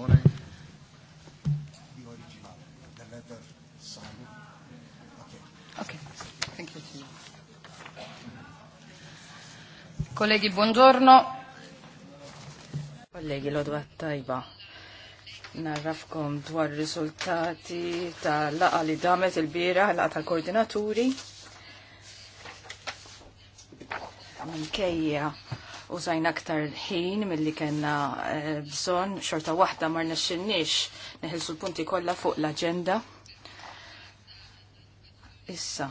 morning. The original, the letter signed. Okay. Okay. Thank you. Colleghi, buongiorno. Kollegi, l-odwa tajba. Narrafkom dwar riżultati ta' laqa li damet il-bira, laqa ta' koordinaturi Minkejja użajna aktar ħin mill-li kena eh, bżon, xorta wahda mar nexxinniex neħilsu l-punti kollha fuq l-agenda. Issa,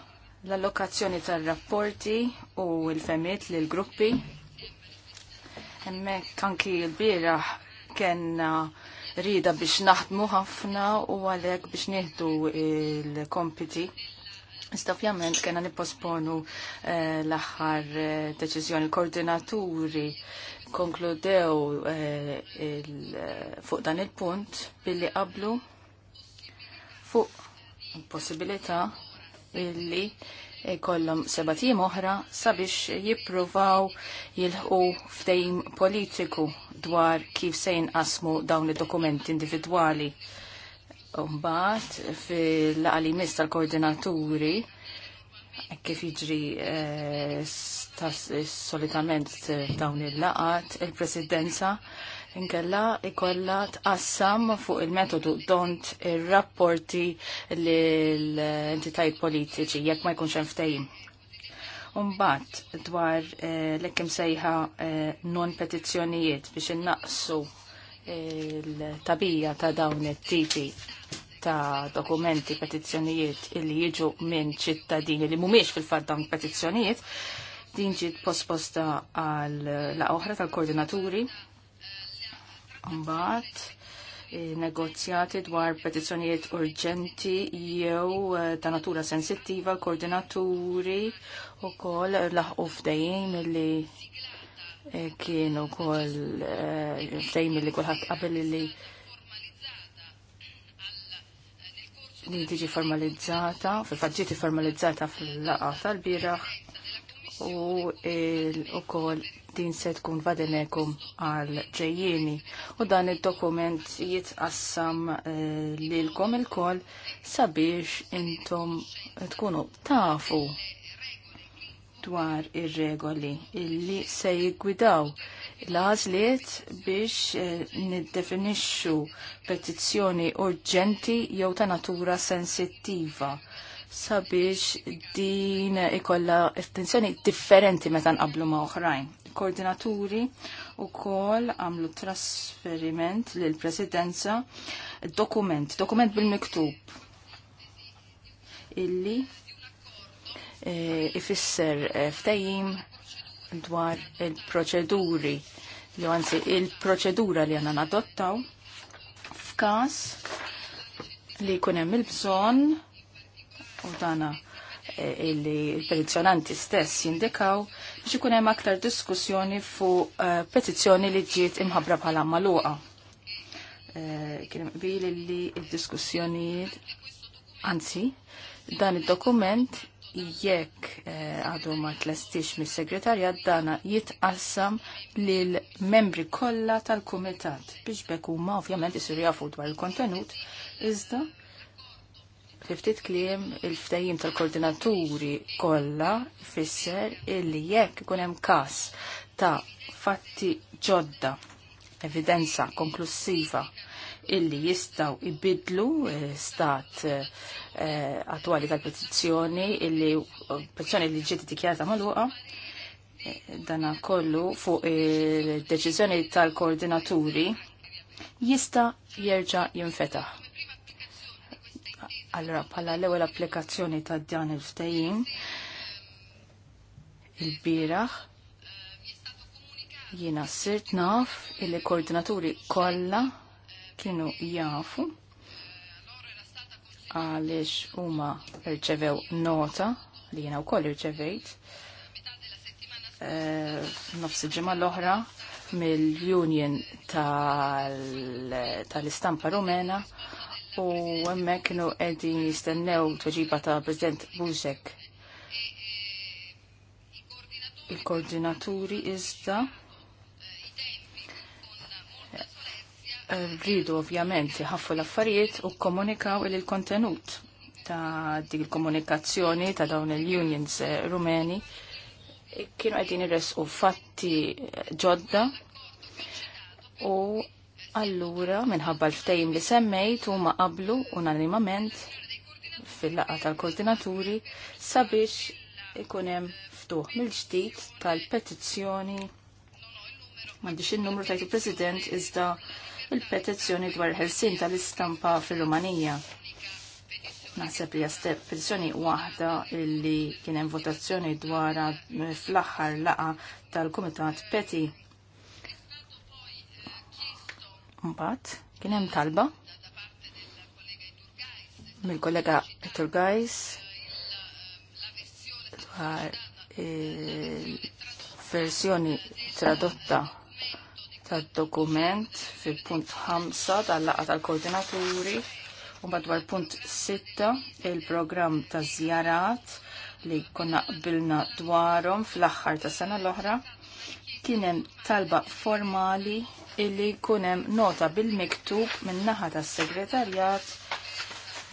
l-allokazzjoni tal-rapporti u l-femiet l gruppi Hemmhekk anki l bira kena rida biex naħdmu ħafna u għalhekk biex nieħdu il-kompiti Iżda ovvjament kena nipposponu eh, l-aħħar eh, deċiżjoni koordinaturi konkludew eh, il, eh, fuq dan il-punt billi qablu fuq possibilità illi kollom sebatijim oħra sabiex jippruvaw jilħu ftejm politiku dwar kif se jinqasmu dawn id-dokumenti individwali. Umbat, fil-qalimis tal-koordinaturi kif jiġri eh, solitament dawn il-laqat, il-presidenza inkella ikolla tqassam fuq il-metodu dont il rapporti l-entitajiet politiċi jekk ma jkunx hemm ftehim. Umbat dwar eh, l-ekkim sejħa eh, non-petizzjonijiet biex innaqsu l-tabija ta' dawn it-tipi ta' dokumenti, petizzjonijiet illi jiġu minn ċittadini li mumiex fil-fat dawn petizzjonijiet, din ġiet posposta għal la oħra tal-koordinaturi. Mbagħad eh, negozjati dwar petizzjonijiet urġenti jew eh, ta' natura sensittiva l-koordinaturi u kol laħqu f'dejjem li eh, kienu kol f'dejjem li kulħadd qabel li li tiġi formalizzata, fil-faġġieti formalizzata fil-laqa tal-biraħ u u ukoll din se tkun vadinekum għal ġejjieni u dan il-dokument jitqassam eh, lilkom il kol sabiex intom tkunu tafu dwar ir-regoli illi se jiggwidaw l-għażliet biex eh, niddefinixxu petizzjoni urġenti jew ta' natura sensittiva sabiex din ikolla attenzjoni differenti meta nqablu ma' oħrajn. Koordinaturi u kol għamlu trasferiment lil presidenza dokument, dokument bil-miktub illi E, ifisser e, ftejjim dwar il-proċeduri jo anzi il-proċedura li għandna nadottaw f'każ li jkun hemm il-bżonn u dana e, illi petizjonanti stess jindikaw biex ikun hemm aktar diskussjoni fuq petizjoni petizzjoni li ġiet imħabbra bħala maluqa. Uh, Kien qbil li d-diskussjonijiet anzi dan id-dokument jekk eh, għadu ma tlestix mis segretarja dana jitqassam lil membri kollha tal-kumitat biex bekk huma ovvjament isir jafu dwar il-kontenut iżda ftit kliem il-ftajim tal-koordinaturi kollha fisser illi jekk ikun hemm każ ta' fatti ġodda, evidenza konklusiva illi jistaw ibidlu eh, stat eh, eh attuali tal-petizzjoni illi eh, petizzjoni li ġiet dikjata maluqa dana kollu fuq il-deċiżjoni tal-koordinaturi jista jerġa' jinfetaħ. Allora, pala l-ewwel applikazzjoni ta' dan il-ftehim il-bieraħ jiena sirt naf il-koordinaturi kollha kienu jafu għaliex huma rċevew nota li jena wkoll irċevejt rċevejt eh, nofsi il-ġimgħa l-oħra mill-Union tal-Istampa Rumena u hemmhekk kienu qegħdin jistennew tħġiba ta' President Buzek. Il-koordinaturi iżda Eh, rridu ovvjament jħaffu l-affarijiet u komunikaw il-kontenut ta' dik il-komunikazzjoni ta' dawn il-unions eh, rumeni e, kienu għedin u fatti eh, ġodda u allura minħabba l-ftejim li semmejt u ma qablu unanimament fil-laqa tal-koordinaturi sabiex ikunem ftuħ mill-ġdid tal-petizzjoni mandiċ il-numru tajt il-president iżda il-petizzjoni dwar ħelsin tal-istampa fil-Rumanija. Naħseb li għasteb petizzjoni wahda illi kienem votazzjoni dwar fl-aħħar laqa tal komitat Peti. Mbagħad kienem talba mil kollega Turgajs dwar il versjoni tradotta tad-dokument fil-punt 5 tal-laqa tal-koordinaturi u madwar punt 6 il-programm ta' zjarat li konna qbilna dwarhom fl-aħħar ta' sena l-oħra kienem talba formali illi kunem nota bil-miktub minn naħa tas segretarjat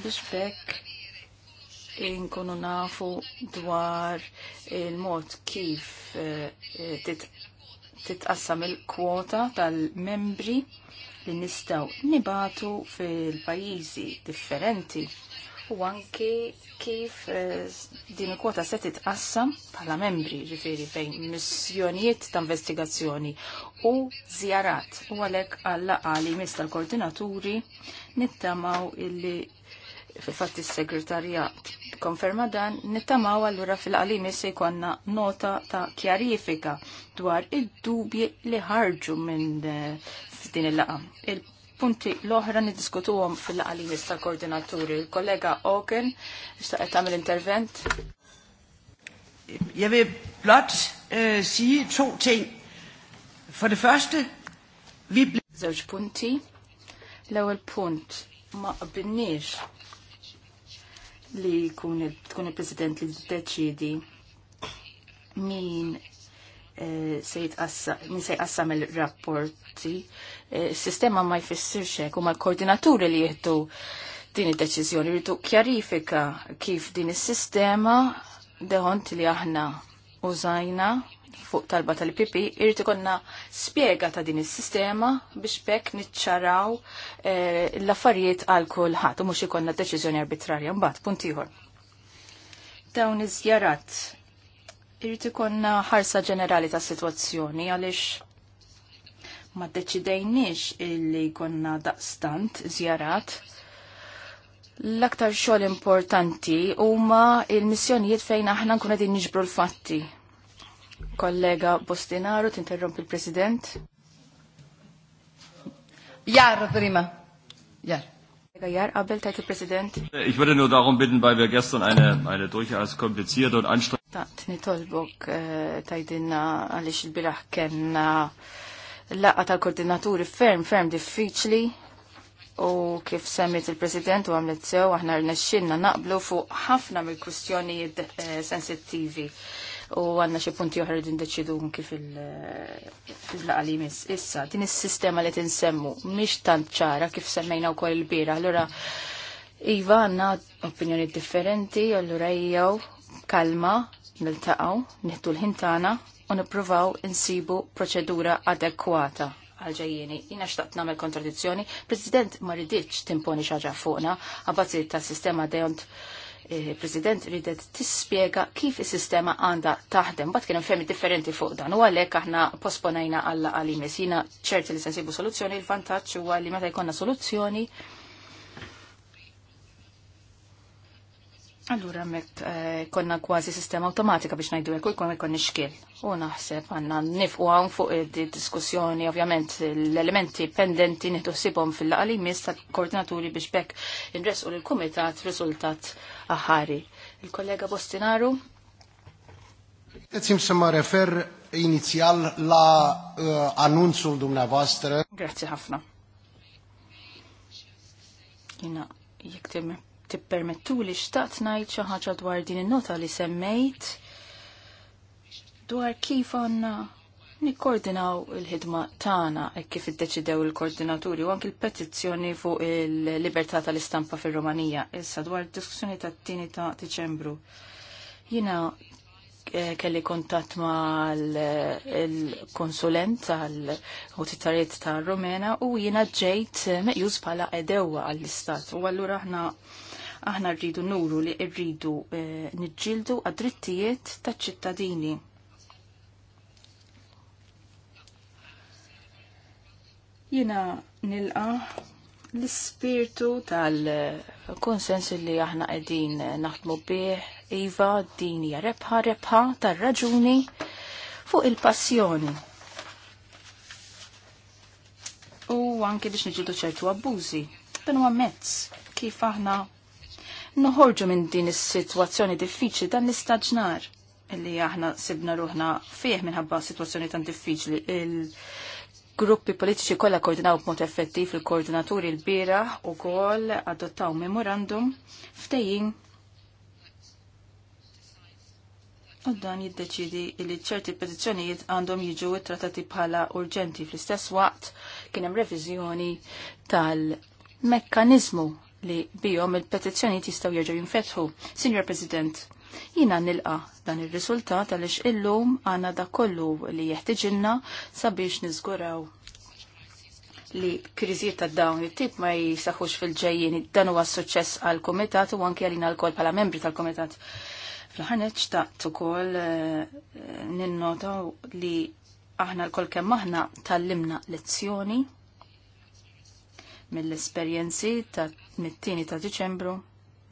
biex bekk inkunu nafu dwar il-mod kif eh, eh, titq titqassam il-kwota tal-membri li nistaw nibatu fil-pajjiżi differenti u anki kif eh, din il-kwota se titqassam bħala membri ġifiri fejn missjonijiet ta' investigazzjoni u zjarat u għalhekk għalla għali mis tal-koordinaturi nittamaw illi fil fatti is-segretarjat Konferma dan, nittamaw allura fil-qalim se jkollna nota ta' kjarifika dwar id-dubji li ħarġu minn eh, din il-laqa. Il-punti l-oħra niddiskutuhom fil-qalim ta' koordinaturi. Il-kollega Oken, għetam tagħmel intervent. Jeg vil blot eh, sige to ting. For det første, vi blev... Zewġ punti. L-ewwel punt ma qbilniex li tkun il-President li deċidi min eh, se jqassam il-rapporti. Eh, Sistema ma jfissirx hekk huma l-koordinaturi li jieħdu din id-deċiżjoni rridu kjarifika kif din is-sistema deħont li aħna użajna fuq talba tal-PP irrid ikonna spjega ta' din is-sistema biex bekk niċċaraw eh, l-affarijiet għal kulħadd u mhux ikonna deċiżjoni arbitrarja mbagħad punt ieħor. Dawn iż-żjarat irrid ikonna ħarsa ġenerali ta' sitwazzjoni għaliex ma deċidejniex illi konna daqstant żjarat L-aktar xogħol importanti huma il-missjonijiet fejn aħna nkun qegħdin niġbru l-fatti Kollega Bostinaru, tinterrompi il-President. Jar, prima. Jar. Ich würde nur darum bitten, weil wir gestern eine, eine durchaus komplizierte und anstrengende... Taqt nitolbok eh, tajdinna għalix il-biraħ kena laqqa tal-koordinaturi ferm, ferm diffiċli u kif semmit il-President u għamlet sew aħna rnexxinna naqblu fuq ħafna mill-kwistjonijiet eh, sensittivi u għanna xie punti oħra din deċidu kif il-għalimis. Issa, din is-sistema li tinsemmu, miex tant ċara kif semmejna u kol il-bira, allora Iva għanna opinjoni differenti, allura jgħu kalma, nil-taqaw, nittu l-ħintana u nipruvaw insibu proċedura adekwata għalġajjini. Jina xtaqt namel kontradizzjoni, President ma rridx timponi xaġa fuqna, għabazzi ta' sistema dejont president ridet tispjega kif is-sistema għandha taħdem. Bat kienem femi differenti fuq dan u għalhekk aħna posponajna għalla għalimis. Jina ċerti li se nsibu soluzzjoni, il-vantaġġ huwa li meta jkollna soluzzjoni. Allura mek eh, konna kważi sistema automatika biex najdu jekku jkun jkun nixkil. U naħseb għandna nifqu hawn fuq id-diskussjoni ovvjament l-elementi pendenti nieħdu fil għalimis tal-koordinaturi biex bekk inresqu lill-kumitat riżultat aħari. Il-kollega Bostinaru. Għetzim semma refer inizjal la eh, annunzul dumneavoastră. Grazie ħafna. Jina, jek tippermettu li xtaqt najt xaħġa dwar din il-nota li semmejt dwar kif għanna nikkoordinaw il-ħidma tagħna hekk kif iddeċidew il-koordinaturi u anki l-petizzjoni fuq il-libertà tal-istampa fir-Rumanija issa dwar id-diskussjoni tat-tieni ta' Diċembru. Jiena eh, kelli kontatt ma' eh, l-konsulent tal-ħutitariet ta' Rumena u jiena ġejt eh, meqjuż bħala edewa għall-istat u allura aħna aħna rridu nuru li rridu niġġieldu għad-drittijiet taċ-ċittadini Jina nilqa l-spirtu tal-konsens li aħna qegħdin naħdmu bih iva din hija rebħa rebħa tar-raġuni fuq il-passjoni. U anke biex niġildu ċertu abbużi. Dan huwa mezz kif aħna noħorġu minn din is-sitwazzjoni diffiċli dan l-istaġnar illi aħna sibna ruħna fih minħabba situazzjoni tan diffiċli gruppi politiċi kollha koordinaw b'mod effettiv il-koordinaturi l-bira u koll adottaw memorandum ftejjin U dan jiddeċidi li ċerti petizzjonijiet għandhom jiġu trattati bħala urġenti fl-istess waqt kien hemm reviżjoni tal-mekkanizmu li bihom il-petizzjonijiet jistgħu jerġgħu jinfetħu. Signor President, Jina nilqa dan il-risultat għalix illum għana da kollu li jeħtiġilna sabiex nizguraw li kriżiet ta' dawn it-tip ma jisaxux fil-ġejjien dan huwa suċċess għal komitat u anke għalina l-kol pala membri tal-komitat. Fl-ħanet ċtaqt ukoll eh, ninnota li aħna l-kol kemm aħna tallimna lezzjoni mill-esperjenzi ta' mit-tieni ta' Diċembru,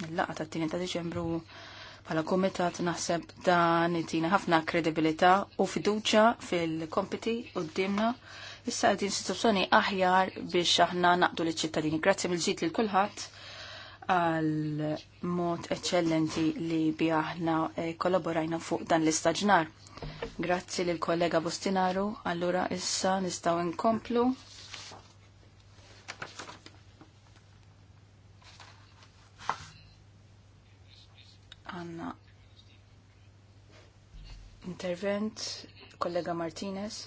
mill-laqa ta' tieni ta' Diċembru Pala komitat naħseb dan itina ħafna kredibilità u fiduċa fil-kompiti u d-dimna. Issa għedin situazzjoni aħjar biex aħna naqdu l ċittadini Grazzi mill-ġit li kulħadd għal mod eccellenti li bi aħna eh, kollaborajna fuq dan l-istaġnar. Grazzi l kollega Bustinaru. allura issa nistaw nkomplu għanna intervent, kollega Martinez,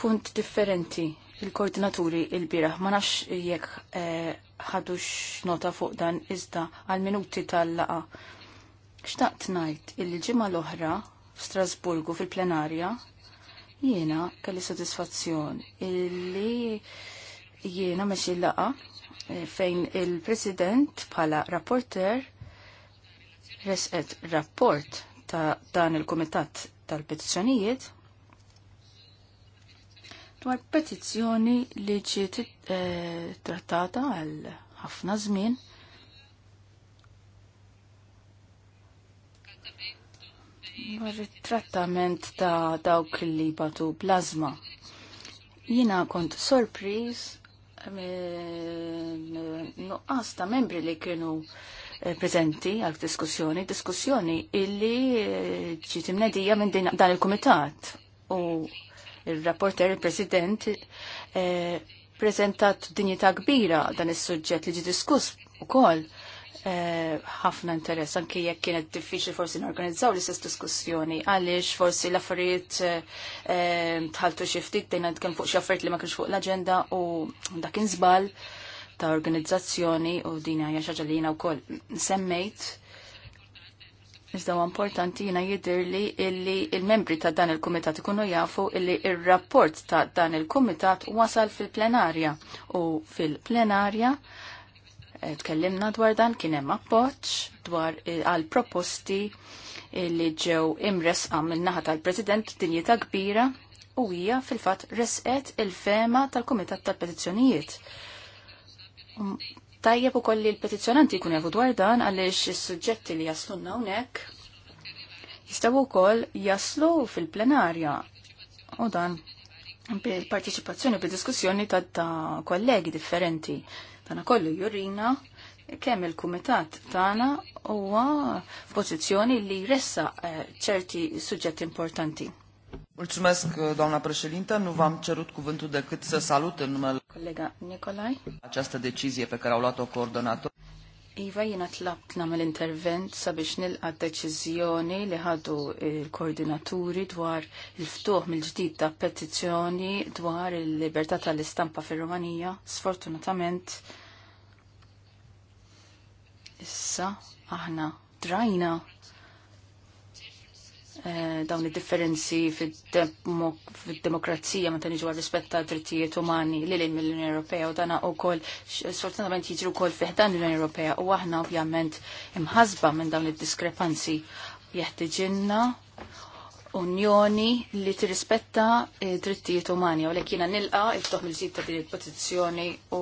punt differenti il-koordinaturi il-biraħ. Ma nafx jekk eh, ħadux eh, nota fuq dan iżda għal-minuti tal-laqa. Xtaqt najt il-ġimma l-oħra f'Strasburgu fil-plenarja jiena kelli sodisfazzjon illi jiena meċi laqa eh, fejn il-president pala rapporter resqet rapport ta' dan il-Kumitat tal-Petizzjonijiet dwar petizzjoni li ġiet eh, trattata għal ħafna żmien. Dwar trattament ta' dawk li batu plazma. Jina kont sorpriż eh, nuqqas ta' membri li kienu Eh, prezenti għal diskussjoni, diskussjoni illi eh, ġiet imnedija minn dan il-komitat u il-rapporter, il-president, eh, prezentat dinjità kbira dan is-suġġett li ġi diskuss ukoll ħafna interess anki jekk kienet diffiċli forsi norganizzaw l-istess diskussjoni għaliex forsi l-affarijiet tħaltu xi ftit dejna kemm fuq xi affarijiet li ma kienx fuq l-aġenda u dak inżball. żball ta' organizzazzjoni u din hija xaġa li u wkoll semmejt. Iżda huwa importanti jidir jidhirli illi il-membri ta' dan il-kumitat ikunu jafu illi il rapport ta' dan il-kumitat wasal fil-plenarja u fil-plenarja eh, tkellimna dwar dan kien hemm appoġġ dwar eh, għal proposti li ġew imresqa min-naħa tal-President dinjeta kbira u hija fil-fatt resqet il-fema tal-Kumitat tal-Petizzjonijiet. Tajjeb u koll li l-petizjonanti kun jafu dwar dan għaliex is-suġġetti li jaslu n' hawnhekk jistgħu wkoll jaslu fil-plenarja u dan bil-partiċipazzjoni bil-diskussjoni ta', ta kollegi differenti. Tana kollu jurina kemm il-kumitat tagħna huwa pożizzjoni li jressaq eh, ċerti suġġetti importanti. Mulțumesc, uh, doamna președintă. Nu v-am cerut cuvântul decât să salut în numele colega Nicolai această decizie pe care au luat-o coordonator. Iva jina tlabt namel intervent sabiex nilqa deċiżjoni li ħadu il-koordinaturi dwar il-ftuħ mill-ġdid ta' petizzjoni dwar il-libertà tal-istampa fir-Rumanija. Sfortunatament issa aħna drajna Eh, dawn id-differenzi fid-demokrazija meta niġu rispetta drittijiet umani li l mill-Unjoni Ewropea u dana u kol sfortunatament jiġru kol fiħdan l-Unjoni Ewropea u aħna ovvjament imħazba minn dawn id-diskrepanzi jeħtiġinna unjoni li tirrispetta eh, drittijiet umani u lekina nilqa il-toħ mill ta' din il-petizzjoni u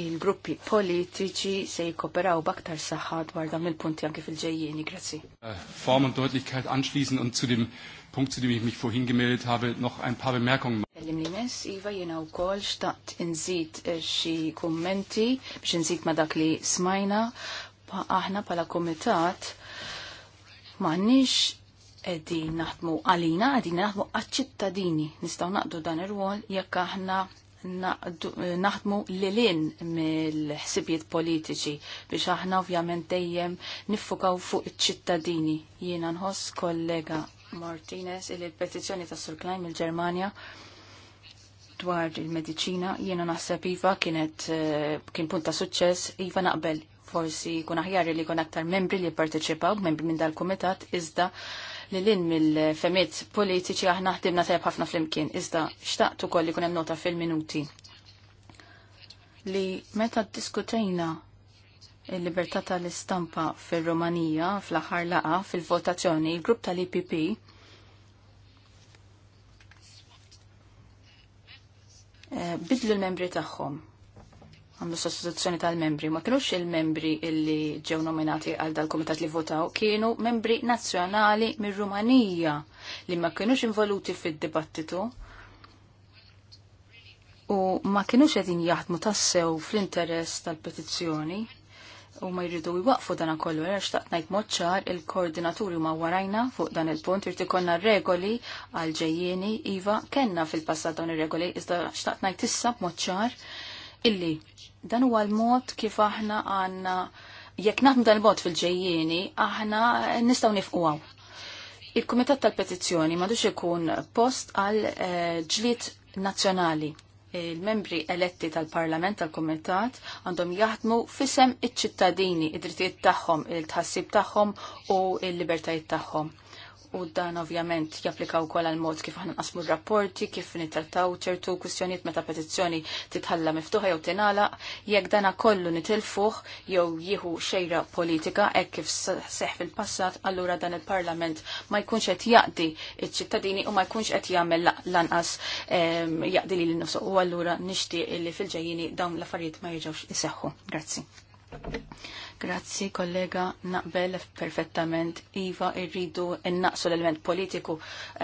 il-gruppi politiċi se jikoperaw baktar saħħa dwar dan il-punti anke fil-ġejjieni, grazzi. Äh, Form und Deutlichkeit anschließen und zu dem Punkt, zu dem ich mich vorhin gemeldet habe, noch ein paar Bemerkungen. Kellim li mess, Iva, jena u kol, xtaqt nżid äh, xie kommenti, biex nżid ma dak li smajna, pa aħna pala komitat, ma nix edin naħdmu għalina, edin naħdmu għal nistaw naqdu dan ir-rwol jekk aħna naħdmu lilin mill-ħsibiet politiċi biex aħna ovvjament dejjem niffukaw fuq iċ-ċittadini. Jiena nħoss kollega Martinez il l-petizzjoni ta' Sur Klein mill-Ġermanja dwar il-medicina jiena naħseb iva kienet eh, kien punt ta' suċċess iva naqbel forsi kun aħjar li kun aktar membri li jipparteċipaw, membri minn dal-komitat, iżda li l-in mill-femiet politiċi aħna ħdimna tajab ħafna fl-imkien. Iżda, xtaqt ukoll li kunem nota fil-minuti li meta diskutejna il-libertà tal-istampa fil-Romanija fl-aħħar laqa fil-votazzjoni, il-grupp tal-IPP eh, bidlu l-membri tagħhom għandu sostituzzjoni tal-membri. Ma kienux il-membri illi ġew nominati għal dal-komitat li votaw, kienu membri nazzjonali mir rumanija li ma kienux involuti fid-dibattitu u ma kienux qegħdin jaħdmu tassew fl-interess tal-petizzjoni u ma jridu jwaqfu dan kollu għax taqnajt moċċar il-koordinaturi ma warajna fuq dan il-punt irti konna regoli għal ġejjeni iva kenna fil-passat dawn ir-regoli iżda xtaqnajt issa moċċar illi dan huwa l-mod kif aħna għanna jekk naħdmu dan il-mod fil-ġejjieni aħna nistgħu nifqu għaw. Il-Kumitat tal-Petizzjoni m'għadux ikun post għal eh, ġlied nazzjonali il-membri eletti tal-Parlament tal-Kumitat għandhom jaħdmu fisem iċ-ċittadini, id-drittijiet tagħhom, il-tħassib tagħhom u l-libertajiet tagħhom u dan ovvjament japplika wkoll għal mod kif aħna nqasmu r-rapporti, kif nittrattaw ċertu kwistjonijiet meta petizzjoni titħalla miftuħa jew tinala, jekk dana kollu nitilfuh jew jieħu xejra politika hekk kif seħ fil-passat, allura dan il-Parlament ma jkunx qed jaqdi iċ-ċittadini u ma jkunx qed jagħmel lanqas ehm, jaqdi l nifsu u allura nixtieq li fil-ġejjini dawn l-affarijiet ma jiġewx iseħħu. Grazzi. Grazzi kollega, naqbel perfettament. Iva, irridu innaqsu l-element politiku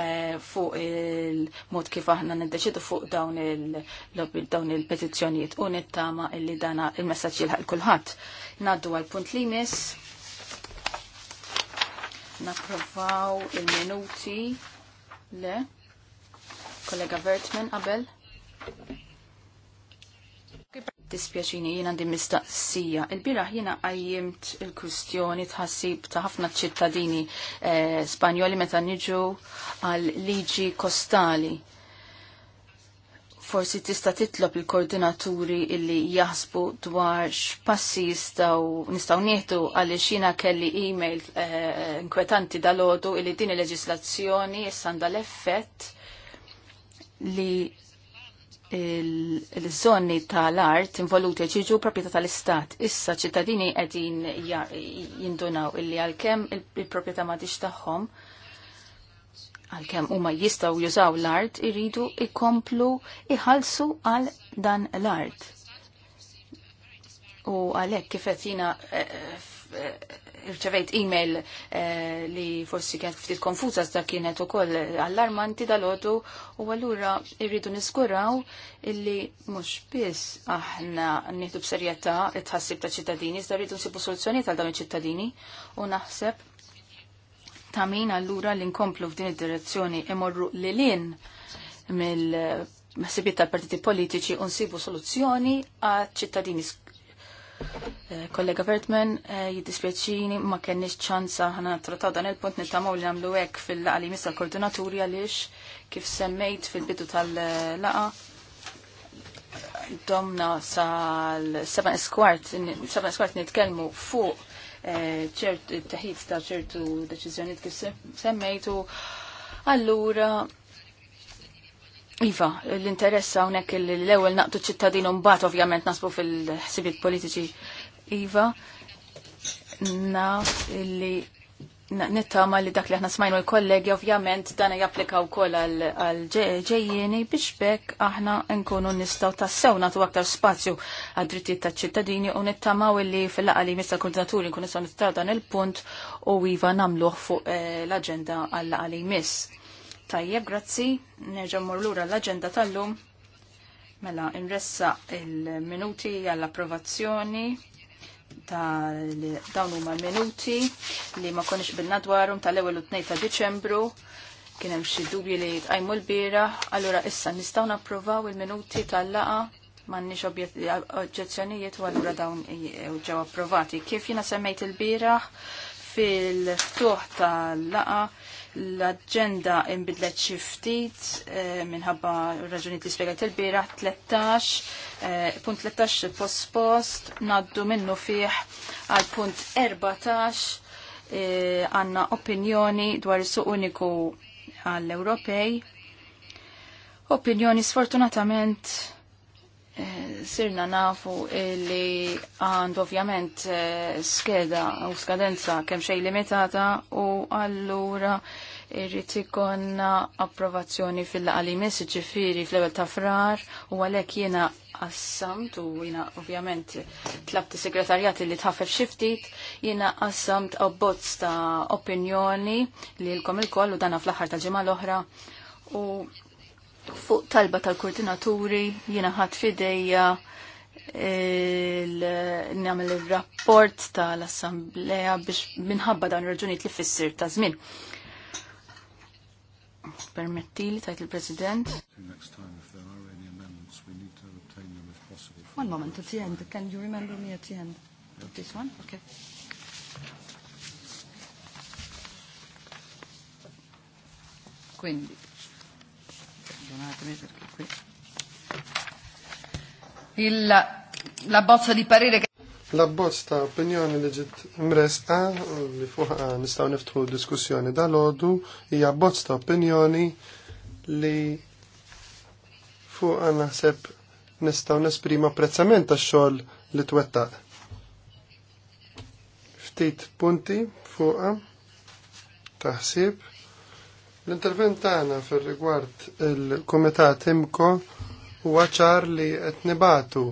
eh, fuq il-mod kif aħna niddeċidu fuq dawn il dawn il u nittama illi dana il-messagġ jilħaq kulħadd. Naddu għal punt li mis. Napprovaw il-minuti le kollega Vertman qabel dispjaċini jiena għandi mistaqsija. Il-biraħ jiena għajjimt il-kustjoni tħassib ta' ħafna ċittadini eh, Spanjoli meta niġu għal liġi kostali. Forsi tista' titlob il-koordinaturi illi jaħsbu dwar x'passi jistgħu nistgħu nieħdu għaliex jiena kelli email eh, inkwetanti dalodu illi din il-leġislazzjoni issa għandha l-effett li il-żonni tal-art involuti ġiġu proprjetà tal-istat. Issa ċittadini qegħdin jindunaw illi għalkemm il-proprjetà m'għadix tagħhom għalkemm huma jistgħu jużaw l-art iridu ikomplu iħallsu għal dan l-art. U għalhekk kif qed jiena eh, irċevejt e-mail eh, li forsi kienet ftit konfuza sta kienet u koll allarmanti dal-ħodu u għallura irridu niskuraw illi mux biss aħna nieħdu b'serjetà it tħassib ta' ċittadini, iżda rridu nsibu soluzzjoni tal dawn iċ-ċittadini u naħseb ta' min allura li nkomplu f'din id-direzzjoni imorru li lin mill-ħsibiet tal-partiti politiċi u nsibu soluzzjoni għal ċittadini Eh, kollega Vertman, eh, jiddispjaċini ma kenniex ċansa ħana trattaw dan il-punt nittamaw li namlu għek fil laqa li missa l koordinaturi għalix kif semmejt fil-bidu tal-laqa domna sa l 7 esquart, 7 esquart nitkelmu fuq eh, ċert taħid ta' ċertu deċiżjoniet kif semmejtu. Allura, Iva, l-interess hawnhekk l-ewwel naqtu ċittadin u mbagħad ovvjament nasbu fil-ħsibiet politiċi. Iva, naf li nittama li dak li aħna smajnu l-kollegi ovvjament dan japplika wkoll għal ġejjeni biex bekk aħna nkunu nistgħu tassew nagħtu aktar spazju għad drittijiet taċ-ċittadini u u li fil-laqgħa li mista koordinaturi nkunu nistaw nittaw dan il-punt u iva nagħmluh fuq eh, l-aġenda għall-laqgħa li jmiss. Tajjeb, grazzi. Nerġa' mmur lura l-aġenda tal-lum. Mela, imressa il-minuti għall-approvazzjoni tal dawn huma minuti li ma konniex bil-nadwarum tal-ewwel u tnejn ta' Diċembru kien hemm xi dubji li tqajmu l-bira, allura issa nistgħu napprovaw il-minuti tal-laqa m'għandniex oġġezzjonijiet u allura dawn ġew approvati. Kif jiena semmejt il bieraħ fil-ftuħ tal-laqa l-agenda imbidlet xi ftit eh, minħabba raġuni li spjegajt il-bieraħ 13, eh, punt 13 post-post, naddu minnu fiħ għal punt 14 eh, għanna opinjoni dwar is-suq uniku għall-Ewropej. Opinjoni sfortunatament Eh, sirna nafu li għand ovvjament eh, skeda u skadenza kemm xej limitata u allura irrid ikonna approvazzjoni fil-laqali messi ġifiri fl-ewwel ta' frar u għalhekk jiena qassamt u jiena ovvjament tlabti segretarjat li tħaffer xi ftit jiena qassamt abbozz ta' opinjoni lilkom ilkoll u dana fl-aħħar tal-ġimgħa l-oħra u fuq talba tal-koordinaturi jiena ħadd fidejja nagħmel ir-rapport tal-assembleja biex minħabba dan raġunijiet li fissir ta' żmien. Permettili tajt il-President. One moment, at the end. Can you remember me at the end? Yeah. This one? Okay. Quindi. Perdonatemi perché qui. Il, la bozza di parere che... La bozz ta' opinjoni eh, li ġiet mresqa li fuqha eh, nistgħu niftħu diskussjoni dal-għodu hija bozza ta' opinjoni li fuqha eh, naħseb nistgħu nesprima apprezzament tax-xogħol li twettaq. Ftit punti fuqha taħsib L-intervent tagħna fir-rigward il-Kumitat Imko huwa ċar li qed nibatu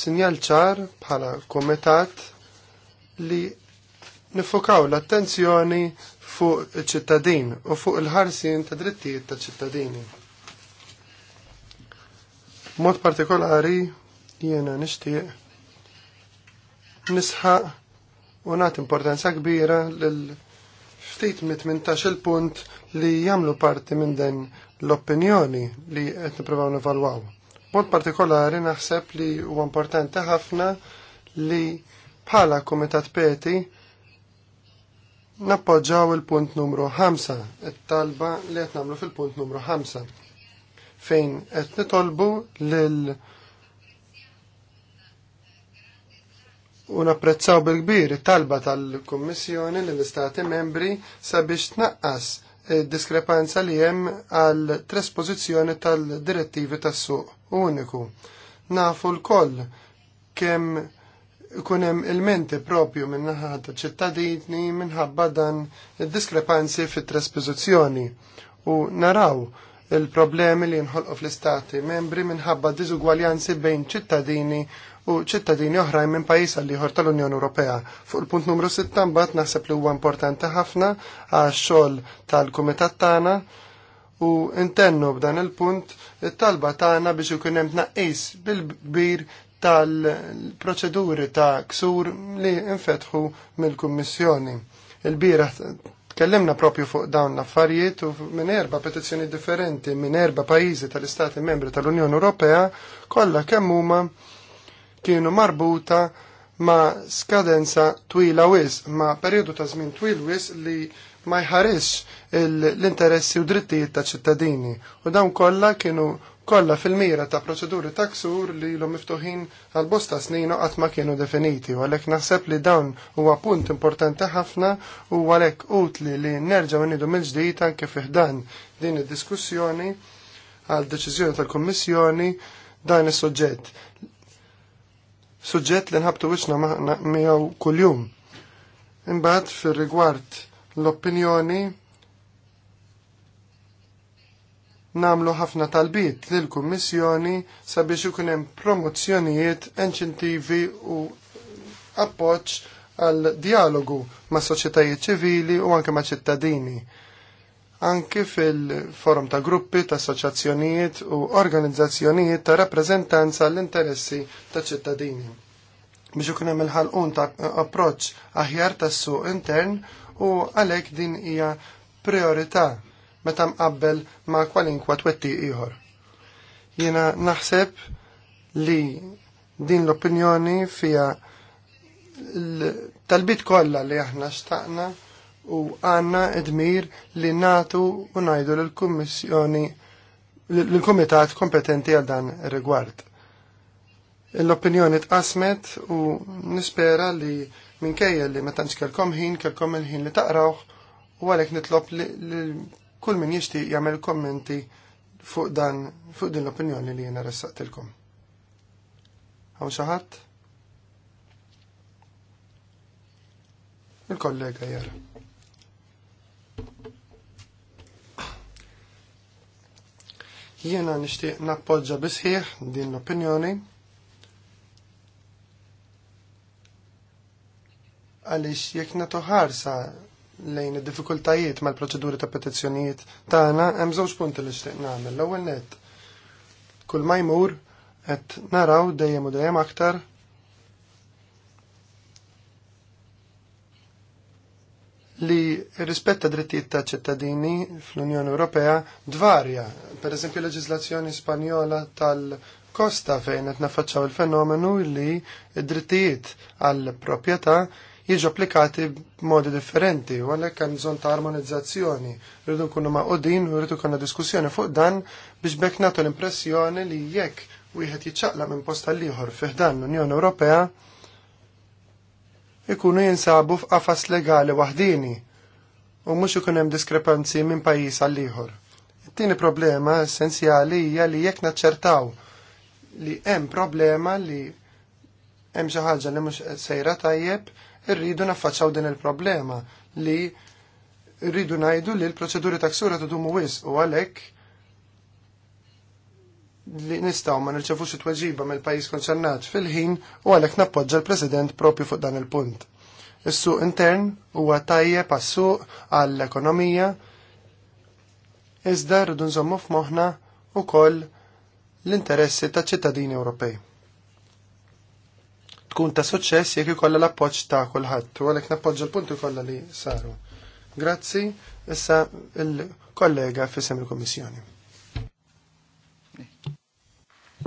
sinjal ċar bħala kumitat li nifokaw l-attenzjoni fuq iċ-ċittadin u fuq il-ħarsin ta' drittijiet ta' ċittadini. Mod partikolari jiena nixtieq nisħaq u nagħti importanza kbira lil ftit mit 18 punt li jamlu parti minn den l-opinjoni li qed nippruvaw nivalwaw. Mod partikolari naħseb li huwa importanti ħafna li bħala Kumitat Peti nappoġġaw il-punt numru 5, it-talba li qed nagħmlu fil-punt numru 5 fejn qed nitolbu lil Unapprezzaw napprezzaw bil-kbir talba tal-Kummissjoni l-Istati membri sabiex tnaqqas diskrepanza li hemm għal trespożizzjoni tal-direttivi tas-suq uniku. Nafu l-koll kemm ikun hemm ilmenti propju minn naħa ċittadini minħabba dan id-diskrepanzi fit trespożizzjoni u naraw il-problemi li nħolqu fl-istati membri minħabba diżugwaljanzi bejn ċittadini u ċittadini oħrajn minn pajjiż li ieħor tal-Unjoni Ewropea. Fuq il-punt numru 6 mbagħad naħseb li huwa importanti ħafna għax-xogħol tal-kumitat tagħna u intennu b'dan il-punt it-talba tagħna biex ikun hemm tnaqqis bil-kbir tal-proċeduri ta' ksur li infetħu mill-Kummissjoni. il bira tkellimna propju fuq dawn l-affarijiet u minn erba' petizzjoni differenti minn erba' pajjiżi tal-Istati membri tal-Unjoni Ewropea kollha kemm huma kienu marbuta ma' skadenza twila wis, ma' periodu ta' żmien twil wis li ma jħarix l-interessi u drittijiet ta' ċittadini. U dawn kollha kienu kollha fil-mira ta' proċeduri ta' ksur li l miftuħin għal bosta sninu qatt ma kienu definiti. U għalhekk naħseb li dawn huwa punt importanti ħafna u għalhekk utli li nerġa' nidu mill-ġdid anke fiħdan din id-diskussjoni għal deċiżjoni tal-Kummissjoni dan is suġġett suġġett li nħabtu wisna miegħu kuljum. Imbagħad fir-rigward l-opinjoni namlu ħafna talbiet lil kummissjoni sabiex ikun hemm promozzjonijiet, inċentivi u appoġġ għal dialogu ma' soċjetajiet ċivili u anke ma' ċittadini anki fil-forum ta' gruppi, ta' assoċjazzjonijiet u organizzazzjonijiet ta' rappreżentanza l-interessi ta' ċittadini. Biex ikun hemm il-ħalqun ta' approċċ aħjar tas-suq intern u għalhekk din hija priorità meta mqabbel ma' kwalinkwa twetti ieħor. Jiena naħseb li din l-opinjoni fija tal-bit kollha li aħna xtaqna u għanna dmir li natu u l-Kummissjoni l-Komitat kompetenti għal dan rigward. L-opinjoni tqasmet u nispera li minkejja li meta nxkelkom ħin kelkom il-ħin li taqrawh u għalhekk nitlob li kull min jixtieq jagħmel kommenti fuq dan fuq din l-opinjoni li jiena ressaqtilkom. Hawn xi ħadd? Il-kollega jara. Jiena nixtieq nappoġġa bisħiħ din l-opinjoni għaliex jekk nagħtu ħarsa lejn id-diffikultajiet mal-proċeduri ta' petizzjonijiet tagħna hemm żewġ punti li xtieq nagħmel. L-ewwel nett kull ma jmur qed naraw dejjem u dejjem aktar li rispetta drittijiet ta' ċittadini fl-Unjoni Ewropea dvarja. Per eżempju, leġislazzjoni spanjola tal-kosta fejn qed naffaċċaw il-fenomenu li d-drittijiet għall proprjetà jiġu applikati b'modi differenti u għalhekk hemm bżonn ta' armonizzazzjoni. Rridu nkunu qudin u rridu konna diskussjoni fuq dan biex bekk nagħtu l-impressjoni li jekk wieħed jiċċaqla minn post tal-ieħor fih dan l-Unjoni Ewropea ikunu jinsabu f'qafas legali waħdini u mhux ikun hemm diskrepanzi minn pajjiż għal ieħor. It-tieni problema essenzjali hija li jekk naċċertaw li hemm problema li hemm xi ħaġa li mhux sejra tajjeb, irridu naffaċċaw din il-problema li rridu ngħidu li l-proċeduri ta' ksura tudumu wis u għalhekk li nistaw ma nirċevux it-tweġiba mill-pajis konċernat fil-ħin u għalek nappoġġa l-President propju fuq dan il-punt. Is-suq intern huwa tajjeb għas-suq għall-ekonomija, iżda rridu nżommu f'moħħna wkoll l-interessi ta' ċittadini Ewropej. Tkun ta' suċċess jekk ikollha l-appoġġ ta' kulħadd u għalhekk nappoġġa l-punti kollha li saru. Grazzi, issa il-kollega fisem il-Kummissjoni.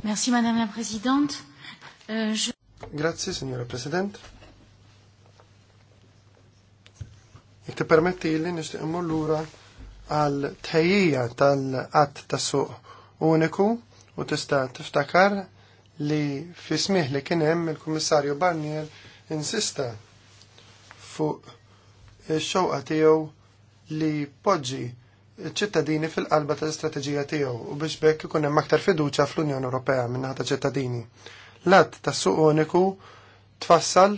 Merci, Madame la Présidente. Euh, je... Grazie, Signora President. Jek ti permetti li nishtiq lura al tħejjija tal at tas-suq uniku u tista' tiftakar li fismih li kien hemm il-Kummissarju Barnier insista fuq ix xoqa tiegħu li poġġi ċittadini fil-qalba tal-istrateġija tiegħu u biex bekk ikun hemm aktar fiduċja fl-Unjoni Ewropea minn ta' ċittadini. L-att tas-suq uniku tfassal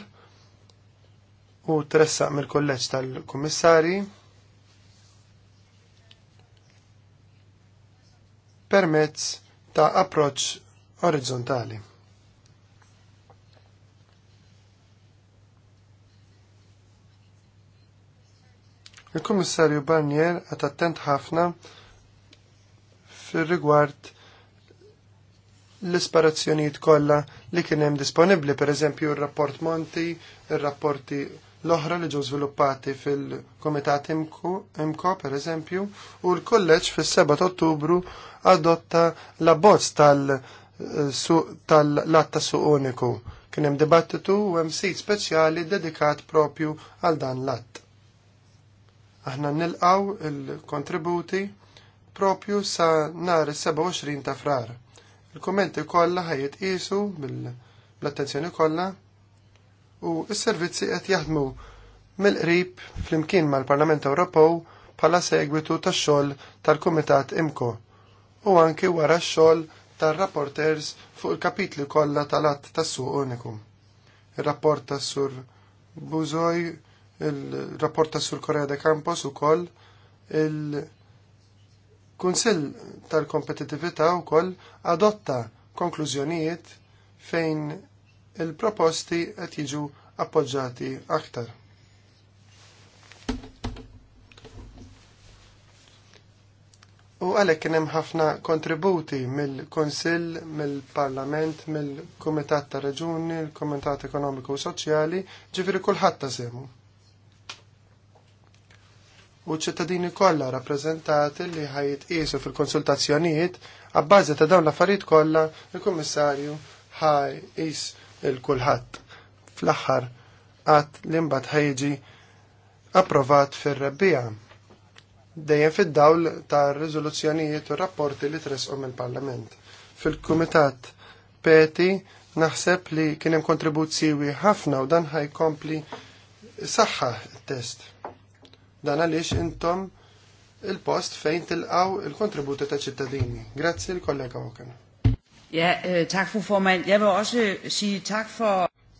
u tressaq mill-kolleġġ tal-kummissarji permezz ta' approċċ orizzontali. Il-Kummissarju Barnier għat attent ħafna fil-rigward l-isparazzjonijiet kollha li kien hemm disponibbli, pereżempju r-rapport Monti, r rapporti l-oħra li ġew żviluppati fil-Komitat Imko, pereżempju, u l-kolleġġ fis-7 Ottubru adotta la bozz tal latta ta' suq uniku. Kien hemm dibattitu u hemm sit speċjali dedikat propju għal dan l-att. Aħna nilqaw il-kontributi propju sa nar 27 ta' frar. Il-kommenti kollha ħajet qisu bil attenzjoni kollha u s-servizzi qed jaħdmu mill-qrib flimkien mal-Parlament Ewropew bħala segwitu tax-xogħol tal-Kumitat Imko u anki wara x-xogħol tar-rapporters fuq il-kapitli kollha tal-att tas-suq uniku. Ir-rapport tas-sur Buzoj il rapporta Sur Korea de Campos u koll, il-Kunsill tal-Kompetitività u koll adotta konklużjonijiet fejn il-proposti qed jiġu appoġġati aktar. U għalek kienem ħafna kontributi mill-Konsil, mill-Parlament, mill-Kumitat ta' Reġuni, il kumitat Ekonomiku u Soċjali, ġifiri kullħat ta' semu u ċittadini kollha rappreżentati li isu fil-konsultazzjonijiet għabbażi ta' dawn l-affarijiet kollha il-Kummissarju ħaj is il-kulħadd. Fl-aħħar qatt li mbagħad ħajġi approvat fir-rebbija dejjem fid-dawl ta' riżoluzzjonijiet u rapporti li tresqu mill-Parlament. Fil-Kumitat Peti naħseb li kien hemm kontribut ħafna u dan ħajkompli saħħa t-test. Dan għaliex intom il-post fejn tilqaw il-kontributi ta' ċittadini. Grazzi l-kollega Oken. Ja, eh, tak fu formand. Jeg vil også tak fu.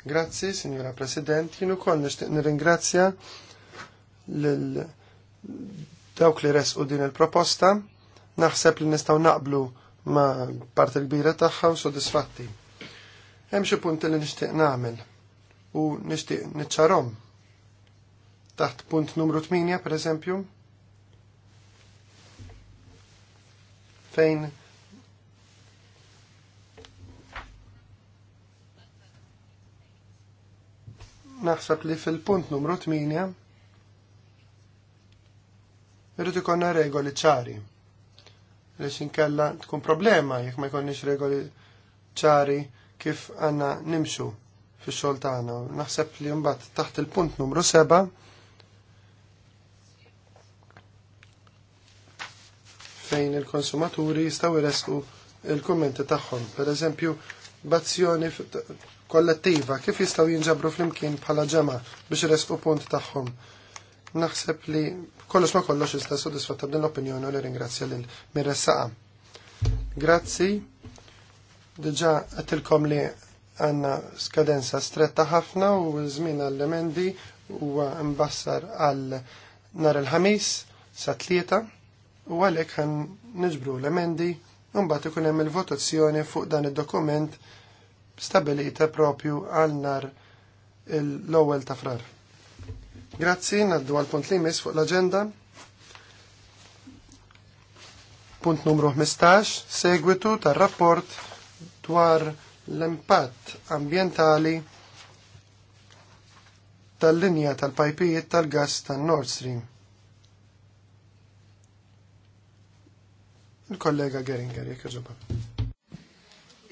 Grazzi, signora President. Jien ukoll nixtieq nirringrazzja l dawk li resqu din il-proposta. Naħseb li nistgħu naqblu ma' parti il-bira tagħha u sodisfatti. Hemm xi punti li nixtieq nagħmel u nixtieq niċċarhom taħt punt numru 8 per eżempju, fejn naħseb li fil-punt numru 8 irrid ikonna regoli ċari. Lex inkella tkun problema jekk ma jkollniex regoli ċari kif għanna nimxu fix xogħol tagħna. Naħseb li mbagħad taħt il-punt numru 7 fejn il-konsumaturi jistaw jresqu il-kummenti tagħhom. Per eżempju, bazzjoni kollettiva kif jistaw jinġabru fl-imkien bħala ġema biex jresqu punt tagħhom. Naħseb li kollox ma kollox jistaw sodisfatta b'din l-opinjoni u li ringrazzja lil mirressaqa. Grazzi. Diġà għatilkom li għanna skadenza stretta ħafna u żmien għall-emendi huwa mbassar għal nar il-ħamis sa tlieta u għalhekk għan niġbru l-emendi u ikun hemm il-votazzjoni fuq dan id-dokument stabilita propju għal nar l-ewwel ta' frar. Grazzi, naddu għal punt li jmiss fuq l-agenda. Punt numru 15, segwitu tar-rapport dwar l-impatt ambientali tal-linja tal-pajpijiet tal-gas tan-Nord Stream. Il-kollega Geringer, jek ġobba.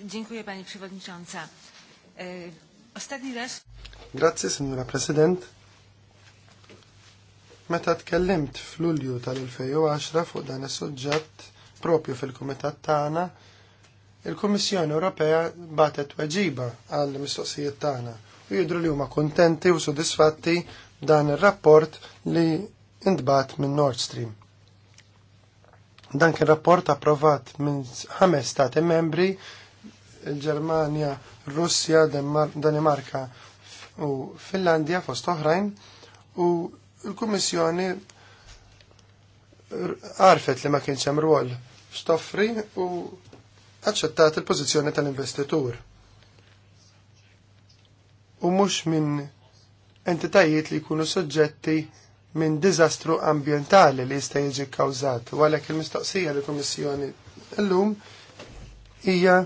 Dziękuję Pani Przewodnicząca. E, ostatni raz. Grazie, Signora President. Meta tkellimt fl-Ulju tal-2010 fuq dan is-suġġett propju fil-Kumitat tagħna, il-Kummissjoni Ewropea batet weġiba għall mistoqsijiet tagħna u jidru li huma kuntenti u sodisfatti dan ir-rapport li intbat minn Nord Stream. Dan kien rapport approvat minn ħames stati membri, il-Ġermanja, Russja, Danimarka u Finlandja fost oħrajn u l-Kummissjoni għarfet li ma kienx hemm rwol f'stoffri u aċċettat il-pożizzjoni tal-investitur. U mhux minn entitajiet li jkunu soġġetti minn diżastru ambjentali li jista' jiġi kkawżat. U għalhekk il-mistoqsija li kummissjoni llum hija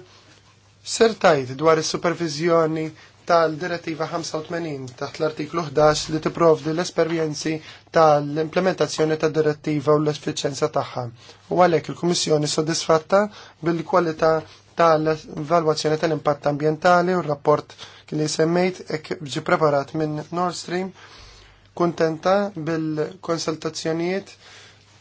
ser tajt dwar is-supervizjoni tal-Direttiva 85 taħt l-artiklu 11 li tipprovdi l-esperjenzi tal-implementazzjoni tad direttiva u l-effiċenza tagħha. U għalhekk il-Kummissjoni soddisfatta bil-kwalità tal-valwazzjoni tal-impatt ambjentali u r-rapport kien li semmejt ġi preparat minn Nord Stream Kuntenta bil-konsultazzjonijiet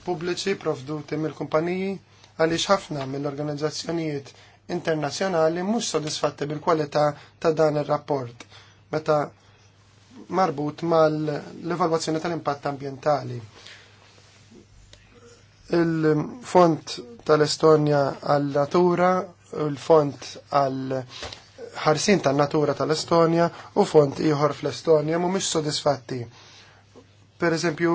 pubbliċi provduti mill-kumpaniji għaliex ħafna mill-organizzazzjonijiet internazzjonali mhux sodisfatti bil-kwalità ta' dan ir-rapport meta marbut mal-evalwazzjoni tal-impatt ambjentali. Il-font tal-Estonja għall-natura, il-font għall ħarsin tan-natura tal-Estonja u font ieħor fl-Estonja mhumiex sodisfatti per eżempju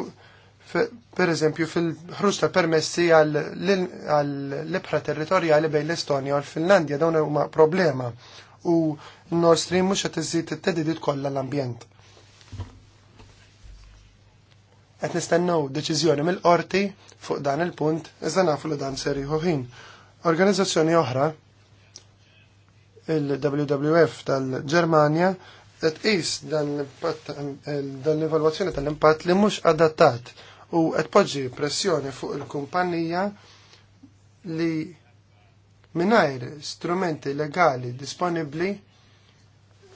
per eżempju fil-ħruġ ta' permessi għall-libħra territorjali bejn l-Estonja u l-Finlandja dawn huma problema u Nord Stream mhux qed iżid it-tedidiet kollha l-ambjent. Qed nistennew deċiżjoni mill-qorti fuq dan il-punt iżda nafu li dan ser jieħu ħin. Organizzazzjoni oħra il-WWF tal-Ġermanja qed qis dan l-evalwazzjoni tal-impatt li mhux adattat u qed poġġi pressjoni fuq il-kumpanija li mingħajr strumenti legali disponibbli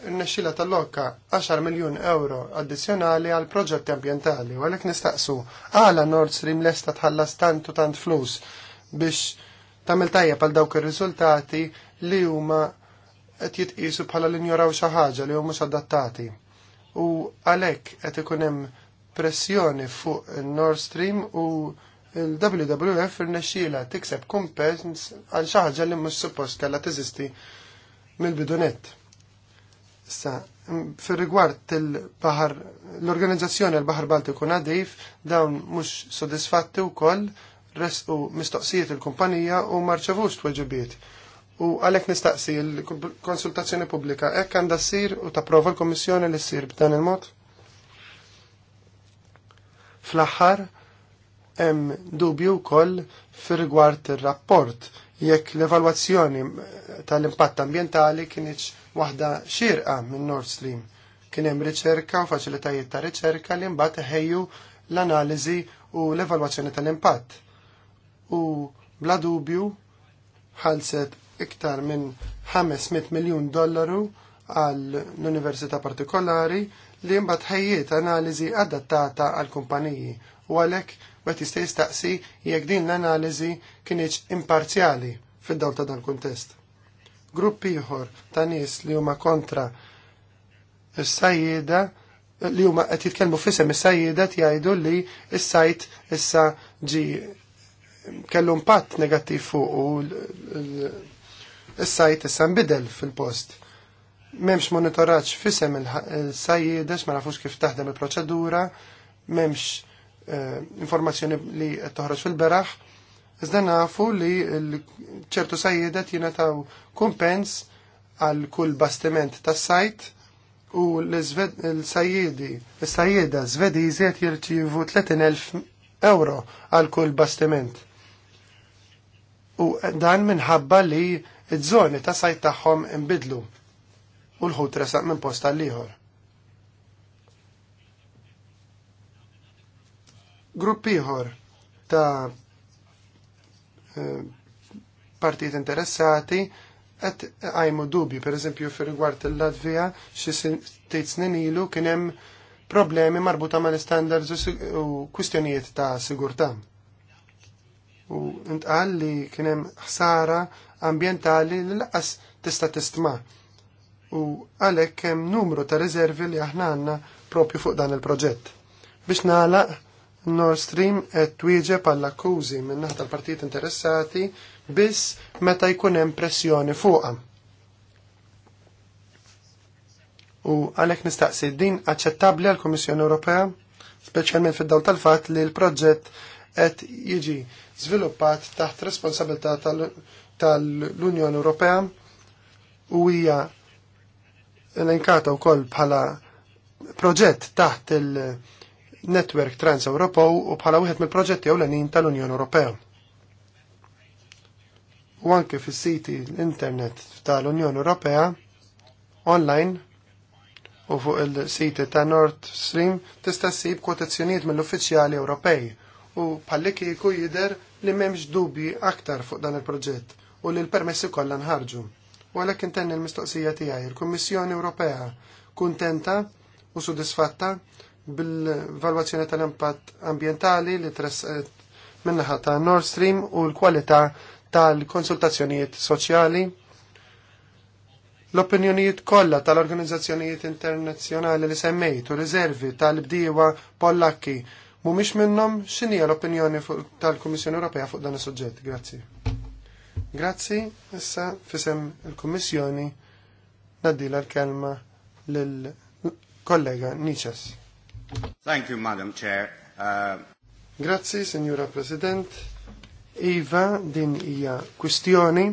rnexxila tal-lokka 10 miljun euro addizzjonali għal proġetti ambjentali u għalhekk nistaqsu għala Nord Stream lesta tħallas tant u tant flus biex tagħmel tajjeb għal dawk ir-riżultati li huma qed jitqisu bħala li njoraw xi ħaġa li mhux adattati. U għalhekk qed ikun hemm pressjoni fuq il-Nord Stream u il-WWF irnexxiela tikseb kumpens għal xi ħaġa li mhux suppost kellha teżisti mill-bidunet. Issa, fil-rigward il-Bahar, l-organizzazzjoni l-Bahar Baltiku nadif, dawn mhux sodisfatti wkoll resqu mistoqsijiet il-kumpanija u marċevux tweġibiet u għalhekk nistaqsi l-konsultazzjoni pubblika hekk għandha ssir u tapprova l komissjoni li ssir b'dan il-mod? Fl-aħħar hemm dubju wkoll fil rigward ir-rapport jekk l-evalwazzjoni tal-impatt ambientali kienieċ waħda xirqa minn Nord Stream. Kien hemm riċerka u faċilitajiet ta' riċerka li mbagħad ħejju l-analiżi u l-evalwazzjoni tal-impatt. U bla dubju ħalset iktar minn 500 miljun dollaru għal l-Università partikolari li mbagħad ħejjiet analiżi adattata għal kumpaniji u għalhekk wet jista' jistaqsi jekk din l-analiżi kienieċ imparzjali fid-dawl ta' dan kuntest. Grupp ieħor ta' nies li huma kontra s-sajjeda li huma qed jitkellmu f'isem is-sajjeda jgħidu li s-sajt issa ġi kellu impatt negattiv fuq u is-sajt issa nbidel fil-post. M'hemmx monitoraċ fisem il-sajjiedex ma nafux kif taħdem il-proċedura, m'hemmx eh, informazzjoni li qed toħroġ fil-beraħ. Iżda nafu li ċertu sajjiedet jinetaw kumpens għal kull bastiment tas-sajt u l sajjidi l sajjida zvedi qed jirċievu 30,000 euro għal kull bastiment. U dan minħabba li Iż-żoni ta' sajt tagħhom inbidlu u l-ħut resaq minn post tal ieħor. Grupp ieħor ta' eh, partijiet interessati qed għajmu dubju, pereżempju fir-rigward il-Latvija xi tgħid snin ilu kien hemm problemi marbuta mal standards u kwistjonijiet ta' sigurtà. U intqal li kien hemm ħsara ambientali li laqas tista' tistma' u għalhekk hemm numru ta' riservi li aħna għandna propju fuq dan il-proġett. Biex nagħlaq Nord Stream qed twieġe għall akkużi minn naħta l-partijiet interessati biss meta jkun hemm pressjoni fuqha. U għalhekk nistaqsi din aċċettabbli għall-Kummissjoni Ewropea, speċjalment fid-dawl tal-fatt li l-proġett qed jiġi żviluppat taħt responsabilità tal-Unjoni Ewropea u hija elenkata wkoll bħala proġett taħt il-Network Trans-Ewropew u bħala wieħed mill-proġetti ewlenin tal-Unjoni Ewropea. U anke fis-siti l-internet tal-Unjoni Ewropea online u fuq il-siti ta' Nord Stream tista' ssib kwotazzjonijiet mill-uffiċjali Ewropej u bħalli kieku jidher li m'hemmx dubji aktar fuq dan il-proġett u li l-permessi kollha nħarġu. U għalhekk intenni l-mistoqsija tiegħi, il-Kummissjoni Ewropea kuntenta u sudisfatta bil-valwazzjoni tal-impatt ambjentali li tresqet minnaħa ta' Nord Stream u l-kwalità tal-konsultazzjonijiet soċjali. L-opinjonijiet kollha tal-organizzazzjonijiet internazzjonali li semmejt u riservi tal-bdiewa Pollakki mhumiex minnhom x'inhi l-opinjoni tal-Kummissjoni Ewropea fuq dan is-suġġett. Grazzi. Grazzi, issa fisem il-Kummissjoni naddila l-kelma lill-kollega Nices. Thank you, Madam Chair. Uh... Grazzi, Signora President. Iva, din hija kwistjoni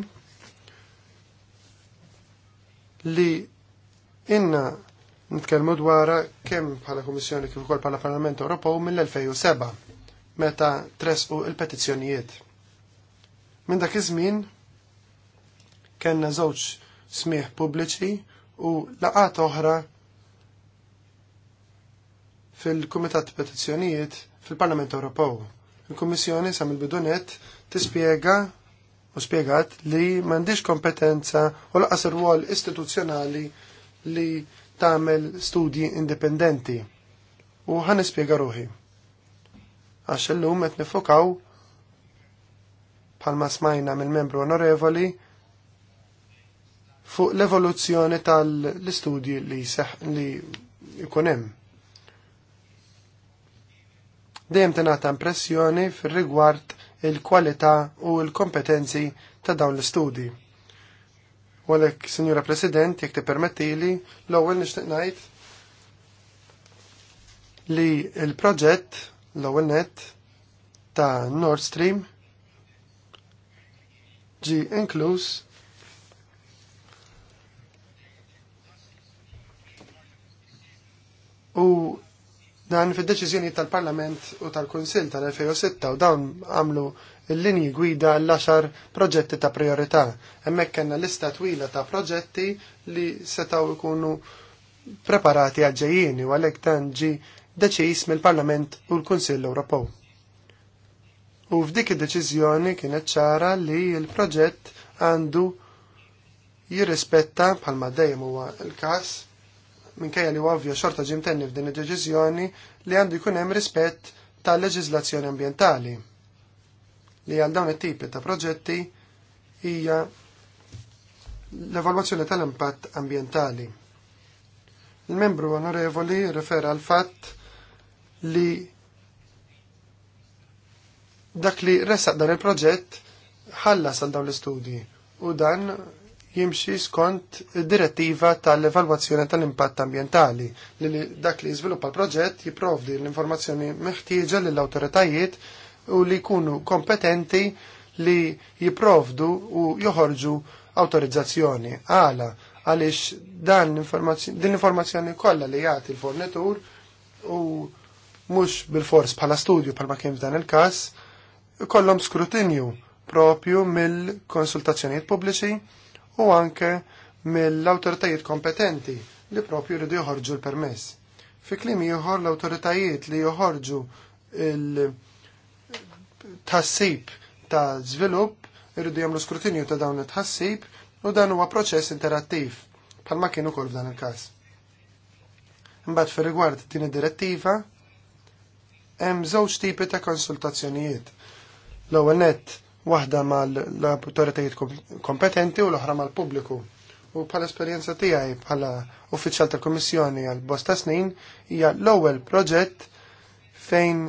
li inna nitkellmu dwara kemm bħala Kummissjoni kif ukoll bħala Parlament Ewropew mill-2007 meta tresqu il-petizzjonijiet Minn dak iż-żmien kellna żewġ smieħ pubbliċi u laqgħat oħra fil-Kumitat Petizzjonijiet fil-Parlament Ewropew. Il-Kummissjoni sa mill-bidunet tispjega u spjegat li m'għandix kompetenza u laqas ir-rwol istituzzjonali li tagħmel studji indipendenti. U ħanispjega nispjega ruħi. Għax illum qed nifokaw palma smajna mill-membru onorevoli fuq l-evoluzzjoni tal-istudji li seħ li jkunem. Dejjem tingħata impressjoni fir-rigward il-kwalità u l-kompetenzi ta' dawn l-istudji. U għalhekk, Signora President, jekk permettili, l-ewwel nixtieq ngħid li l-proġett l-ewwel net ta' Nord Stream ġi inkluż u dan fid-deċiżjoni tal-Parlament u tal-Kunsill tal-2006 u dawn għamlu l-linji gwida l-10 proġetti ta' priorità. Hemmhekk kellna lista twila ta' proġetti li setgħu jkunu preparati għal ġejjieni u għalhekk dan ġi deċiż mill-Parlament u l-Kunsill Ewropew. U f'dik id-deċiżjoni kienet ċara li l-proġett għandu jirrispetta bħalma dejjem huwa l-każ minkejja li ovvju xorta ġimtenni f'din id-deċiżjoni li għandu jkun hemm rispett tal-leġiżlazzjoni ambjentali li għal dawn it-tipi ta' proġetti hija l-evalwazzjoni tal-impatt ambjentali. Il-membru onorevoli rifera għal fatt li dak li resaq dan il-proġett ħallas għal dawn l-istudji u dan jimxi skont direttiva tal-evalwazzjoni tal-impatt ambientali li dak li jiżviluppa l-proġett jipprovdi l-informazzjoni meħtieġa lill awtoritajiet u li jkunu kompetenti li jipprovdu u joħorġu autorizzazzjoni għala għaliex dan din l-informazzjoni kollha li jagħti l-fornitur u mhux bil-fors bħala studju bħalma kien f'dan il-każ ikollhom skrutinju propju mill-konsultazzjonijiet pubbliċi u anke mill-awtoritajiet kompetenti li propju jridu joħorġu l-permess. Fi klim joħor l-awtoritajiet li joħorġu il-tassib ta' żvilupp irridu jamlu skrutinju ta' dawn it-tassib u dan huwa proċess interattiv bħalma kien ukoll f'dan il-każ. Imbagħad fir rigward din id-direttiva hemm żewġ tipi ta' konsultazzjonijiet L-ewwel nett waħda mal-autoritajiet kompetenti u l-oħra mal-pubbliku. U bħala esperjenza tiegħi bħala uffiċjal tal-Kummissjoni għal bosta snin hija l-ewwel proġett fejn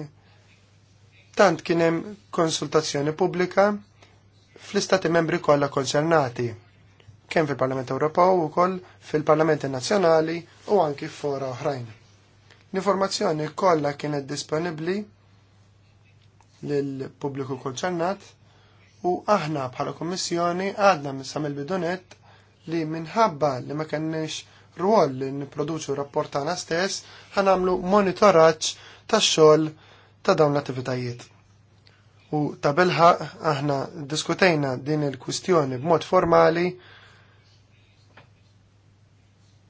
tant kien hemm konsultazzjoni pubblika fl-istati membri kollha konċernati kemm fil-Parlament Ewropew ukoll fil-Parlamenti Nazzjonali u anki fora oħrajn. L-informazzjoni kollha kienet disponibbli lill-pubbliku konċernat u aħna bħala kommissjoni għadna il bidonet li minħabba li ma kenniex rwol li niproduċu rapport tagħna stess ħanamlu monitoraġġ tax-xogħol ta' dawn l-attivitajiet. U ta' aħna diskutejna din il-kwistjoni b'mod formali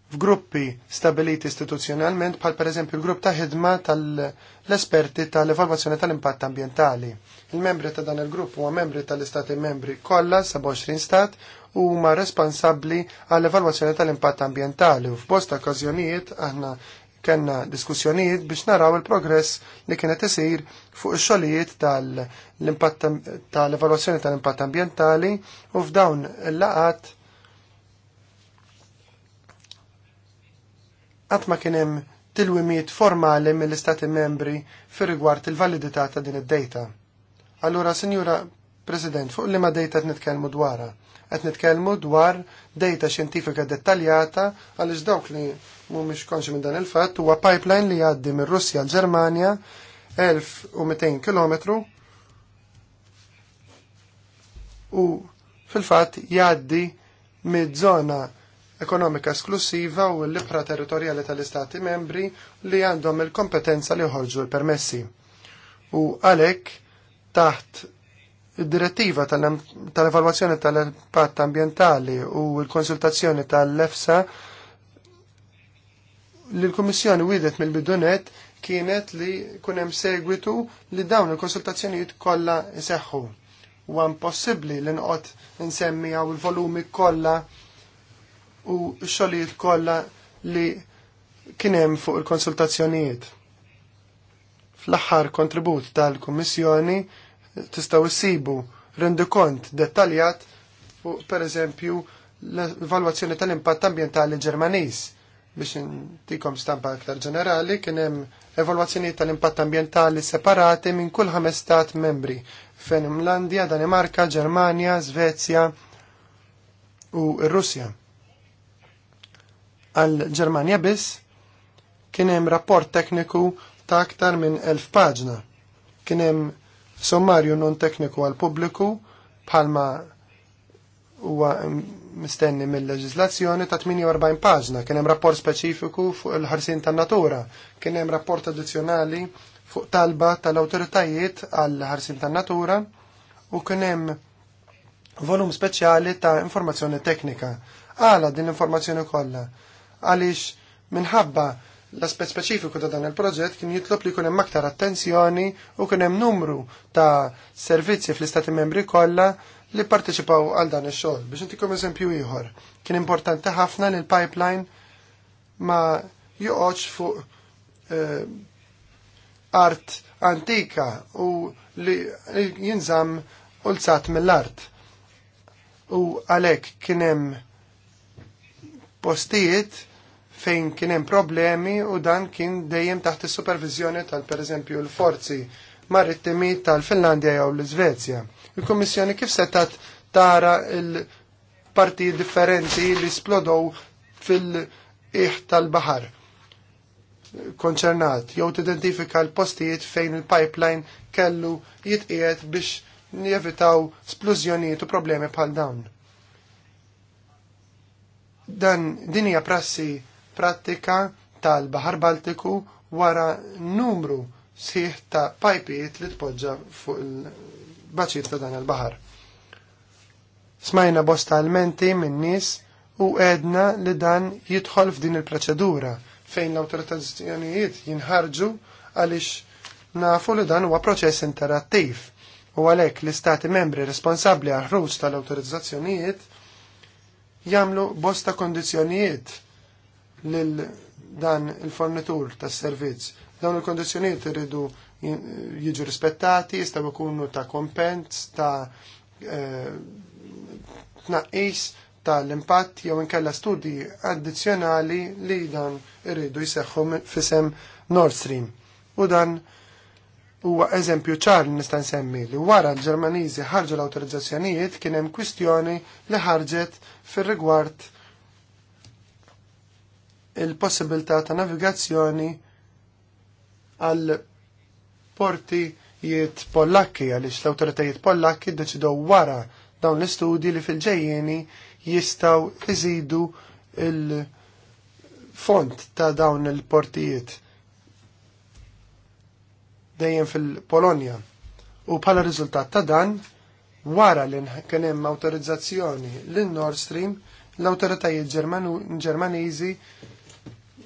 f'gruppi stabiliti istituzzjonalment bħal pereżempju l-grupp ta' ħidma tal-esperti tal-evalwazzjoni tal-impatt ambjentali. Il-membri ta' dan il-grupp huwa membri tal-istati membri kollha 27 stat u huma responsabbli għall evalwazzjoni tal-impatt ambjentali u f'bosta okkażjonijiet aħna kellna diskussjonijiet biex naraw il-progress li kienet isir fuq ix-xogħlijiet tal-impatt tal-evalwazzjoni tal-impatt ambjentali u f'dawn il-laqat qatt ma kien hemm tilwimiet formali mill-Istati membri fir rigward il-validità ta' din id-data. Allura, Sinjura President, fuq li ma data qed nitkellmu dwarha? Qed nitkellmu dwar data xjentifika dettaljata għaliex dawk li mhumiex konxi minn dan il-fatt huwa pipeline li jgħaddi minn Russja l ġermanja 1200 km u fil-fatt jgħaddi mid-żona ekonomika esklusiva u l-libra territorjali tal-Istati membri li għandhom il-kompetenza li ħorġu l-permessi. U għalek, taħt id-direttiva tal-evalwazzjoni tal tal-impatt ambientali u l-konsultazzjoni tal-EFSA li l-Kommissjoni widet mill-bidunet kienet li kunem segwitu li dawn il-konsultazzjonijiet kollha iseħħu. Huwa impossibbli li nqgħod nsemmi għaw il-volumi kollha u xogħlijiet kollha li kien hemm fuq il-konsultazzjonijiet. Fl-aħħar kontribut tal-Kummissjoni tistgħu issibu rendikont dettaljat fuq pereżempju l-valwazzjoni tal-impatt ambjentali Ġermaniż biex ntikom stampa aktar ġenerali kien hemm evalwazzjoni tal-impatt ambjentali separati minn kull ħames stat membri fejn Imlandja, Danimarka, Ġermanja, Svezja u r-Russja għal-Ġermanja biss kien hemm rapport tekniku ta' aktar minn elf paġna. Kien hemm sommarju non tekniku għal pubbliku bħalma huwa mistenni mill-leġislazzjoni ta' 48 paġna. Kien hemm rapport speċifiku fuq il-ħarsin tan-natura, kien hemm rapport addizzjonali fuq talba tal-awtoritajiet għall ħarsin tan-natura u kien hemm volum speċjali ta' informazzjoni teknika. Għala din l-informazzjoni kollha għaliex minħabba l-aspet speċifiku ta' dan il-proġett kien jitlob li kunem aktar attenzjoni u kunem numru ta' servizzi fl-istati membri kollha li parteċipaw għal dan ix-xogħol. Biex intikom eżempju ieħor, kien importanti ħafna li l-pipeline ma joqgħodx fuq eh, art antika u li jinżamm ulzat mill-art. U għalhekk kien hemm postijiet fejn kien hemm problemi u dan kien dejjem taħt is-supervizjoni tal pereżempju l-forzi marittimi tal-Finlandja jew l-Iżvezja. Il-Kummissjoni kif setat tara il-parti differenti li splodow fil-iħ tal-bahar konċernat, jew tidentifika l-postijiet fejn il-pipeline kellu jitqiet biex nievitaw splużjonijiet u problemi bħal dawn. Dan dinija prassi prattika tal-Bahar Baltiku wara numru sħiħ ta' pajpijiet li tpoġġa fuq il baċit ta' dan il-bahar. Smajna bosta almenti minn nies u edna li dan jidħol f'din il-proċedura fejn l-autorizzazzjonijiet jinħarġu għaliex nafu li dan huwa proċess interattiv u għalhekk l-istati membri responsabbli għal ħruġ tal-autorizzazzjonijiet jagħmlu bosta kondizjonijiet lil dan il-fornitur tas servizz Dawn il-kondizjoniet irridu jiġu rispettati, jistaw ikunu ta' kompens, ta' eh, tnaqqis, ta' l-impatt jew inkella studji addizzjonali li dan irridu jseħħu fisem Nord Stream. U dan huwa eżempju ċar nista' nsemmi li wara l-Ġermaniżi ħarġu l-awtorizzazzjonijiet kien hemm kwistjoni li ħarġet fir-rigward il-possibilità ta' navigazzjoni għal portijiet pollakki għaliex l-awtoritajiet pollakki deċidu wara dawn l-istudji li fil-ġejjeni jistaw iżidu il-font ta' dawn il-portijiet dejjem fil-Polonja. U bħala riżultat ta' dan, wara li kien hemm awtorizzazzjoni lin Nord Stream, l-awtoritajiet Ġermaniżi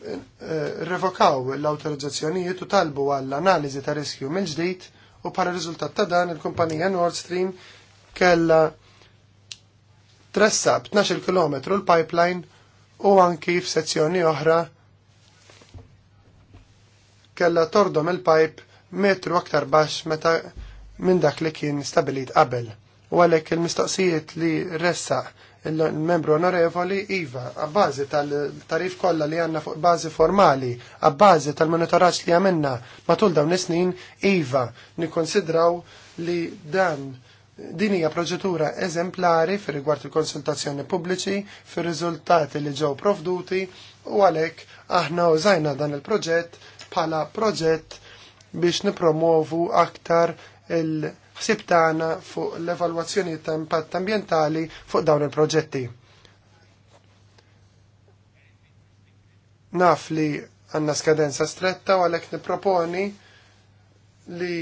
Eh, revokaw l-autorizzazzjonijiet u talbu għall-analiżi ta' riskju mill-ġdid u para riżultat ta' dan il-kumpanija Nord Stream kella tressa b'12 km l-pipeline u anki f'sezzjoni oħra kella tordom il-pipe metru aktar baxx meta minn dak li kien stabilit qabel. U għalhekk il-mistoqsijiet li ressaq il-membru onorevoli Iva, bazi tal-tarif kollha li għanna fuq bażi formali, bazi tal-monitoraġġ li għamilna matul dawn is-snin, Iva, nikkonsidraw li dan din hija proċedura eżemplari fir rigward il-konsultazzjoni pubbliċi, fir riżultati li ġew provduti u għalhekk aħna użajna dan il-proġett bħala proġett biex nipromovu aktar il- ħsib tagħna fuq l-evalwazzjoni ta' impatt ambjentali fuq dawn il-proġetti. Naf li għandna skadenza stretta u għalhekk nipproponi li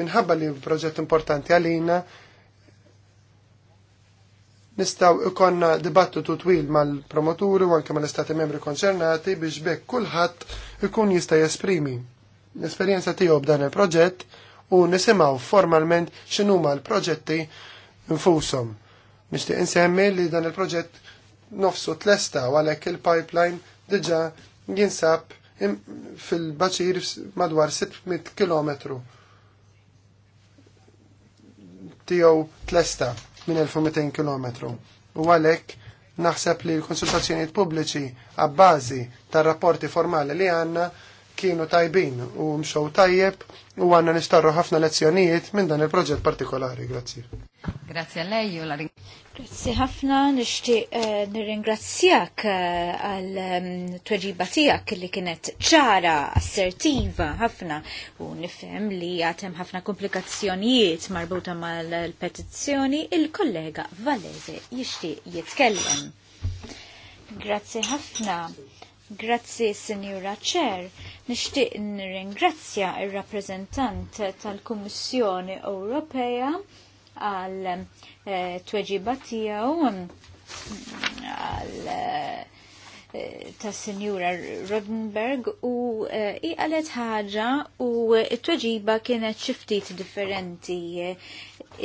minħabba li proġett importanti għalina nistaw ikonna dibattitu twil mal-promoturi u anke mal-istati membri konċernati biex bekk kulħadd ikun jista' jesprimi l-esperjenza tiegħu b'dan il-proġett u nisimaw formalment x'inhuma l-proġetti nfushom. Nixtieq insemmi li dan il-proġett nofsu tlesta u għalhekk il-pipeline diġà jinsab fil-baċir madwar 600 km tiegħu tlesta minn 1200 km. U għalhekk naħseb li l-konsultazzjonijiet pubbliċi għabbażi tar-rapporti formali li għandna kienu tajbin u mxow tajjeb u għanna nistarru ħafna lezzjonijiet minn dan il-proġett partikolari. Grazzi. Grazzi lei u la Grazzi ħafna nishtiq eh, nirringrazzjak eh, għal ehm, tweġiba tijak li kienet ċara, assertiva ħafna u nifhem li għatem ħafna komplikazzjonijiet marbuta mal-petizzjoni il-kollega Valese jishtiq jitkellem. Grazzi ħafna. Grazzi, Signora Cher. Nixtieq nirringrazzja r rappreżentant tal-Kummissjoni Ewropea għal eh, tweġiba tiegħu għal eh, ta' Sinjura Rodenberg u eh, iqalet ħaġa u t tweġiba kienet xi ftit differenti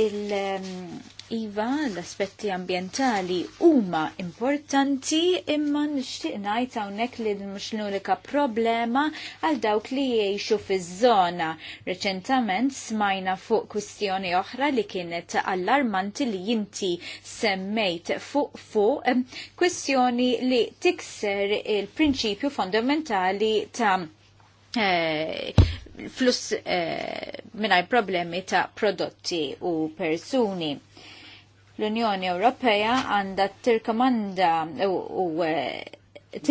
il- ehm, Iva, l-aspetti ambientali huma importanti imma nixtieq ngħid hawnhekk li mhux l-unika problema għal dawk li jgħixu fiż-żona. Reċentament smajna fuq kwistjoni oħra li kienet allarmanti li jinti semmejt fuq fuq kwistjoni li tikser il-prinċipju fondamentali ta' flus eh, eh problemi ta' prodotti u persuni l-Unjoni Ewropea għandha tirkomanda u e,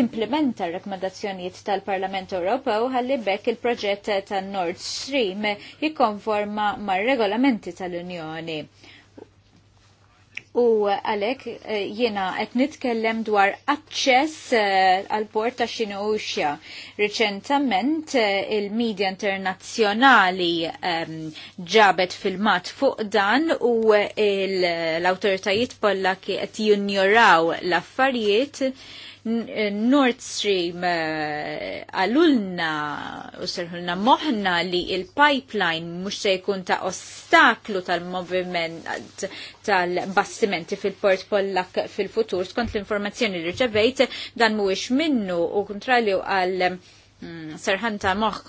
timplementa r-rekomendazzjonijiet tal-Parlament Ewropew ħalli bekk il-proġett tan Nord Stream jikkonforma mar-regolamenti tal-Unjoni u għalek eh, jena qed nitkellem dwar aċċess eh, għal port ta' Xinouxja. Reċentament eh, il-medja internazzjonali ehm, ġabet filmat fuq dan u l-autoritajiet polla qed junjoraw l-affarijiet Nord Stream eh, għalulna u serħulna moħna li il-pipeline mux se jkun ta' ostaklu tal-moviment tal-bastimenti fil-port pollak fil-futur skont l-informazzjoni li ġabejt dan mhuwiex minnu u kontralju għal Mm, serħanta moħħ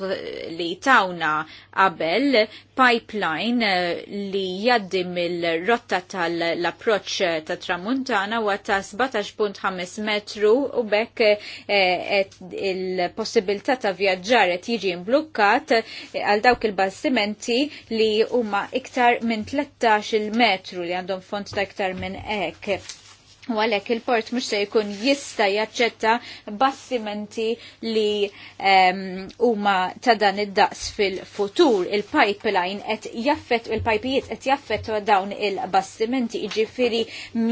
li tawna qabel pipeline eh, li jaddim il rotta tal-approċ ta' tramuntana u ta' 17.5 metru u bekk eh, il-possibilità ta' vjaġġar qed jiġi mblukkat eh, għal dawk il-bastimenti li huma iktar minn 13 il-metru li għandhom font ta' iktar minn hekk U għalek il-port mux se jkun jista jaċċetta bassimenti li ehm, huma um, ta' dan id-daqs fil-futur. Il-pipeline et jaffet, il-pipijiet et jaffet dawn il-bassimenti iġifiri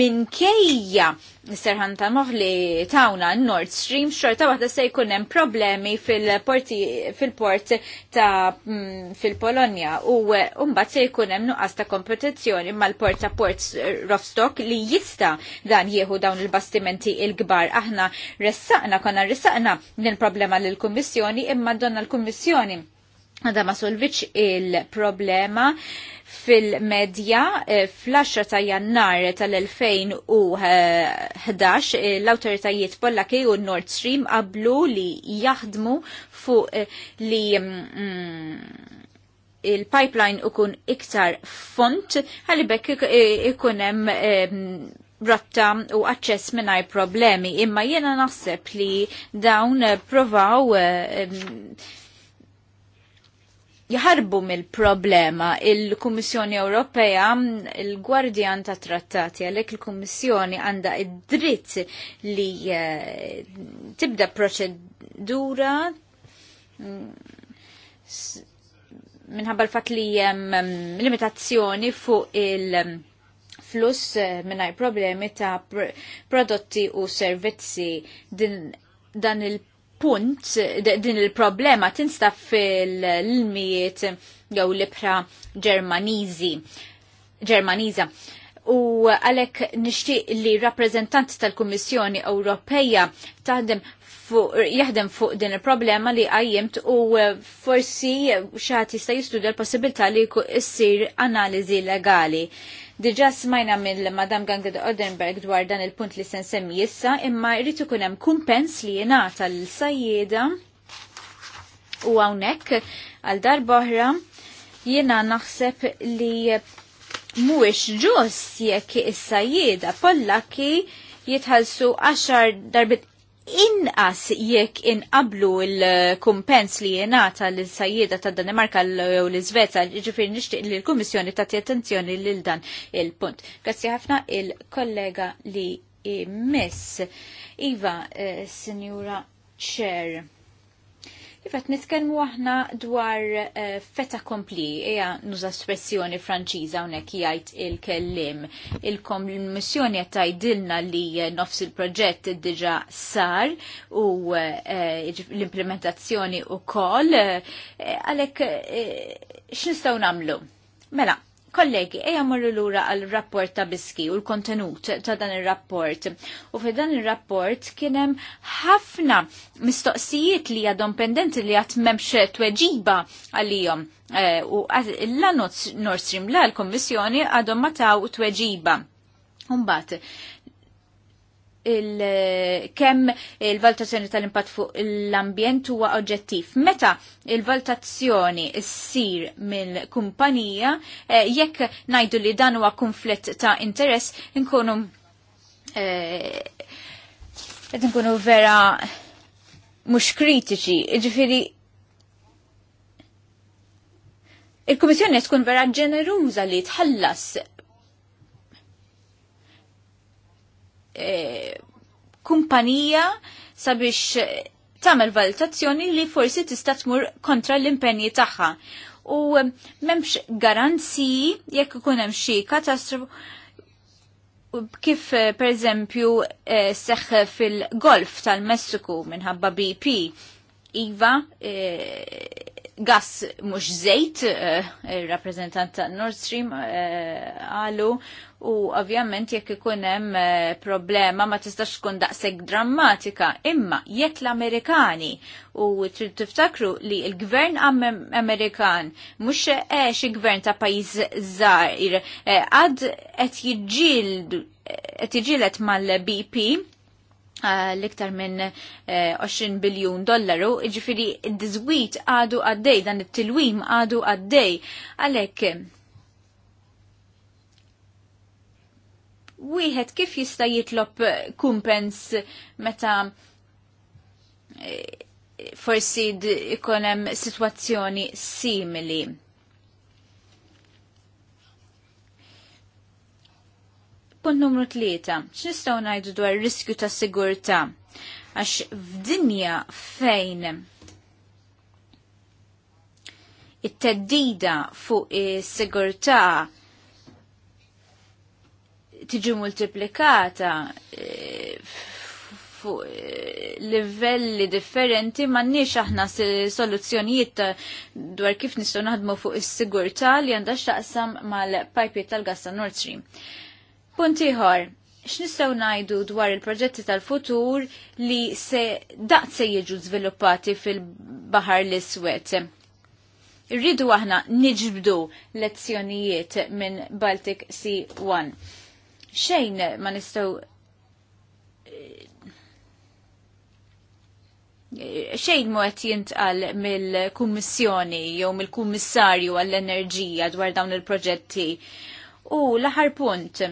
minkejja Serħan ta' moħli tawna Nord Stream xorta waħda se jkun hemm problemi fil-port fil ta' mm, fil-Polonja u e, mbagħad se jkun hemm nuqqas ta' kompetizzjoni mal-port ta' port Rostock li jista' dan jieħu dawn il-bastimenti il-kbar. Aħna ressaqna konna ressaqna din problema lill kummissjoni imma donna l-Kummissjoni Għada ma solviċ il-problema fil-medja eh, fl-10 ta' jannar tal-2011 eh, l-autoritajiet Pollaki u Nord Stream qablu li jaħdmu fuq eh, li mm, mm, il-pipeline kun iktar font għalibek ikunem rotta u aċċess minnaj problemi imma jena naħseb li dawn provaw jħarbu mill-problema. Il-Kummissjoni Ewropea, il-Gwardjan ta' Trattati, għalhekk il-Kummissjoni għandha id-dritt li eh, tibda proċedura mm, minħabba l-fat li jem mm, limitazzjoni fuq il- mm, flus eh, minnaj problemi ta' prodotti u servizzi din dan il punt din il-problema tinsta fil-ilmijiet jew l-ibra ġermaniżi. Ġermaniża. U għalek nishtiq li rappresentant tal-Kummissjoni Ewropeja taħdem jaħdem fuq din il-problema li għajjimt u forsi xaħat jista' jistudja l-possibilità li jissir analiżi legali. Diġa smajna minn madam de Odenberg dwar dan il-punt li sen semmi jissa, imma irritu kunem kumpens li jenata l-sajjeda u għawnek għal boħra jena naħseb li muwix ġus jekk is-sajjeda pollaki jitħalsu 10 darbit inqas jekk inqablu il-kumpens li jenata l-sajjeda ta' Danimarka jew l-Svezja, ġifir nixtieq li l-Kummissjoni tagħti attenzjoni lil dan il-punt. Grazzi ħafna il-kollega li miss. Iva, eh, Signora Chair. Ifet iva, nitkellmu aħna dwar eh, feta kompli, eja nuża espressjoni franċiża hawnhekk jgħid il-kellim. il l-missjoni qed tgħidilna li eh, nofs il-proġett diġà sar u eh, l-implementazzjoni ukoll għalhekk x'nistgħu nagħmlu. Mela, Kollegi, eja morru lura għal-rapport ta' Biski u l-kontenut ta' dan il-rapport. U fi dan il-rapport kienem ħafna mistoqsijiet li għadhom pendenti li għat memx tweġiba għalijom. Eh, u l-anot Nord Stream la' l-Kommissjoni għadhom ma' taw tweġiba. Umbat, il-kem il-valutazzjoni tal-impatt fuq l-ambjent huwa oġġettiv. Meta il-valutazzjoni ssir mill-kumpanija, eh, jekk najdu li dan huwa konflitt ta' interess, inkunu eh, qed inkunu vera mhux kritiċi, jiġifieri il-Kummissjoni tkun vera ġeneruża li tħallas kumpanija sabiex tagħmel valutazzjoni li forsi tista' tmur kontra l-impenji tagħha. U m'hemmx garanziji jekk ikun hemm xi katastrofi kif eh, per eżempju eh, seħ fil-golf tal-Messiku minħabba BP, Iva, eh, gas mux zejt, rappresentant ta' Nord Stream, għalu, u ovvjament jekk ikun hemm eh, problema ma tistax tkun daqshekk drammatika, imma jekk l-Amerikani u trid tiftakru li l-gvern Amerikan mhux xi gvern ta' pajjiż żgħir eh, għad qed qed jiġilet mal-BP eh, l-iktar minn 20 biljun dollaru, iġifiri id-dizwit għadu għaddej, dan it-tilwim għadu għaddej. Għalek, wieħed kif jista' jitlob kumpens meta e, forsi ikun hemm sitwazzjoni simili. Punt numru tlieta, x'nistgħu ngħidu dwar riskju ta' sigurtà għax f'dinja fejn it-teddida fuq is-sigurtà tiġi multiplikata e, fuq e, livelli differenti ma nix aħna soluzzjonijiet dwar kif nistgħu naħdmu fuq is-sigurtà li għandha x'taqsam mal pipi tal-gas ta' Nord Stream. Punt ieħor, x'nistgħu ngħidu dwar il-proġetti tal-futur li se daqs se jiġu żviluppati fil-Baħar l-Iswed. Irridu aħna niġbdu lezzjonijiet minn Baltic Sea 1 xejn ma nistgħu eh, xejn mu qed jintqal mill-kummissjoni jew mill-kummissarju għall-enerġija dwar dawn il-proġetti. U l-aħar punt,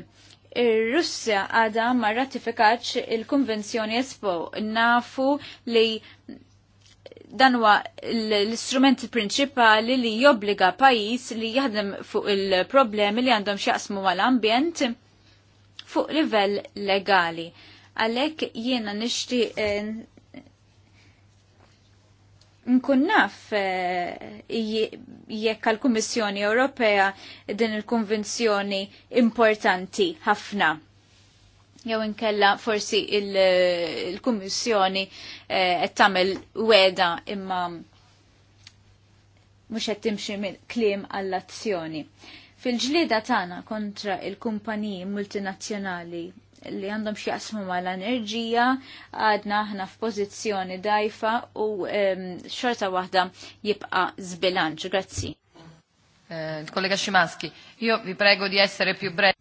ir-Russja għadha ma rratifikax il-Konvenzjoni Espo nafu li dan huwa l istrumenti prinċipali li jobbliga pajjiż li jaħdem fuq il-problemi li għandhom x'jaqsmu mal-ambjent fuq livell legali. Għalek jiena nishti eh, nkun naf eh, jekk għal-Kummissjoni Ewropea din il-konvenzjoni importanti ħafna. Jew inkella forsi il-Kummissjoni eh, qed tagħmel weda imma mhux qed timxi mill kliem għall-azzjoni. Fil-ġlieda tagħna kontra il-kumpaniji multinazzjonali li għandhom xjaqsmu mal enerġija għadna aħna f'pożizzjoni dajfa u um, xorta waħda jibqa' zbilanċ. Grazzi. Eh, kollega Szymanski, jo vi prego di essere più brevi.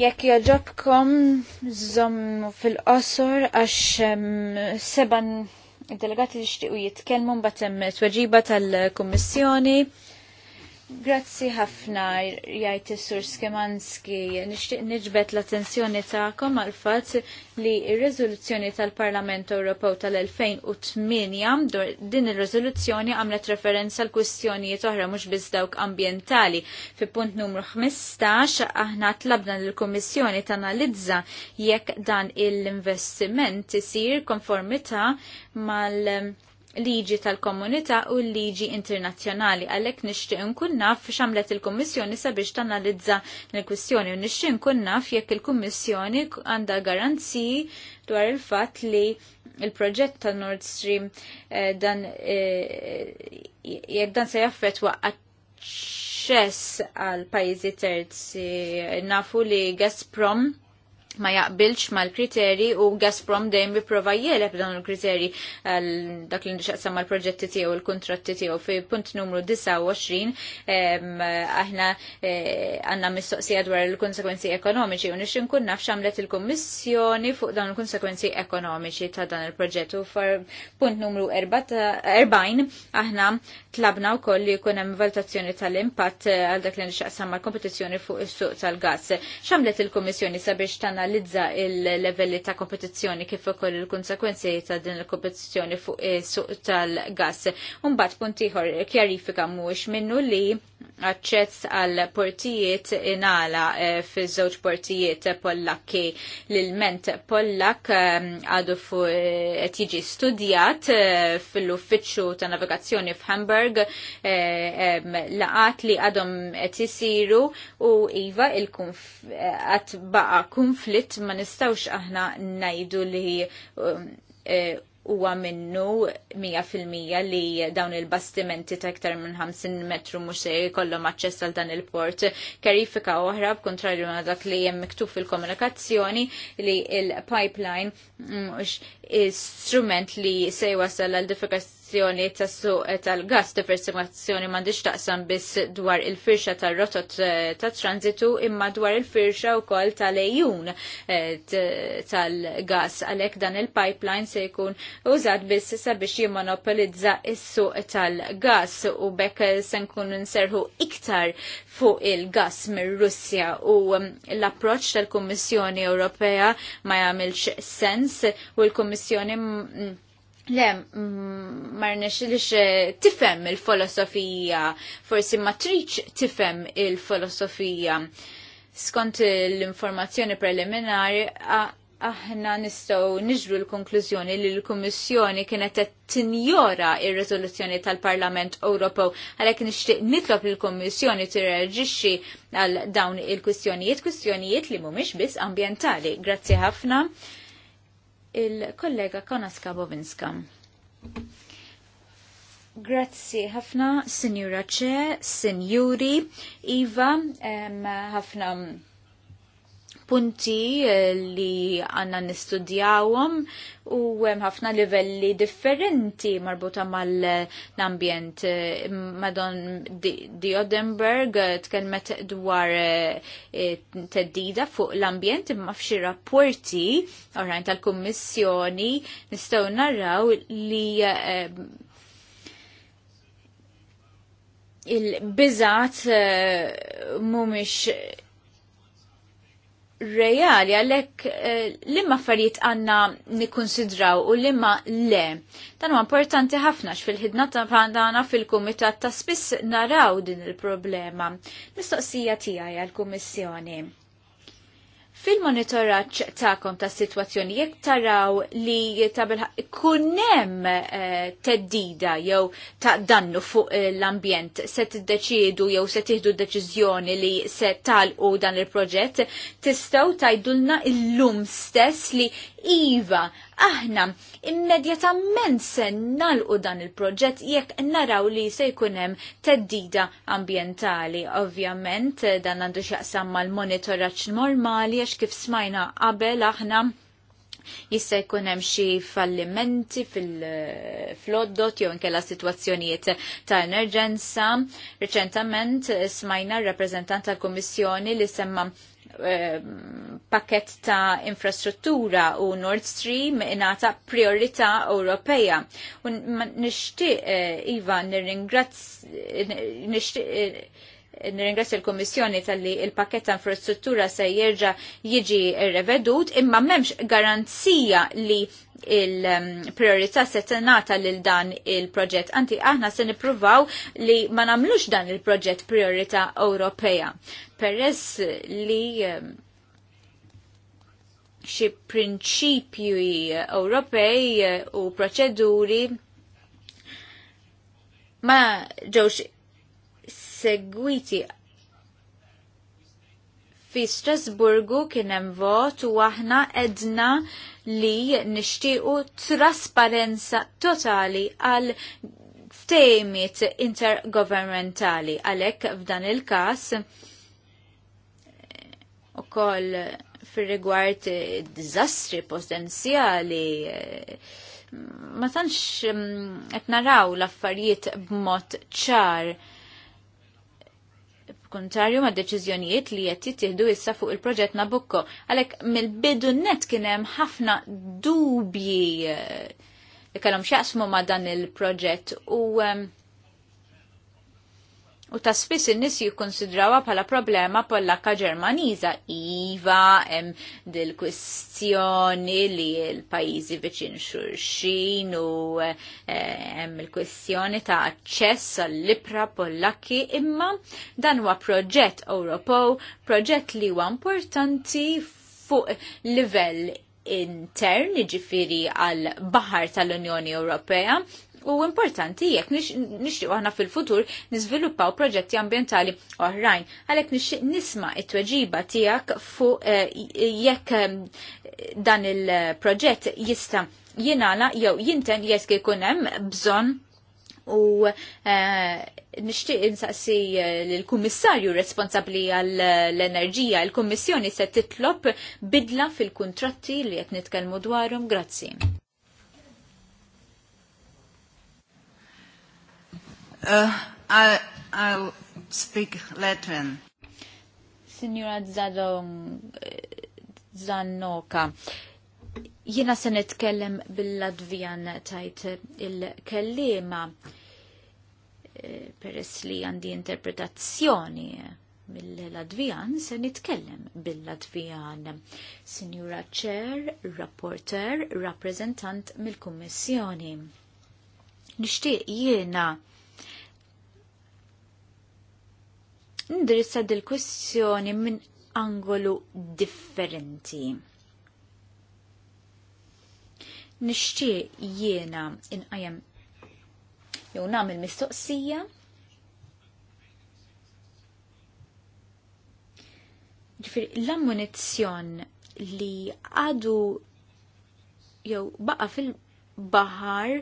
Jekk joġobkom żommu fil-qosor għax ehm, seban il-delegati li xtiqu jitkellmu mbagħad hemm tweġiba tal-Kummissjoni Grazzi ħafna jgħid is-Sur Skemanski. Nixtieq niġbet l-attenzjoni tagħkom għal fatt li r-riżoluzzjoni tal-Parlament Ewropew tal-2008 dwar din ir-riżoluzzjoni għamlet referenza l kwistjonijiet oħra mhux biss dawk ambjentali. Fi punt numru 15 aħna tlabna lill-Kummissjoni tanalizza jekk dan l-investiment isir konformità mal- liġi tal-komunità u l-liġi internazzjonali. Għalhekk nixtieq nkun naf x'għamlet il-Kummissjoni sabiex tanalizza l-kwistjoni u nixtieq nkun naf jekk il-Kummissjoni għandha garanzi dwar il-fatt li il-proġett ta' Nord Stream eh, dan eh, jekk dan se jaffet aċċess għal pajjiżi terzi nafu li Gazprom ma jaqbilx mal-kriteri u Gazprom dejjem jipprova jeleb dan il-kriteri għal dak li nixaqsam mal-proġetti tiegħu il-kuntratti tiegħu fi punt numru 29 aħna eh, għandna mistoqsija dwar il-konsekwenzi ekonomiċi u nix inkun naf x'għamlet il-Kummissjoni fuq dawn il-konsekwenzi ekonomiċi ta' dan il-proġett u far punt numru 40 aħna tlabna wkoll li jkun hemm valutazzjoni tal-impatt eh, għal dak li nixaqsam mal-kompetizzjoni fuq is-suq tal gass X'għamlet il-Kummissjoni sabiex tagħna tanalizza il levelli ta' kompetizzjoni kif ukoll il-konsekwenzi ta' din il-kompetizzjoni fuq is-suq tal-gass. Mbagħad punt ieħor kjarifika mhuwiex minnu li aċċess għal portijiet inala eh, fi żewġ portijiet pollakki l-ment pollak ehm, għadu fu eh, qed jiġi eh, fil-uffiċċju ta' navigazzjoni f'Hamburg ehm, laqat li għadhom qed isiru u iva għat baqa' konflitt ma nistgħux aħna ngħidu li huwa minnu 100% li dawn il-bastimenti ta' iktar minn 50 metru mhux se jkollhom aċċess għal dan il-port. Karifika oħra b'kontrarju ma' dak li hemm miktub fil-komunikazzjoni li il-pipeline mhux strument li se għal difikazzjoni kwestjoni tas-suq tal-gas diversifikazzjoni m'għandix taqsam biss dwar il-firxa tar-rotot eh, ta' transitu imma dwar il-firxa wkoll tal-ejjun eh, tal-gas għalhekk dan il-pipeline se jkun użat biss sabiex jimmonopolizza s suq tal-gas u bekk eh, se nkun nserħu iktar fuq il-gas mir-Russja u mm, l-approċċ tal-Kummissjoni Ewropea ma jagħmilx sens u l-Kummissjoni mm, Le, mm, marnex lix tifem il-filosofija, forsi matriċ tifem il-filosofija. Skont l-informazzjoni preliminari, aħna nistgħu niġru l-konklużjoni li l-Kummissjoni kienet qed tinjora il riżoluzzjoni tal-Parlament Ewropew għalhekk nixtieq nitlob il kummissjoni tirreġixxi għal dawn il-kwistjonijiet, kwistjonijiet li mhumiex biss ambjentali. Grazzi ħafna il-kollega Konaska Bovinska. Grazzi ħafna, Signora Ce, Signori, Iva, ħafna um, punti eh, li għanna nistudjawom u hemm ħafna livelli differenti marbuta mal-ambjent. Eh, Madon Di Odenberg eh, tkellmet dwar teddida fuq l-ambjent imma f'xi rapporti orajn tal-Kummissjoni nistgħu narraw li il-bizat mumiex reali għalek eh, limma affarijiet għanna nikonsidraw u limma le. Dan huwa importanti ħafna fil-ħidna ta' għandana fil-kumitat ta' spiss naraw din il-problema. Mistoqsija tiegħi għall-Kummissjoni. Fil-monitoraċ ta'kom ta' situazzjoni, jekk taraw li ta' kunem eh, teddida jew ta' dannu fuq eh, l-ambjent, se t-deċidu jew se tiħdu deċizjoni li se talqu dan il-proġett, tistaw tajdulna il-lum stess li Iva aħna immedjatament se nalqu dan il-proġett jekk naraw li se jkun hemm teddida ambjentali. Ovvjament dan għandu x'jaqsam mal-monitoraġġ normali għax kif smajna qabel aħna jista' jkun hemm xi fallimenti fil-floddot jew inkella sitwazzjonijiet ta' emerġenza. Riċentament smajna r-rappreżentant tal-Kummissjoni li semma Ehm, pakket ta' infrastruttura u Nord Stream inata priorità Ewropea. U nishtiq, eh, Iva, nirringrazz, nirringrazzja l-Kommissjoni tal-li il-pakket ta' infrastruttura se jirġa jiġi revedut, imma memx garanzija li il-priorità se tenata lil dan il-proġett. Anti aħna se nipruvaw li ma namlux dan il-proġett priorità Ewropea. Peress li ehm, xi prinċipji Ewropej eh, u proċeduri ma ġewx segwiti fi Strasburgu kien hemm vot u aħna edna li nixtiequ trasparenza totali għal ftejmit intergovernmentali għalhekk f'dan il-każ ukoll fir-rigward diżastri potenzjali ma tantx mm, qed naraw l-affarijiet b'mod ċar kontrarju ma' deċiżjonijiet li qed jittieħdu issa fuq il-proġett Nabucco. Għalhekk mill-bidu net kien hemm ħafna dubji eh, li kellhom x'jaqsmu ma' dan il-proġett u um, u ta' spiss in-nies jikkonsidrawha bħala problema pollakka Ġermaniża. Iva, hemm dil-kwistjoni li l-pajjiżi viċin xurxin u eh, hemm il-kwistjoni ta' aċċess għall-libra pollakki imma dan huwa proġett Ewropew, proġett li huwa importanti fuq livell intern, ġifiri għal baħar tal-Unjoni Ewropea, U importanti jekk nixtiq aħna fil-futur niżviluppaw proġetti ambjentali oħrajn. Għalhekk nixtieq nisma' it-tweġiba tiegħek fu eh, jekk eh, dan il-proġett jista' jingħala jew jinten jekk ikun hemm bżonn u eh, nishtiq insaqsi l-kummissarju responsabli għall-enerġija, l-kummissjoni se titlob bidla fil-kontratti li qed nitkellmu dwarhom. Grazzi. Uh, I, I'll speak Latvian. Signora Zadong, eh, Zannoka, jina se nitkellem bil-Ladvijan tajt il-kellima eh, peress li għandi interpretazzjoni mill-Latvijan se nitkellem bil-Latvijan. Signora Chair, Rapporter, Rappresentant mill-Kummissjoni. Nishtiq jiena indirizza dil-kwistjoni minn angolu differenti. Nixtieq jiena inqajem jew nagħmel mistoqsija ġifir l-ammunizzjon li għadu jew baqa fil-bahar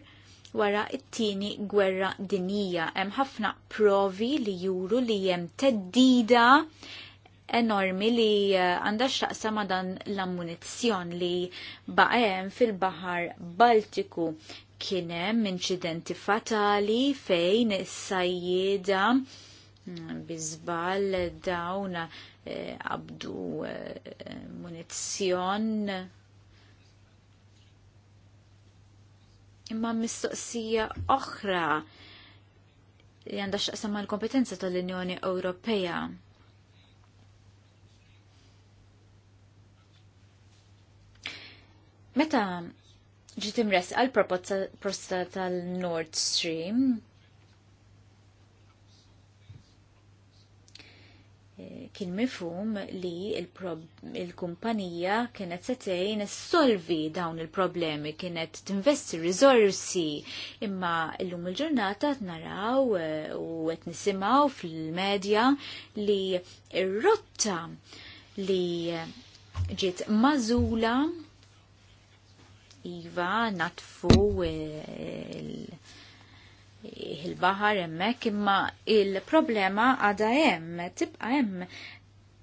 wara it-tieni gwerra dinija. Hemm ħafna provi li juru li hemm teddida enormi li eh, għandha xaqsa ma dan l-ammunizzjon li baqem fil-Bahar Baltiku kien hemm inċidenti fatali fejn is-sajjieda mm, bizbal dawn qabdu eh, eh, munizzjon imma mistoqsija oħra li għandha x'aqsam mal-kompetenza tal-Unjoni Ewropea. Meta ġiet res għal proposta tal-Nord Stream, kien mifhum li il-kumpanija kienet se tgħin dawn il-problemi, kienet tinvesti risorsi imma llum il-ġurnata naraw eh, u qed nisimgħu fil-medja li r-rotta li ġiet mażula iva natfu eh, il- il-bahar hemmhekk imma il-problema għadha hemm tibqa' hemm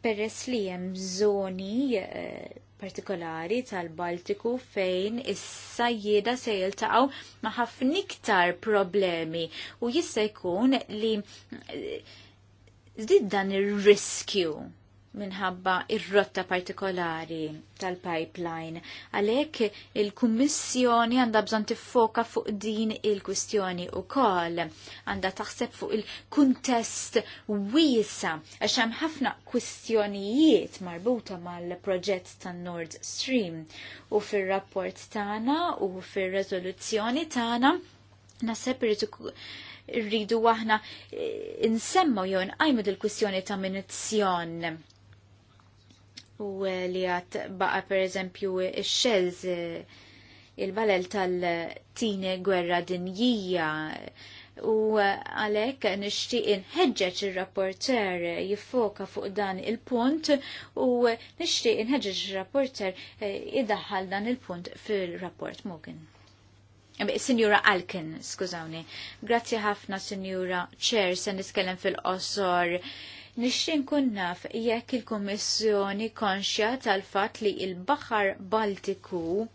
peress li hemm żoni eh, partikolari tal-Baltiku fejn is-sajjieda se jiltaqgħu ma' ħafna iktar problemi u jista' jkun li żdid eh, dan ir-riskju minħabba ir-rotta partikolari tal-pipeline. Għalhekk il-Kummissjoni għandha bżonn tiffoka fuq din il-kwistjoni ukoll. Għandha taħseb fuq il-kuntest wiesa għax hemm ħafna kwistjonijiet marbuta mal-proġett tan Nord Stream u fir-rapport tagħna u fir-reżoluzzjoni tagħna naseb rridu aħna eh, insemmu jew nqajmu dil-kwistjoni ta' Minizzjon u eh, li għat baqa per eżempju il-xelz eh, il-balel tal-tini gwerra dinjija u eh, għalek nishti inħedġeċ il-rapporter jiffoka fuq dan il-punt u nishti inħedġeċ il-rapporter idaħħal dan il-punt fil-rapport Mogan. Signora Alkin, skużawni. Grazzi ħafna, Signora Chair, se niskellem fil-qosor Nixxin kun naf jekk il-Kommissjoni konxja tal-fat li il-Baħar Baltiku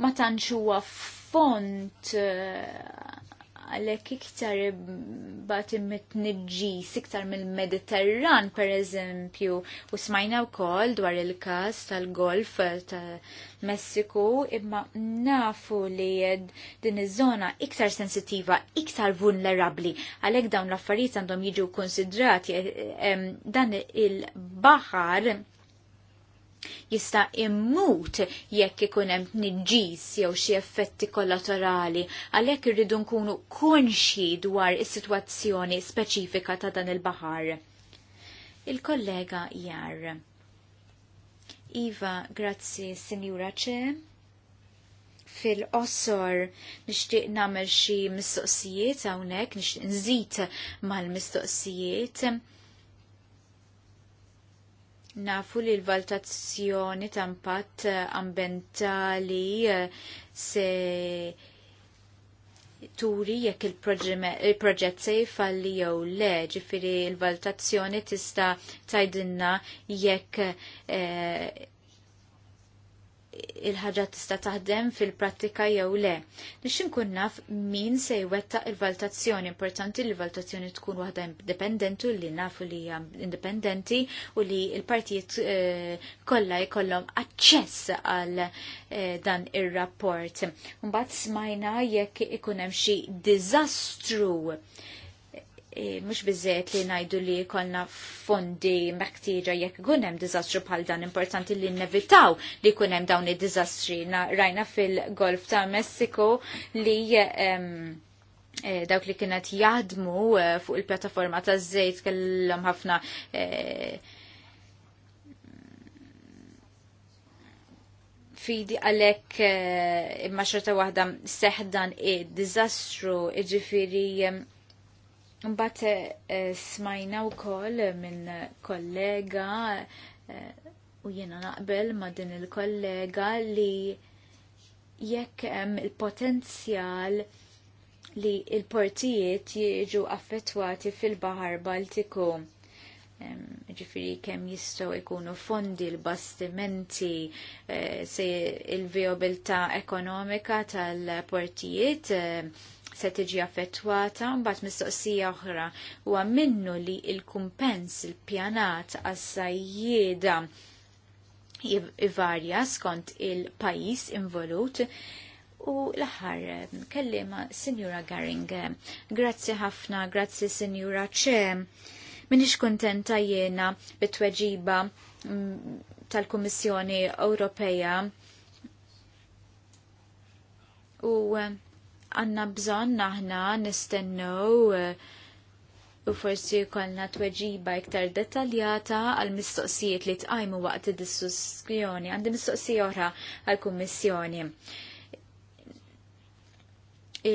ma tantx huwa font eh, għalhekk iktar bagħti mitniġġis iktar mill-Mediterran pereżempju u smajna wkoll dwar il-każ tal-Golf ta' Messiku imma nafu li din iż-żona iktar sensitiva, iktar vulnerabbli għalhekk dawn l-affarijiet għandhom jiġu konsidrati eh, dan il-baħar jista' immut jekk ikun hemm tniġġis jew xi effetti kollaterali għalhekk irridu nkunu konxji dwar is-sitwazzjoni speċifika ta' dan il-baħar. Il-kollega jar. Iva, grazzi, Sinjura Ċe. Fil-qosor nixtieq nagħmel xi mistoqsijiet hawnhekk, nixtieq nżid mal-mistoqsijiet Nafu li l-valutazzjoni ta' impatt eh, ambientali eh, se turi jekk il-proġett se jfalli jew le, ġifiri l-valutazzjoni tista' tajdinna jekk eh, il ħagġa tista' taħdem fil-prattika jew le. Nix nkun naf min se jwettaq il-valutazzjoni. Importanti li l-valutazzjoni tkun waħda indipendenti li nafu li hija indipendenti u li l-partijiet eh, kollha jkollhom aċċess għal eh, dan ir-rapport. Mbagħad smajna jekk ikun hemm xi diżastru E, mux bizzet li najdu li kolna fondi mektira jekk gunem dizastru bħal dan importanti li nevitaw li kunem dawn id-dizastri. Rajna fil-Golf ta' Messiko li um, e, dawk li kienet jadmu e, fuq il-pjattaforma ta' zejt kellhom ħafna e, fidi għalek imma xorta wahda seħdan id-dizastru iġifiri um, Mbagħad eh, eh, smajna wkoll minn kollega eh, u jiena naqbel ma' din il-kollega li jekk hemm il-potenzjal li l portijiet jiġu affettwati fil-Bahar Baltiku. Ġifiri kemm jistgħu jkunu fondi l-bastimenti se il-viabilta ekonomika tal-portijiet se tiġi affettwata mbagħad mistoqsija oħra huwa minnu li il-kumpens il-pjanat għas-sajjieda ivarja skont il-pajis involut u l-aħħar eh, kellima Sinjura Garing. Grazzi ħafna, grazzi Sinjura ċe. Minix kontenta jena bit-tweġiba mm, tal-Kummissjoni Ewropea u eh, għanna bżon naħna nistennu eh, u forsi kolna tweġiba iktar dettaljata għal mistoqsijiet li tqajmu waqt id-diskussjoni għandi mistoqsija oħra għal kummissjoni.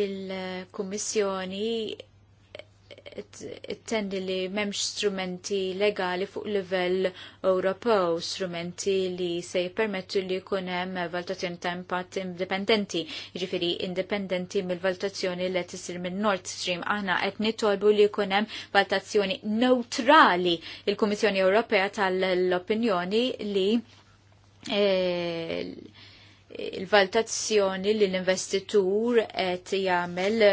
Il-kummissjoni it-tendi li memx strumenti legali fuq livell Ewropew, strumenti li se jippermettu li jkun hemm valutazzjoni ta' impatt indipendenti, jiġifieri indipendenti mill-valutazzjoni li qed minn Nord Stream. Aħna qed nitolbu li jkun hemm valutazzjoni neutrali il-Kummissjoni Ewropea tal-opinjoni li eh, il-valutazzjoni li l-investitur qed jagħmel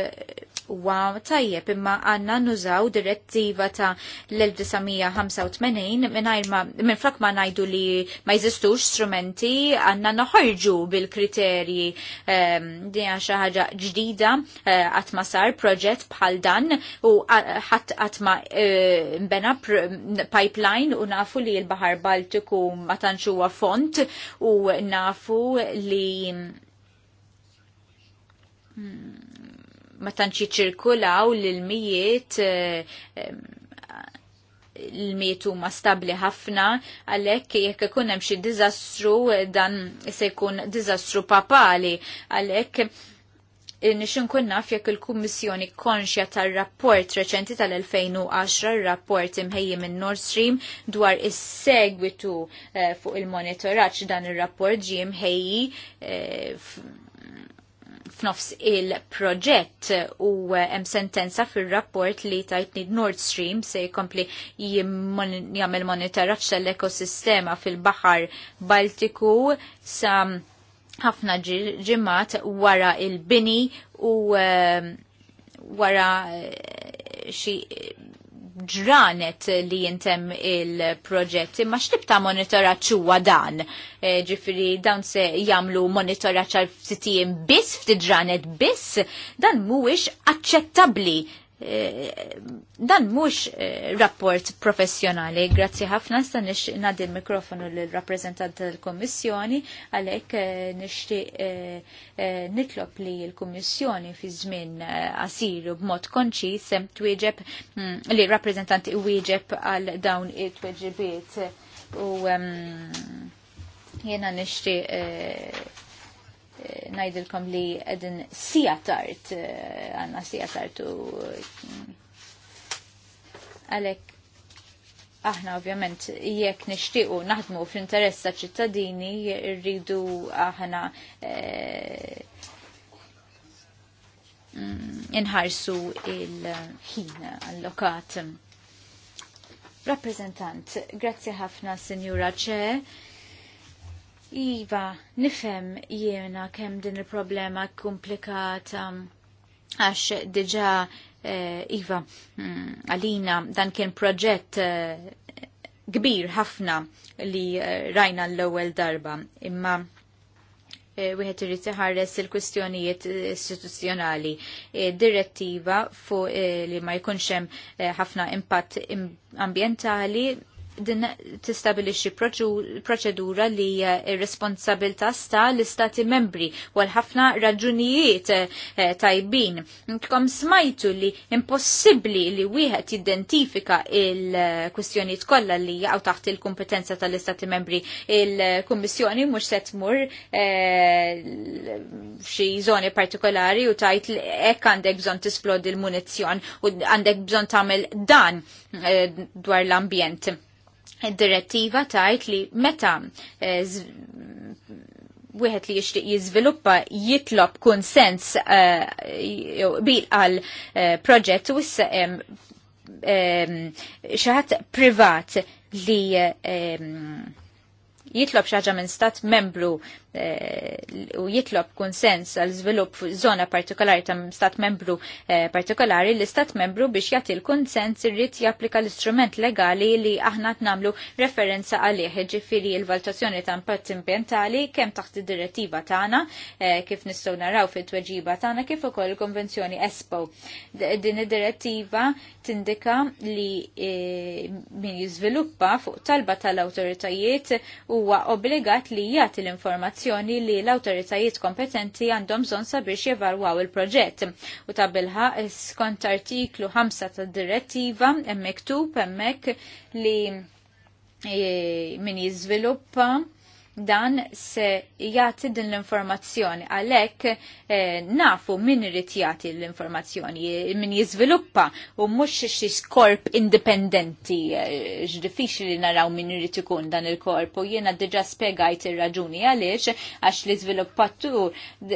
huwa tajjeb imma għandna nużaw direttiva ta' l-1985 mingħajr ma minn flok ma ngħidu li ma jeżistux strumenti għandna noħorġu bil-kriterji ehm, dinja xi ħaġa ġdida eh, qatt ma sar proġett bħal dan u ħadd qatt ma mbena eh, pipeline u nafu li l-Baħar Baltiku ma tantx huwa font u nafu li li mm, ma tantx jiċirkulaw l-mijiet eh, eh, l-miet huma stabli ħafna għalhekk jekk ikun hemm xi diżastru dan se jkun diżastru papali għalhekk nixin kunna fjek il-Kummissjoni konxja tal-rapport reċenti tal-2010, rapport imħejji minn Nord Stream dwar is-segwitu eh, fuq il-monitoraċ dan il-rapport ġi imħejji eh, f'nofs il-proġett u eh, hemm sentenza fir-rapport li tajtni Nord Stream se jkompli jagħmel monitoraġġ tal-ekosistema fil-Baħar Baltiku sa' ħafna ġimmat wara il-bini u ehm, wara eh, xi ġranet li jintem il-proġett, imma xtibta ta' dan? Eh, ġifiri, dawn se jagħmlu monitoraċ għal ftitijiem biss, ftit ġranet biss, dan mhuwiex aċċettabbli Eh, dan mhux eh, rapport professjonali. Grazzi ħafna sta nix ngħaddi l-mikrofonu lill rappresentant tal-Kummissjoni għalhekk eh, nixtieq nitlob li l-Kummissjoni fi żmien asiru b'mod konċi, sem twieġeb mm, li rappreżentanti wieġeb għal dawn it-tweġibiet u ehm, jena nixtieq najdilkom li edin sija tart, eh, għanna sija tart u għalek aħna ovvjament jekk nixtiequ naħdmu fl-interess ta' ċittadini rridu aħna eh, inħarsu il-ħin allokat. Rappresentant, grazzi ħafna, Sinjura Ċe Iva, nifem jiena kemm din il-problema komplikata għax diġa eh, Iva, mm, għalina dan kien proġett eh, kbir ħafna li eh, rajna l-ewwel darba. Imma wieħed irid iħares il-kwistjonijiet istituzzjonali. Direttiva fuq li ma jkunx hemm ħafna impatt ambjentali din tistabilixxi proċedura li responsabilta sta l-istati membri għal ħafna raġunijiet eh, tajbin. Kom smajtu li impossibbli li wieħed identifika il-kwistjonijiet kollha li għaw taħt il-kompetenza tal-istati membri il-Kummissjoni mhux se tmur eh, xi żoni partikolari u tajt hekk għandek bżonn tisplodi l-munizzjon u għandek bżonn tagħmel dan eh, dwar l-ambjent Id-direttiva tajt li meta eh, wieħed li jixtieq jiżviluppa jitlob kunsens eh, bil għal eh, proġett u issa xaħat privat li jitlob xaġa minn stat membru Eh, u jitlob konsens għal żvilupp zona partikolari ta' stat membru eh, partikolari, l-istat membru biex jagħti l-konsens irrid japplika l-istrument legali li aħna namlu referenza għalih, ġifiri l-valutazzjoni ta' impatt impjentali kemm taħt id-direttiva tagħna eh, kif nistgħu naraw fit-tweġiba tagħna kif ukoll konvenzjoni ESPO. Din id-direttiva tindika li min jiżviluppa fuq talba tal-awtoritajiet huwa obbligat li jagħti l-informazzjoni indikazzjoni li l-autoritajiet kompetenti għandhom bżonn sabiex jevalwaw il-proġett. U ta' bilħa skont artiklu 5 ta' direttiva hemm miktub hemmhekk li e, min jiżviluppa dan se jagħti din l-informazzjoni għalhekk eh, nafu min irid jagħti l-informazzjoni, min jiżviluppa u mhux xi korp indipendenti eh, li naraw min irid ikun dan il-korp u jiena diġà spjegajt ir-raġuni għaliex għax li zviluppatu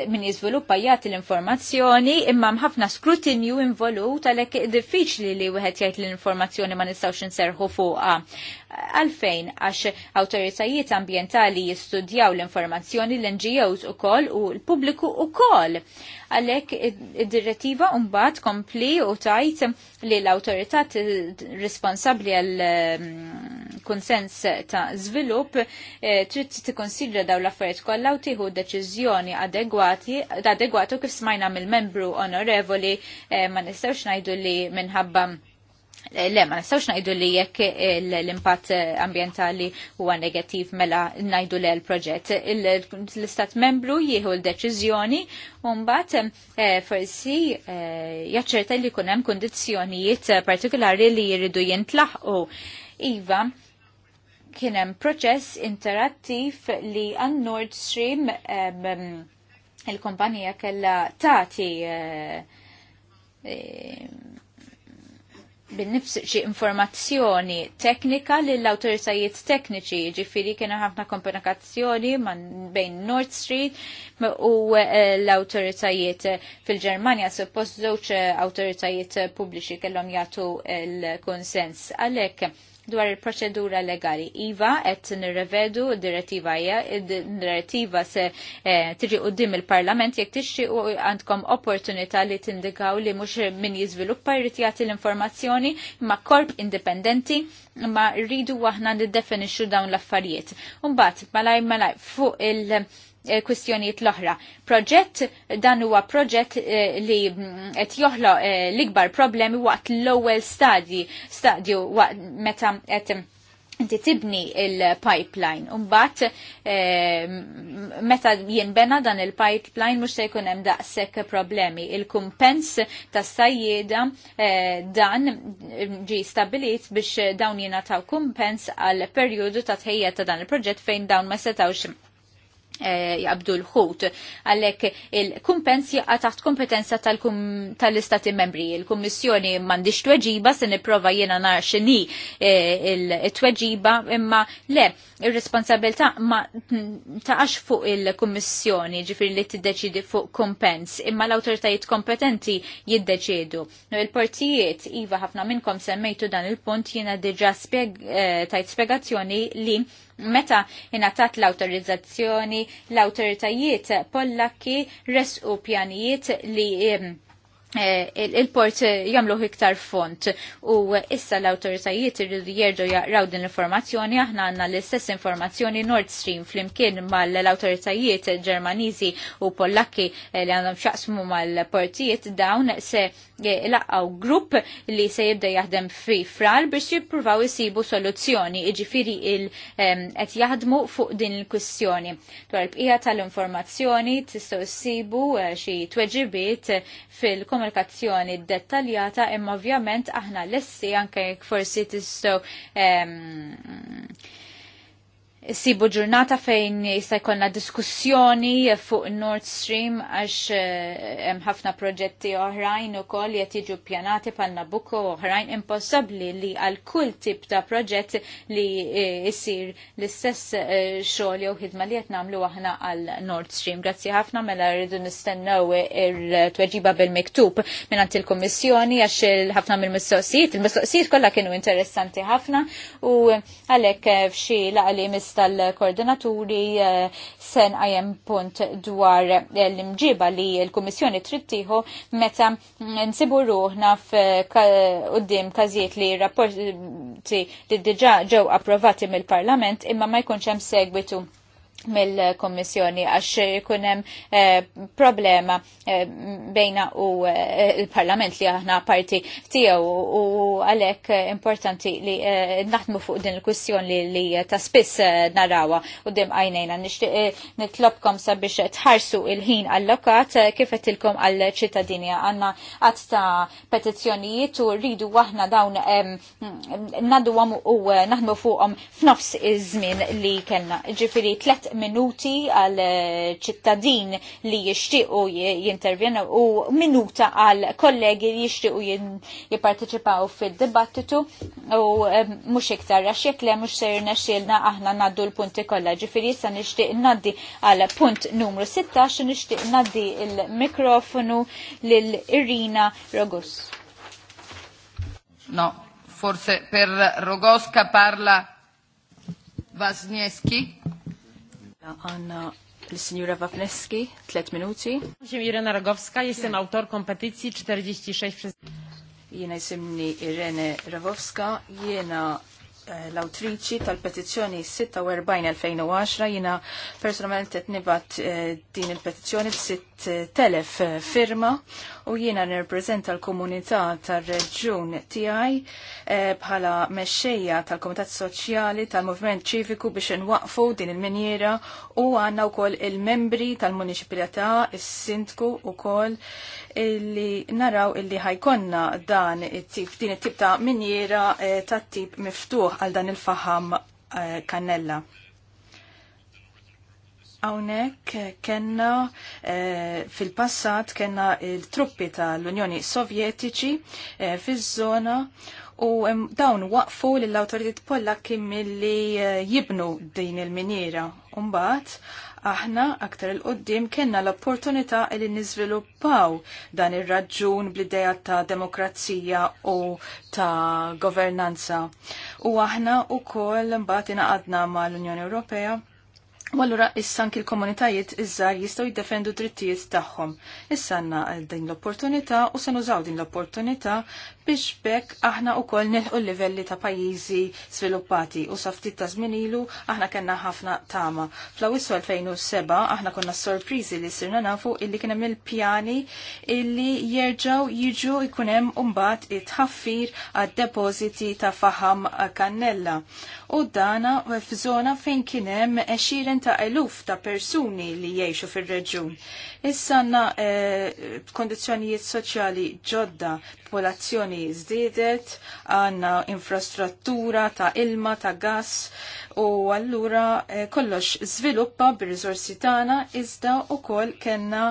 min jiżviluppa jagħti l-informazzjoni imma mħafna skrutinju involut għalhekk diffiċli li wieħed jgħid l-informazzjoni ma nistgħux inserħu fuqha. Għalfejn, għax autoritajiet ambientali jistudjaw l-informazzjoni l-NGOs u koll u l-publiku u koll. Għalek id-direttiva umbat kompli u tajt li l-autoritat responsabli għal mm, konsens ta' zvilup eh, trid tikkonsidra daw l-affarijiet kollha u tieħu deċiżjoni adegwati adegwatu kif smajna mill-membru onorevoli eh, ma nistgħux ngħidu li minħabba Le, ma nistawx najdu li jekk l-impatt ambientali huwa negativ mela najdu le l-proġett. L-istat membru jieħu l-deċizjoni bat eh, forsi, eh, jaċċerta li kunem kondizjonijiet partikolari li jiridu jintlaħqu. Iva, kienem proċess interattiv li għan Nord Stream il-kompanija kella tati eh, bin-nifs xi informazzjoni teknika lill awtoritajiet tekniċi, ġifiri kienu ħafna komponikazzjoni bejn Nord Street u eh, l awtoritajiet fil-Ġermanja suppost żewġ eh, awtoritajiet pubbliċi kellhom jagħtu l-konsens. Għalhekk dwar il-proċedura legali. Iva, et nirrevedu direttiva hija, direttiva se eh, tiġi dim il-Parlament jekk tixti u għandkom opportunità li tindikaw li mhux min jiżviluppa jrid jagħti l-informazzjoni ma' korp indipendenti ma rridu aħna niddefinixxu dawn l-affarijiet. Mbagħad malaj malaj fuq il- Eh, kwistjonijiet l-oħra. Proġett dan huwa proġett eh, li mm, qed joħloq eh, l-ikbar problemi waqt l-ewwel stadji stadju waqt meta qed mm, inti tibni il-pipeline. Umbat, meta jinbena dan il-pipeline mux se jkun hemm daqshekk problemi. Il-kumpens ta' sajjeda dan mm, ġi stabilit biex dawn jingħataw kumpens għal perjodu ta' tħejja ta' dan il-proġett fejn dawn ma setawx Eh, jabdu l-ħut. Għallek il-kumpens jaqa taħt kompetenza tal-istati membri. Il-Kommissjoni mandiġ tweġiba, se niprofa jena nar xini eh, il-tweġiba, imma le, il-responsabilta ma taqax fuq il-Kommissjoni ġifir li t-deċidi fuq kumpens, imma l-autoritajiet kompetenti jiddeċidu. il portijiet Iva, ħafna minnkom semmejtu dan il-punt jena diġa eh, tajt spiegazzjoni li meta inatat l-autorizzazzjoni l-autoritajiet pollakki resqu pjanijiet li eh, il-port jamlu iktar font u issa l-autoritajiet irridu jerġu jaqraw din l-informazzjoni aħna għanna l-istess informazzjoni Nord Stream flimkien mal l-autoritajiet ġermaniżi u pollakki eh, li għandhom xaqsmu mal-portijiet dawn se laqgħu grupp li se jibda jaħdem fi fral biex jippruvaw isibu soluzzjoni, jiġifieri il qed jaħdmu fuq din il-kwistjoni. Dwar il-bqija tal-informazzjoni tistgħu ssibu eh, xi tweġibiet fil-komunikazzjoni dettaljata imma ovvjament aħna lessi anke forsi tistgħu sibu ġurnata fejn jista' jkollna diskussjoni fuq Nord Stream għax eh, hemm ħafna proġetti oħrajn ukoll qed jiġu pjanati pal Nabucco oħrajn impossibbli li għal kull tip ta' proġett li jsir eh, l-istess eh, xogħol jew ħidma li qed nagħmlu aħna għal Nord Stream. Grazzi ħafna mela rridu nistennew il tweġiba bil-miktub mingħand il-Kummissjoni għax ħafna mill-mistoqsijiet, il-mistoqsijiet kollha kienu interessanti ħafna u għalhekk f'xi laqli mis tal-koordinaturi eh, sen għajem punt dwar eh, l-imġiba li l-Komissjoni trittiħu meta nsibu ruħna f'qoddim kazijiet li rapporti li diġa ġew approvati mill-Parlament imma ma jkunx hemm segwitu mill-Kommissjoni għax kunem eh, problema eh, bejna u eh, il-Parlament li aħna parti tiegħu u għalhekk importanti li eh, naħdmu fuq din il-kwistjoni li, li ta' spiss eh, narawa u dim għajnejna nixtieq eh, nitlobkom sabiex tħarsu il-ħin allokat eh, kif ilkom għall ċittadini għandna qatt ta' petizzjonijiet u rridu aħna dawn eh, nadu u naħdmu fuqhom f'nofs iż-żmien li kellna. Ġifieri tlet minuti għal eh, ċittadin li jixtiequ jintervjena u minuta għal kollegi li jixtiequ jiparteċipaw fil dibattitu u eh, mhux iktar għax le mhux ser nexxielna aħna naddu l-punti kollha. Ġifieri issa nixtieq naddi għal punt numru 16 nixtieq naddi il-mikrofonu l Irina Rogus. No, forse per Rogoska parla Wasniewski. Għanna l-Sinjura Wapneski, 3 minuti. Ġim Irena Ragowska, jestem autor kompetizji 46 Jena jisimni Irene Ragowska, jena eh, l-autriċi tal petizjoni 46-2010, jena personalment etnibat eh, din il petizjoni telef firma u jiena nirrepreżenta l-komunità tar-reġjun tiegħi eh, bħala mexxejja tal-Komitat Soċjali tal-Movement Ċiviku biex inwaqfu din il-minjera u għandna wkoll il-membri tal-Municipalità, is-Sindku wkoll illi naraw illi ħajkonna dan it-tip din it-tip ta' minjera eh, tat-tip miftuħ għal dan il-faham kannella. Eh, Hawnhekk kenna eh, fil-passat kenna il-truppi tal-Unjoni Sovjetiċi fil eh, fiż-żona u dawn waqfu lill Polla kim milli eh, jibnu din il-miniera. Umbagħad aħna aktar il-qoddim kenna l-opportunità li niżviluppaw dan ir-raġun bl-idea ta' demokrazija u ta' governanza. U aħna wkoll mbagħad ingħaqadna mal-Unjoni Ewropea Wallura allura issa anki komunitajiet iż-żar jistgħu jiddefendu drittijiet tagħhom. Issa għandna din l-opportunità u se nużaw din l-opportunità biex bekk aħna u koll nilħu livelli ta' pajizi sviluppati u saftit ta' zminilu aħna kena ħafna tama. Fl-awissu 2007 aħna konna sorprizi li sirna nafu illi kienem il-pjani illi jerġaw jiġu ikunem umbat it-ħaffir għad-depoziti ta' faham kannella. U dana f'żona fejn kienem xiren ta' eluf ta' persuni li jiexu fil-reġun. Issa għanna eh, kondizjonijiet soċjali ġodda popolazzjoni żdiedet, għandna infrastruttura ta' ilma, ta' gas u allura eh, kollox żviluppa bir tana, tagħna iżda wkoll kellna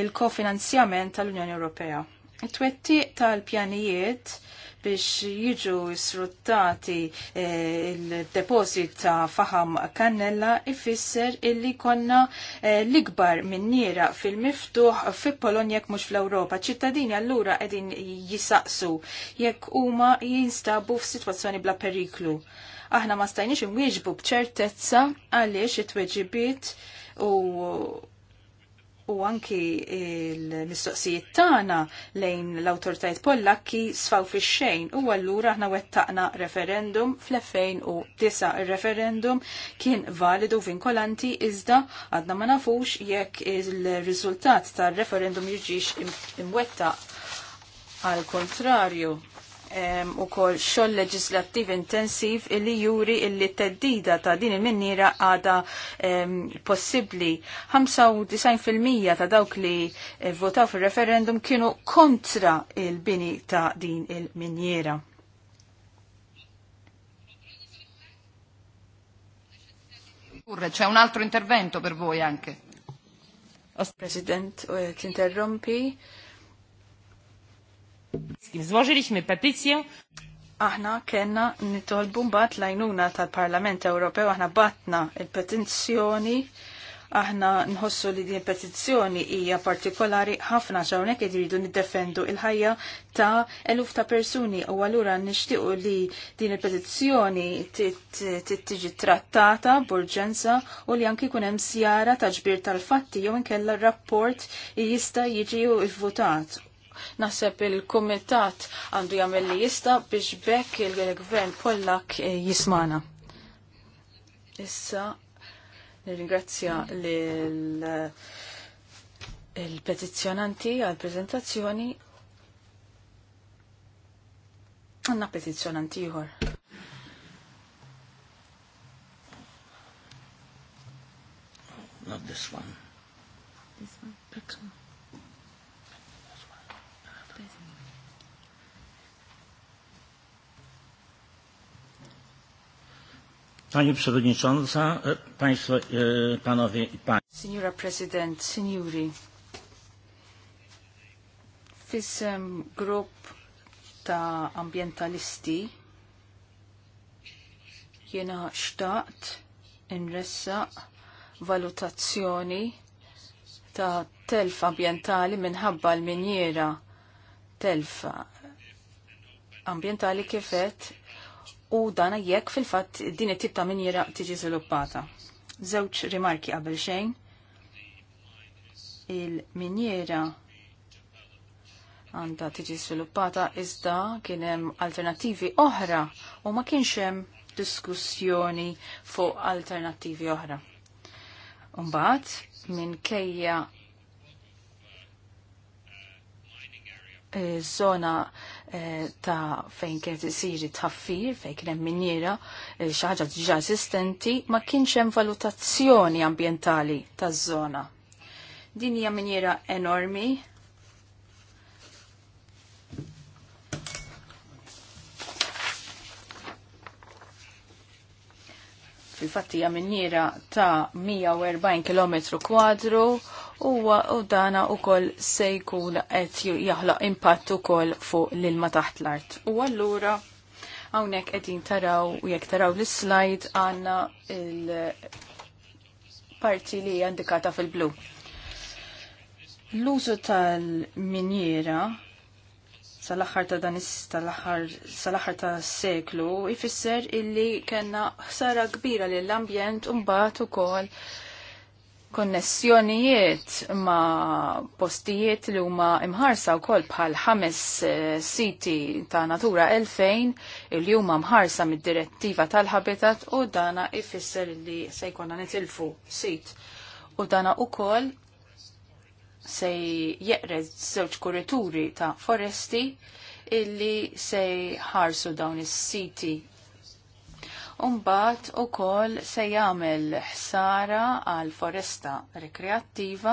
il-kofinanzjament tal-Unjoni Ewropea. It-twetti tal-pjanijiet biex jiġu sfruttati eh, il-deposit ta' faham kannella ifisser illi konna eh, l-ikbar minniera fil-miftuħ fi Polonja jekk mhux fl-Ewropa. ċittadini allura qegħdin jisaqsu jekk huma jinstabu f'sitwazzjoni bla periklu. Aħna ma stajniex imwieġbu bċertezza għaliex it-tweġibiet u u anki l-mistoqsijiet tagħna lejn l-awtoritajiet Pollakki sfaw fix-xejn u allura aħna wettaqna referendum fl-2009 ir-referendum kien validu vinkolanti iżda għadna ma nafux jekk il-riżultat tar-referendum jiġix imwettaq għal kontrarju u kol xoll leġislattiv intensiv illi juri illi teddida ta' din il-minnira għada possibli. 95% ta' dawk li eh, votaw fil referendum kienu kontra il-bini ta' din il-minjera. C'è un altro intervento per voi anche. Presidente, eh, ti interrompi? Złożyliśmy petycję. Aħna kena nitolbu mbagħad l-għajnuna tal-Parlament Ewropew aħna batna il-petizzjoni aħna nħossu li din petizzjoni hija partikolari ħafna x'hawnhekk qed jridu niddefendu il-ħajja ta' eluf ta' persuni u allura nixtiequ li din il-petizzjoni tiġi trattata b'urġenza u li anki jkun hemm sjara ta' ġbir tal-fatti jew inkella r-rapport jista' jiġi vvutat Naħseb il-Kumitat għandu jagħmel li jista' biex bekk il-Gvern Pollak eh, jismana. Issa nirringrazzja lil eh, il-petizzjonanti għal-prezentazzjoni għanna petizzjonanti ieħor. Not this one. This one. This one. Panie Przewodnicząca, Państwo, e, Panowie i Panie. Signora President, Signori, fissem grupp ta' ambientalisti jena xtaqt inressa valutazzjoni ta' telf ambientali minħabba l-minjera telf ambientali kifet u dana jekk fil-fatt din it-tip ta' minjera tiġi sviluppata. Żewġ rimarki qabel xejn. Il-minjera għandha tiġi sviluppata iżda kien hemm alternattivi oħra u ma kienx hemm diskussjoni fuq alternattivi oħra. Umbagħad minkejja żona eh, Eh, ta' fejn kienet isiri tħaffir, fejn kien hemm miniera, eh, xi ħaġa diġà esistenti, ma kienx hemm valutazzjoni ambjentali taż-żona. Din hija miniera enormi. Fil-fatt hija miniera ta' 140 km kwadru huwa u dana wkoll se jkun qed jaħloq impatt ukoll fuq l-ilma taħt l-art. U allura hawnhekk qegħdin taraw u jekk taraw l-slide għandna il-parti li hija indikata fil-blu. L-użu tal-minjera sal-axar ta' dan sal-axar ta' seklu ifisser illi kena ħsara kbira lill ambjent u mbagħad ukoll konnessjonijiet ma postijiet li huma imħarsa wkoll bħal ħames eh, siti ta' Natura 2000 il huma mħarsa mid-direttiva tal-habitat u dana ifisser li se jkollna nitilfu sit. U dana kol se jeqred żewġ kurituri ta' foresti illi se ħarsu dawn is-siti Umbat u kol se jagħmel ħsara għal foresta rekreattiva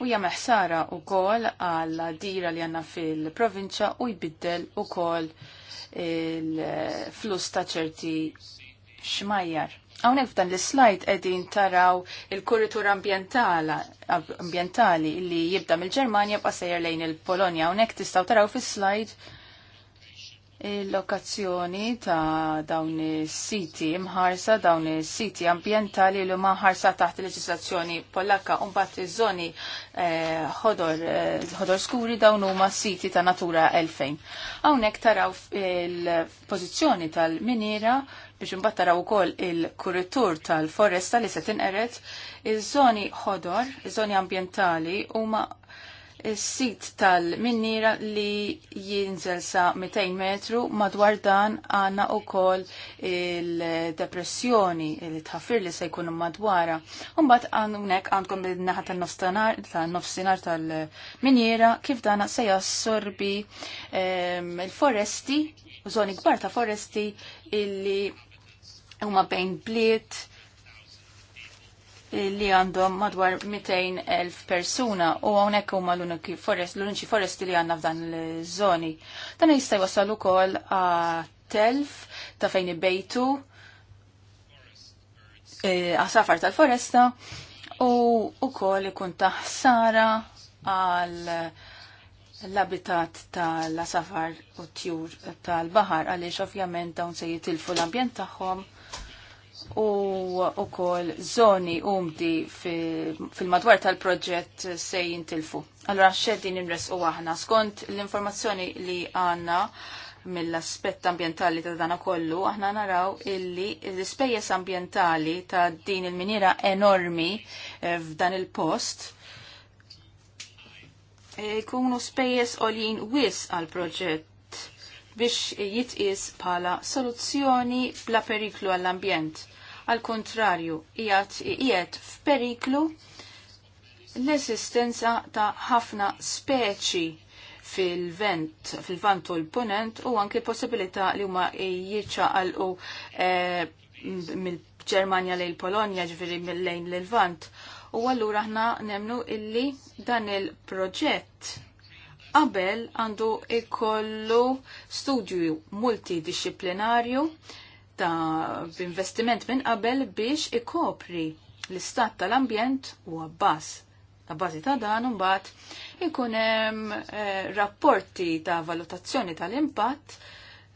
u jam ħsara u kol għal dira li għanna fil-provinċja u jbiddel u kol il-flus ta' ċerti xmajjar. Għawnek f'dan l slajt edin taraw il-kuritur ambientali li jibda mill ġermania b'qa sejjer lejn il-Polonja. Għawnek tistaw taraw fil slajt il-lokazzjoni ta' dawn is-siti mħarsa dawn is-siti ambjentali li huma ħarsa taħt il-leġislazzjoni Polakka u mbagħad iż-żoni eh, ħodor eh, skuri dawn huma siti ta' Natura 2000. Hawnhekk taraw il-pożizzjoni tal-miniera biex imbagħad taraw ukoll il-kuritur tal-foresta li se tinqeret iż-żoni ħodor, iż-żoni ambjentali huma sit tal-minnira li jinżel sa 200 metru madwar dan għanna u kol il-depressjoni li tħafir li se jkunu madwara. Umbat għannek għandkom bil-naħat tal-nofsinar tal-nofsinar tal-minnira kif dana se jassorbi ehm, il-foresti, zoni gbar ta' foresti illi huma bejn bliet li għandhom madwar 200.000 persuna u għonek huma l-uniki forest, l-uniċi foresti li għanna f'dan l-żoni. Dan jista' jwassal ukoll telf ta' fejn bejtu, e, għasafar tal-foresta u ukoll ikun taħsara għal l-abitat tal-asafar u tjur tal-bahar għaliex ovvjament dawn se jitilfu l-ambjent tagħhom u wkoll żoni umdi fil-madwar tal-proġett se jintilfu. Allora xeddin imres u aħna skont l-informazzjoni li għandna mill-aspett ambjentali ta' dana kollu, aħna naraw illi l-ispejjeż ambjentali ta' din il-minira enormi eh, f'dan il-post eh, jkunu spejjeż olin wis għal proġett biex jitqis bħala soluzzjoni bla periklu għall-ambjent għal kontrarju, qiegħed f'periklu l-esistenza ta' ħafna speċi fil-vent, fil-vant u l-ponent u anke possibilità li huma jiċċaqalqu eh, mill-Ġermanja lejn Polonja ġviri mill-lejn l-vant. U allura aħna nemnu illi dan il-proġett qabel għandu ikollu studju multidisciplinarju ta' investiment minn qabel biex ikopri l-istat tal-ambjent u għabbas. Għabbażi ta' dan mbagħad ikun hemm eh, rapporti ta' valutazzjoni tal-impatt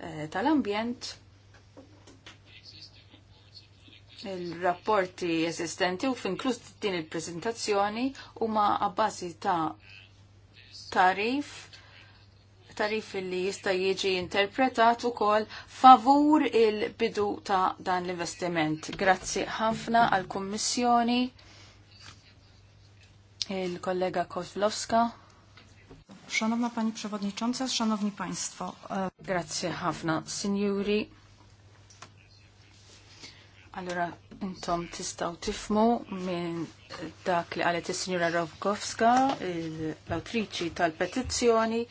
eh, tal-ambjent il-rapporti eżistenti u finkluż din il-prezentazzjoni huma għabbażi ta' tarif tarif li jista' jiġi interpretat ukoll favur il-bidu ta' dan l-investiment. Grazzi ħafna għall kummissjoni il-kollega Kozlowska. Szanowna Pani Przewodnicząca, Szanowni Państwo. E, Grazie ħafna, Signori. Allora, intom tistaw tifmu minn dak li għalet il-Signora Rovkowska, l-autriċi tal-petizzjoni,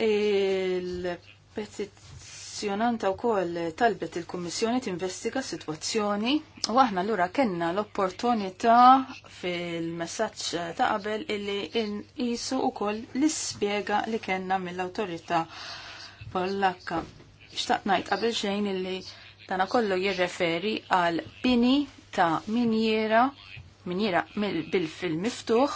Il-petizzjonanta wkoll talbet il-Kummissjoni tinvestiga s-sitwazzjoni u aħna lura kellna l-opportunità fil-messaġġ ta' qabel illi nqisu wkoll l spiega li kellna mill-awtorità Pollakka. Xtaqt ngħid qabel xejn illi tana kollu jirreferi għal bini ta' minjera minjera bil-fil miftuħ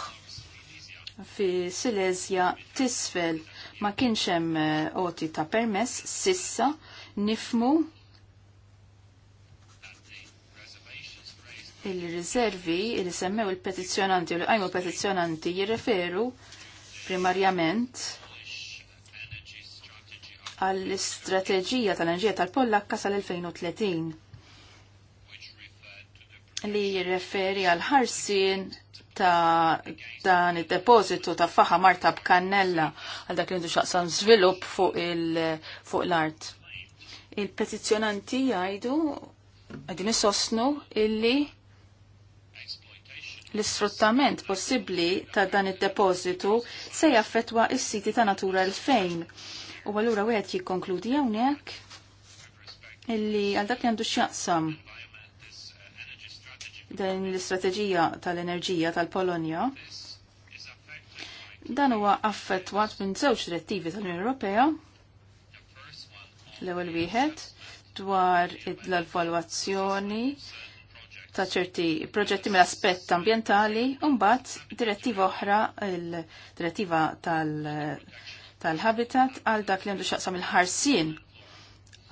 fi Silesja tisfel ma kienx hemm eh, oti ta' permess sissa nifmu il-riservi li il semmew il-petizjonanti u l qajmu petizjonanti jirreferu primarjament għall-istrateġija tal enġija tal-Pollakka sal-2030 li jirreferi għal ħarsien ta' dan id-depozitu ta' faħa marta b'kannella għal dak li għandu xaqsan żvilupp fuq l-art. Il petizjonanti jgħidu għadin sostnu illi l-isfruttament possibbli ta' dan id-depozitu se jaffetwa il siti ta' natura l-fejn. U għallura wieħed jikkonkludi hawnhekk illi għal dak li għandu x'jaqsam din l-istrateġija tal-enerġija tal-Polonja. Dan huwa affettwat minn żewġ direttivi tal-Unjoni Ewropea. L-ewwel wieħed dwar l-evalwazzjoni ta' ċerti proġetti mill aspett ambientali, mbagħad direttiva oħra, il-direttiva tal-habitat għal dak li għandu xaqsam il-ħarsien,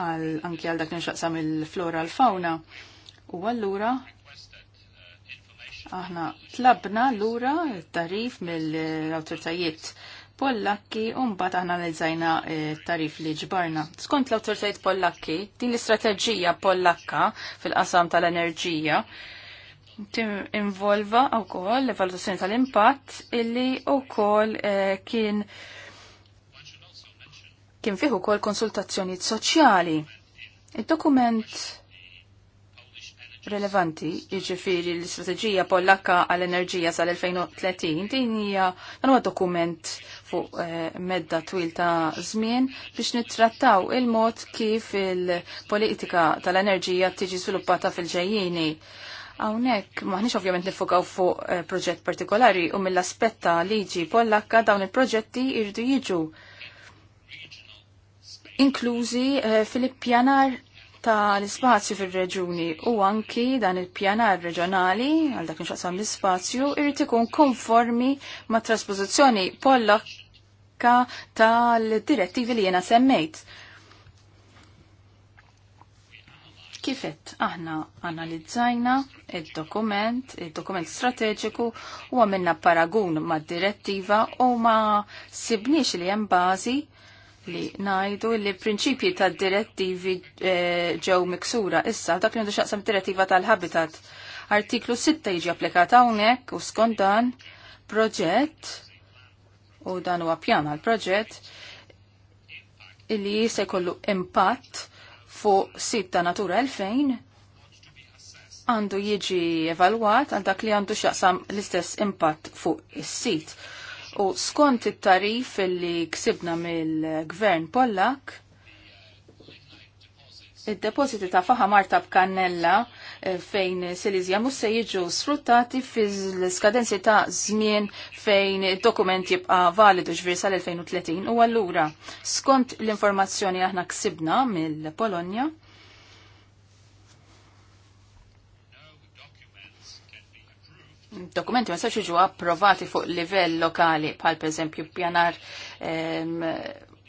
għal anki għal dak li għandu xaqsam il-flora l fauna U allura Aħna tlabna lura tarif mill-autoritajiet Pollakki u mbagħad aħna analizzajna eh, tarif li ġbarna. Skont l autoritajiet Pollakki, din l-istrateġija Pollakka fil-qasam tal-enerġija involva wkoll l-evalutazzjoni tal-impatt illi wkoll eh, kien kien fih ukoll konsultazzjonijiet soċjali. il dokument relevanti, jiġifieri l-istrateġija Pollakka għall-enerġija sal-2030 din hija dan huwa dokument fuq eh, medda twil ta' żmien biex nittrattaw il-mod kif il-politika tal-enerġija tiġi sviluppata fil ġejjini Hawnhekk maħniex ovvjament nifokaw fuq eh, proġett partikolari u mill-aspetta liġi Pollakka dawn il-proġetti jridu jiġu inklużi eh, fil-pjanar ta' l-ispazju fil-reġuni u anki dan il-pjanar reġjonali għal dak nxaqsam l-ispazju irrid ikun konformi ma' traspożizzjoni pollakka tal-direttivi li jena semmejt. kifet aħna analizzajna il-dokument, il-dokument strateġiku u għamilna paragun ma' direttiva u ma' sibniex li hemm bażi li najdu li prinċipji ta' direttivi eh, ġew miksura issa dak li għandu xaqsam direttiva tal-habitat. Artiklu 6 jiġi applikata hawnhekk u skont dan proġett u dan huwa pjan għal proġett illi se jkollu impatt fuq sit ta' Natura 2000 għandu jiġi evalwat għal dak li għandu xaqsam l-istess impatt fuq is-sit u skont it-tarif li ksibna mill-gvern Pollak, id-depositi ta' faħa marta b'kannella eh, fejn Silizja mus se jiġu sfruttati fil-skadenzi ta' żmien fejn id-dokument jibqa' validu ġvir sal-2030 u allura skont l-informazzjoni aħna ksibna mill-Polonja dokumenti ma jistax jiġu approvati fuq livell lokali, bħal per eżempju pjanar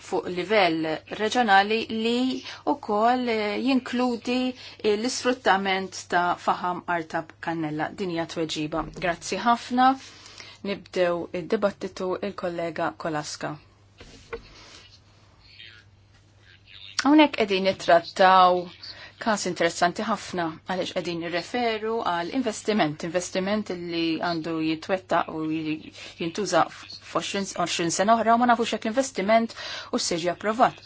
fuq livell reġjonali li wkoll eh, jinkludi eh, l-isfruttament ta' faham artab kannella dinja tweġiba. Grazzi ħafna. Nibdew id-dibattitu il il-kollega Kolaska. Hawnhekk qegħdin nittrattaw Kas interessanti ħafna għaliex qegħdin referu għal investiment, investiment li għandu jitwetta u jintuża f'20 sena oħra u ma nafux hekk investiment u s-seġi approvat.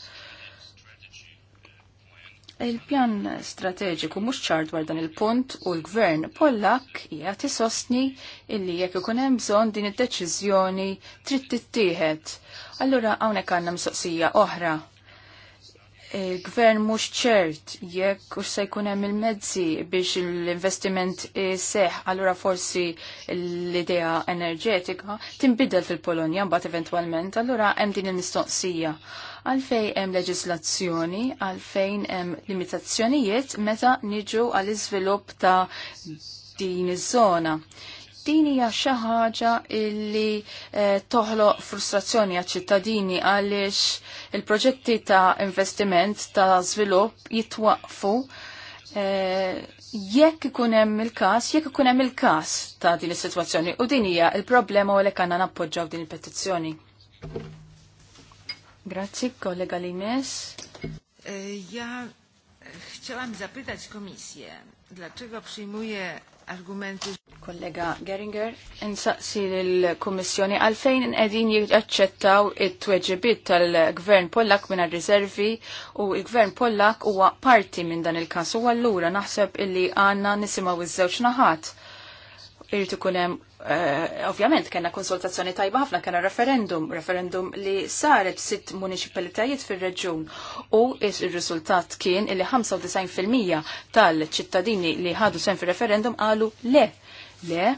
Il-pjan strateġiku mhux ċar dwar dan il-punt u l-gvern Pollak qiegħed tisostni illi jekk ikun hemm bżonn din id-deċiżjoni trid tittieħed. Allura hawnhekk għandna mistoqsija oħra il-gvern mhux ċert jekk u se jkun hemm il-mezzi biex l-investiment seħ, allura forsi l-idea enerġetika tinbidel fil-Polonja mbagħad eventwalment, allura hemm din il-mistoqsija. Għalfej hemm leġislazzjoni, għalfejn hemm limitazzjonijiet meta niġu għall-iżvilupp ta' din iż-żona. Din hija xi ħaġa illi eh, toħloq frustrazzjoni għaċ-ċittadini għaliex il-proġetti ta' investiment ta' żvilupp jitwaqfu eh, jekk ikun hemm il-każ, jekk ikun hemm il-każ ta' din is-sitwazzjoni u din hija il-problema u għalhekk għandna nappoġġaw din il-petizzjoni. Grazzi, kollega Limes. Eh, ja chciałam zapytać komisję, dlaczego przyjmuje argumenti. Kollega Geringer, insaqsi l-Kommissjoni għalfejn edin jaċċettaw it tweġibiet tal-Gvern Pollak minn riservi u l gvern Pollak huwa parti minn dan il każ u allura naħseb illi għandna nisimgħu iż-żewġ naħat irrid ikun hemm uh, ovvjament kellna konsultazzjoni tajba ħafna kena referendum, referendum li saret sitt municipalitajiet fir-reġjun u ir-riżultat kien li 95% tal-ċittadini li ħadu sen fir-referendum qalu le. Le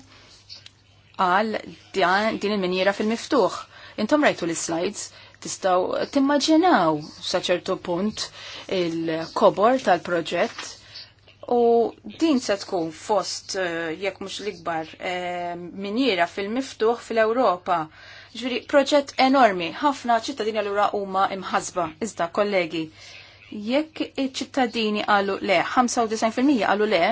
għal din il-minjera fil-miftuħ. Intom rajtu l-slides, tistaw timmaġinaw saċertu punt il-kobor tal-proġett u din se tkun fost eh, jekk mhux l-ikbar eh, minjera fil-miftuħ fil-Ewropa. Ġifieri proġett enormi, ħafna ċittadini allura huma imħasba, iżda kollegi. Jekk iċ-ċittadini qalu le, 95% qalu le,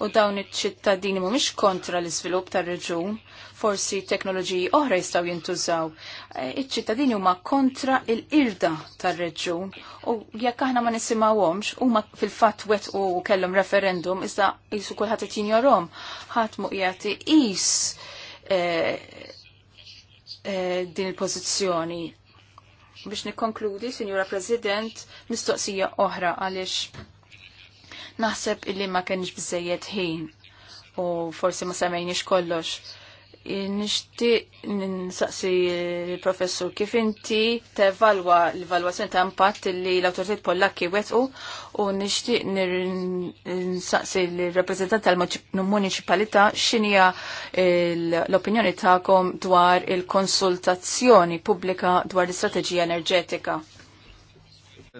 u dawn iċ-ċittadini mhumiex kontra l-iżvilupp tar-reġun, forsi teknoloġiji oħra jistgħu jintużaw. E, iċ-ċittadini huma kontra l-irda tar-reġun u jekk aħna ma nisimgħuhomx huma fil-fatt wet u kellhom referendum iżda qisu kulħadd qed jinjorhom, ħadd mu qiegħed iqis e, e, din il-pożizzjoni. Biex nikkonkludi, Sinjura President, mistoqsija oħra għaliex Naħseb illi ma kenix bizzejiet ħin u forsi ma semejniex kollox. Nishti ninsaqsi il-professur kif inti tevalwa l-valwazzjoni ta' impatt li l-autoritet pollakki wetqu u nishtiq ninsaqsi l-rappresentant tal-municipalità xinija l-opinjoni ta'kom dwar il-konsultazzjoni pubblika dwar l-istrateġija enerġetika.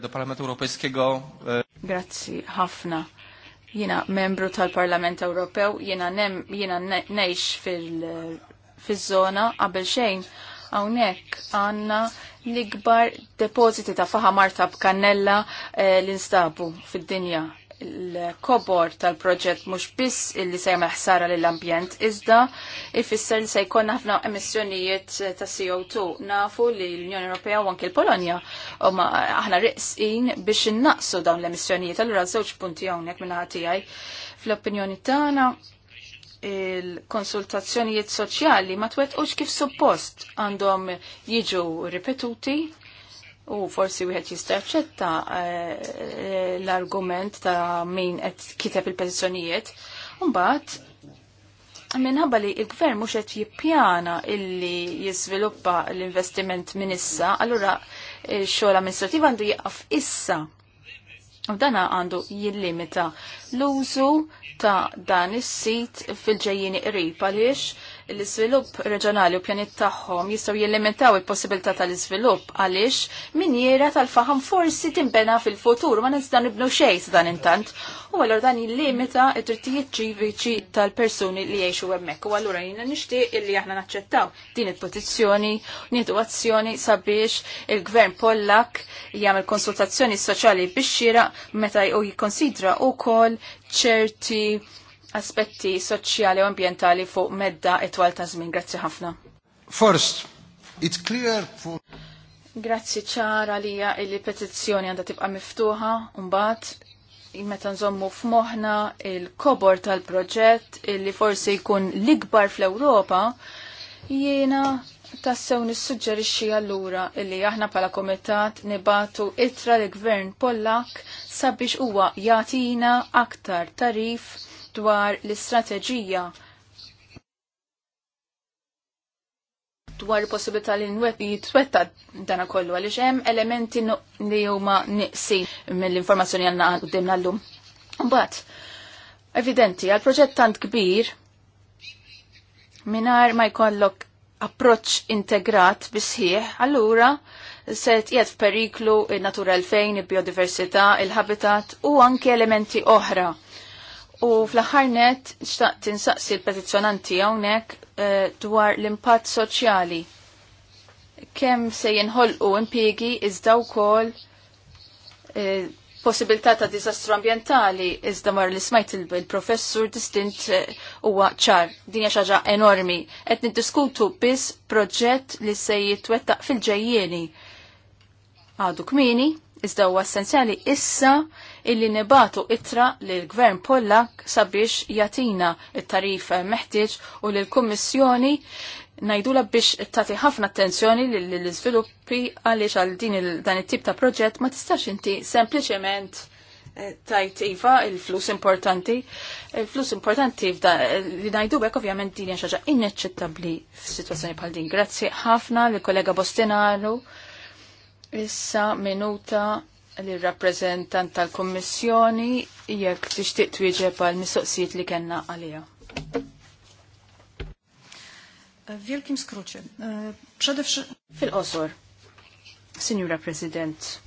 Europejskiego Grazzi ħafna. Jiena membru tal-Parlament Ewropew, jiena jina nejx fil-żona qabel xejn hawnhekk għandna l-ikbar depoziti ta' faħa marta b'kannella eh, l-instabu fid-dinja il-kobor tal-proġett mhux biss illi se jagħmel ħsara lill-ambjent, iżda ifisser li se jkun ħafna emissjonijiet ta' CO2. Nafu li l-Unjoni Ewropea u anke l-Polonja huma aħna riqsin biex innaqsu dawn l-emissjonijiet. Allura żewġ punti hawnhekk minn tiegħi. Fl-opinjoni tagħna il-konsultazzjonijiet soċjali ma twettqux kif suppost għandhom jiġu ripetuti U forsi wieħed jistaċċetta eh, l-argument ta' min qed kiteb il-petizzjonijiet. Mbagħad minħabba li l-gvern mhux qed jippjana illi jiżviluppa l-investiment minn issa, allura x-xogħol eh, amministrativ għandu jaqaf issa. U dan għandu jillimita l-użu ta' dan is-sit fil-ġejjini qrib għaliex l-iżvilupp reġjonali u pjanit tagħhom jistgħu jillimitaw il-possibilità tal-iżvilupp għaliex minjera tal-faham forsi timbena fil-futur ma nista' nibnu xejn dan intant. U allura dan jillimita t drittijiet ċiviċi tal-persuni li jgħixu hemmhekk. U allura jiena nixtieq illi aħna naċċettaw din il-petizzjoni, nieħdu azzjoni sabiex il-Gvern Pollak jagħmel konsultazzjoni soċjali biex xira meta u jikkonsidra wkoll ċerti aspetti soċjali u ambientali fuq medda etwal ta' żmien. Grazzi ħafna. First, it's clear for Grazzi ċara li li petizzjoni għanda tibqa miftuħa, mbagħad meta nżommu f'moħħna il-kobor tal-proġett illi forsi jkun l-ikbar fl-Ewropa, jiena tassew nissuġġerixxi allura illi aħna bħala komitat nibatu itra l-gvern Pollak sabiex huwa jagħtina aktar tarif dwar l-istrateġija dwar il-possibilità li jitwetta dana kollu għaliex hemm elementi li huma niqsi mill-informazzjoni għandna qudiemna llum. Mbagħad, evidenti, għal proġett tant kbir minar ma jkollok approċ integrat bisħieħ, allura se tqiegħed f'periklu in-natura l-fejn, il-biodiversità, il-habitat u anke elementi oħra U fl-aħħar net xtaqt tinsaqsi l-petizzjonanti hawnhekk eh, dwar l-impatt soċjali. Kemm se jinħolqu impjiegi iżda wkoll eh, possibilità ta' diżastru ambjentali iżda mar li smajt il-professur distint eh, huwa ċar. Dinja xaġa enormi. Qed niddiskutu biss proġett li se jitwettaq fil-ġejjieni. Għadu kmini, iżda huwa essenzjali issa illi nibatu itra l gvern Pollak sabiex jatina il tarif meħtieġ u l kummissjoni najdula biex tagħti ħafna attenzjoni lill-iżviluppi għaliex għal din dan it-tip ta' proġett ma tistax inti sempliċement eh, tajt iva il-flus importanti. Il-flus importanti li najdu bek ovvjament din xaġa inaċċettabbli situazzjoni bħal din. Grazzi ħafna l kollega Bostinaru. Issa minuta li rappresentant tal-Kommissjoni jekk tixtieq twieġeb għal mistoqsijiet li kellna għaliha. Eh, wielkim skrócie. Eh, Fil-qosor, Signora President,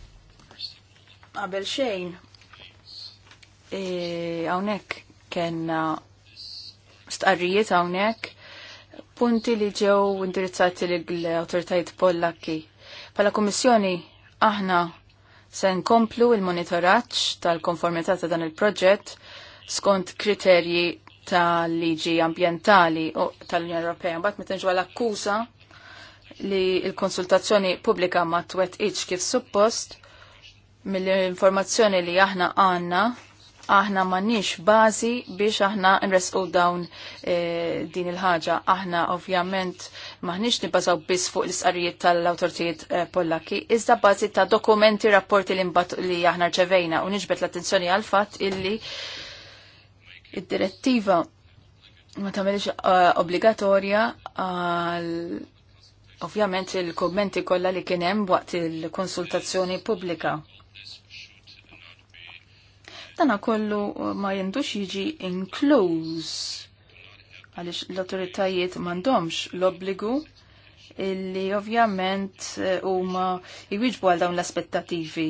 qabel xejn, e, hawnhekk kellna stqarrijiet hawnhekk punti li ġew indirizzati lill awtoritajiet pollaki. Pala Kommissjoni aħna Se nkomplu il-monitoraġġ tal-konformità ta' dan il-proġett skont kriterji tal-liġi ambientali u tal-Unjoni Ewropea. Mbagħad meta nġu l-akkuża li l-konsultazzjoni pubblika ma twet kif suppost mill-informazzjoni li aħna għanna aħna m'għandniex bażi biex aħna nresqu dawn e, din il-ħaġa. Aħna ovvjament maħniex nibbażaw biss fuq l-isqarijiet tal-awtoritijiet e, Pollaki, iżda bażi ta' dokumenti, rapporti li, li aħna rċevejna u niġbet l-attenzjoni għal fatt illi id-direttiva ma tagħmilx uh, obbligatorja għal uh, ovvjament il-kommenti kollha li kien hemm waqt il-konsultazzjoni pubblika Dana kollu ma jendux jiġi inkluż għalix l-autoritajiet mandomx l-obbligu illi ovvjament eh, huma jwieġbu għal dawn l-aspettativi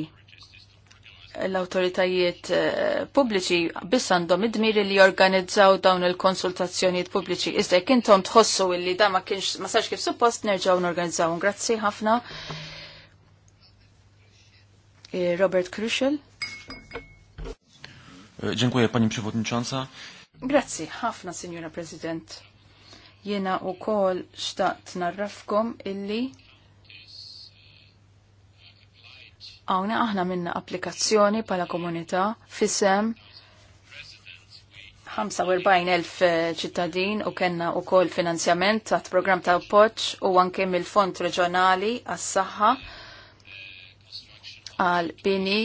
l-autoritajiet eh, pubbliċi biss għandhom id-dmiri li jorganizzaw dawn il-konsultazzjonijiet pubbliċi. Iżda jekk intom tħossu illi da ma kienx ma sarx kif suppost nerġgħu norganizzaw. Grazzi ħafna. Eh, Robert Crucial. E, dziękuję Pani Przewodnicząca. Grazzi, ħafna Signora President. Jena u kol xtaqt narrafkom illi għawna aħna minna applikazzjoni pala komunità fisem 45.000 eh, ċittadin u kenna u kol finanzjament għat program ta' poċ u anke mill-Fond Reġjonali għas saħħa għal bini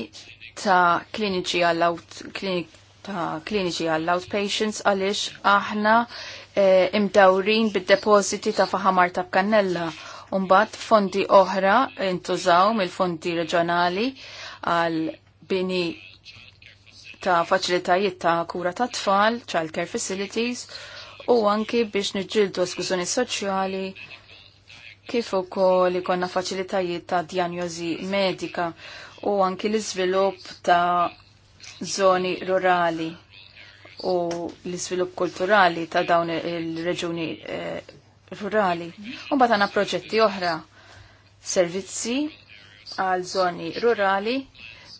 ta' kliniċi għall-outpatients għalix aħna eh, imdawrin bid-depositi ta' faħamar ta' kannella. Umbat fondi oħra intużaw mill-fondi reġjonali għal bini ta' faċilitajiet ta' kura ta' tfal, child care facilities, u anki biex nġildu eskużjoni soċjali kif ukoll ikonna faċilitajiet ta' djanjosi medika u anki l-iżvilupp ta' zoni rurali u l-iżvilupp kulturali ta' dawn il-reġuni eh, rurali. U mbagħad proġetti oħra servizzi għal zoni rurali,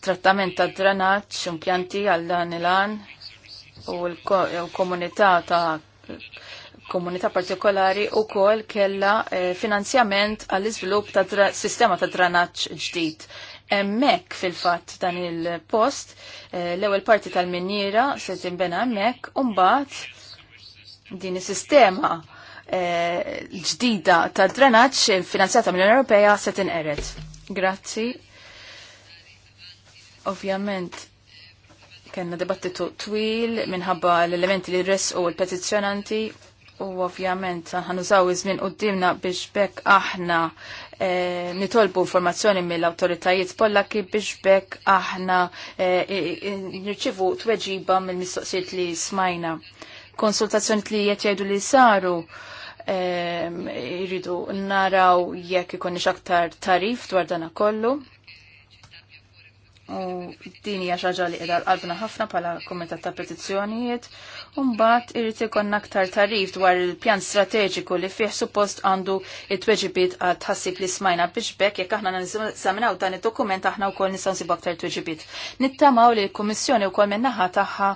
trattament ta' dranaġġ, impjanti għal dan il-għan u l-komunità ta' komunità partikolari u kol kella eh, finanzjament għall iżvilupp ta' sistema ta' dranaċ ġdid emmek fil-fat dan il-post, eh, l-ewel parti tal-minjira se timbena emmek, umbat din is-sistema eh, ġdida ta' drenaċ finanzjata mill Ewropea se tinqeret. Grazzi. Ovvjament, kena dibattitu twil minħabba l-elementi li u l-petizjonanti u ovvjament ħanużaw iż-żmien qudiemna biex bekk aħna Eh, nitolbu informazzjoni mill-autoritajiet pollaki biex bekk aħna eh, nirċivu tweġiba mill-mistoqsijiet li smajna. Konsultazzjoni li jett jgħidu li saru jridu eh, naraw jekk ikonniex aktar tarif dwar dana kollu. U dini għaxħaġa li edha l-qalbna ħafna pala komitat ta' petizzjonijiet. Umbat irrit ikon aktar tarif dwar il-pjan strateġiku li fih suppost għandu it-tweġibit għad tħassib li smajna biex bekk jekk aħna nisaminaw dan id-dokument aħna wkoll nistgħu nsibu aktar tweġibit. Nittamaw li l-Kummissjoni wkoll minnaħa tagħha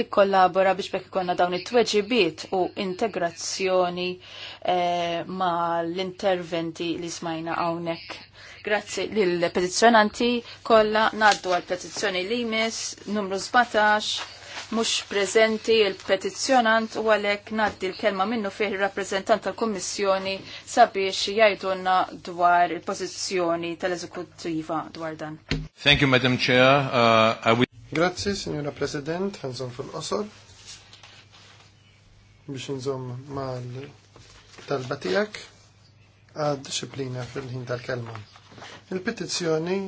tikkollabora biex bekk ikonna dawn it-tweġibit u integrazzjoni eh, ma' l-interventi li smajna hawnhekk. Grazzi lill petizjonanti kollha ngħaddu għall petizzjoni li jmiss numru 17 mhux prezenti il-petizzjonant u għalhekk ngħaddi l-kelma minnu fih ir-rappreżentant tal-Kummissjoni sabiex jgħidulna dwar il-pożizzjoni tal-Eżekuttiva dwar dan. Thank you, Madam Chair. Uh, I will... Grazzi, Signora President, għanżom fil-qosor biex nżom mal talba batijak għad disciplina fil-ħin tal-kelma. Il-petizzjoni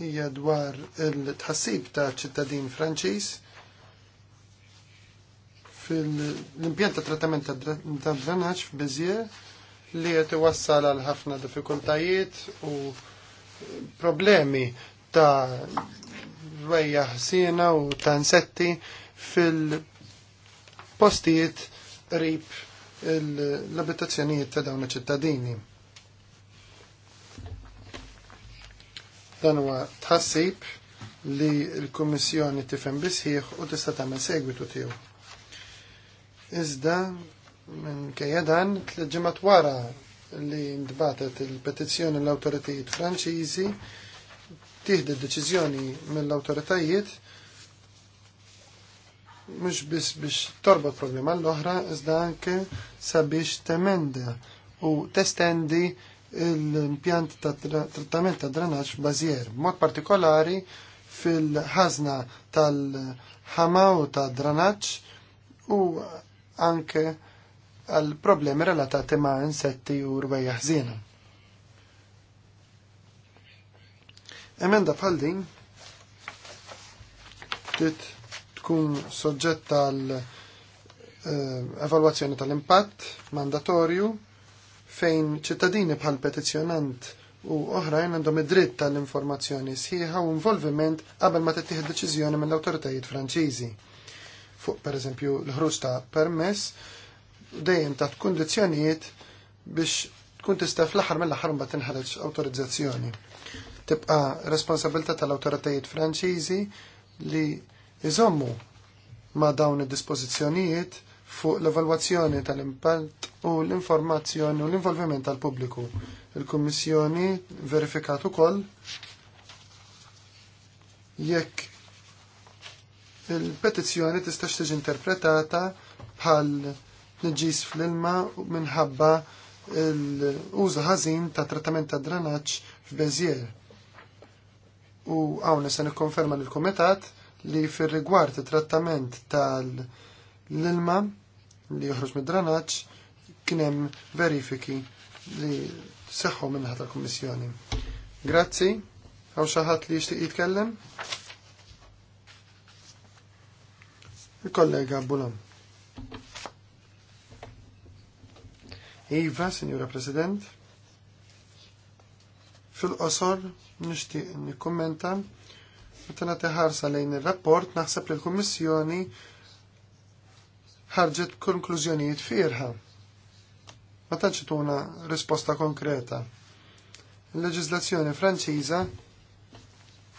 hija dwar il-tħassib ta' ċittadin Franċiż fil-impjant ta' trattament ta' drenaġġ f'Bezier li qed iwassal għal ħafna diffikultajiet u problemi ta' rwejja ħsiena u ta' insetti fil-postijiet qrib l-abitazzjonijiet ta' dawn iċ-ċittadini. Dan huwa tħassib li l-Kummissjoni tifhem bisħieħ u tista' tagħmel segwitu tiegħu. Iżda, minn kajadan, t-leġemat wara li ndbatet il-petizzjoni l-autoritajiet franċiżi, tieħdi deċiżjoni mill-autoritajiet mhux biss biex torbot problema l-oħra, iżda anke sabiex temenda u testendi l-impjant ta' trattament ta' drenaġġ bazier. mod partikolari fil-ħazna tal-ħama u ta' drenaġġ u anke għal problemi relatati ma' insetti u rwejja ħżiena. Emenda bħal din trid tkun soġġetta għal eh, evalwazzjoni tal-impatt mandatorju fejn ċittadini bħal petizzjonant u oħrajn għandhom id-dritt tal-informazzjoni sħiħa u involviment qabel ma tittieħed deċiżjoni mill-awtoritajiet Franċiżi fuq pereżempju l-ħruġ ta' permess dejjem ta' kundizzjonijiet biex tkun tista' fl-aħħar mill-aħħar mbagħad tinħareġ awtorizzazzjoni. Tibqa' responsabilità tal-awtoritajiet Franċiżi li iżommu ma' dawn id-dispożizzjonijiet fuq l-evalwazzjoni tal-impatt u l-informazzjoni u l-involviment tal-pubbliku. Il-Kummissjoni verifikat ukoll jekk il-petizzjoni tistax tiġi interpretata bħal nġis fl-ilma minħabba l-użu ħażin ta' trattament ta' drenaġġ f'Bezier. U hawn se nikkonferma lill kumitat li fir-rigward trattament tal-ilma li joħroġ mid-drenaġġ kien hemm verifiki li seħħu minnaħa tal-Kummissjoni. Grazzi, għaw xi ħadd li jixtieq jitkellem? Il-kollega Bulam. Iva, Signora President, fil-qosor nishtiq nikkommenta meta nagħti ħarsa lejn ir-rapport naħseb li l-Kummissjoni ħarġet konklużjonijiet fierħa. Ma tantx tuna risposta konkreta. Il-leġiżlazzjoni Franċiża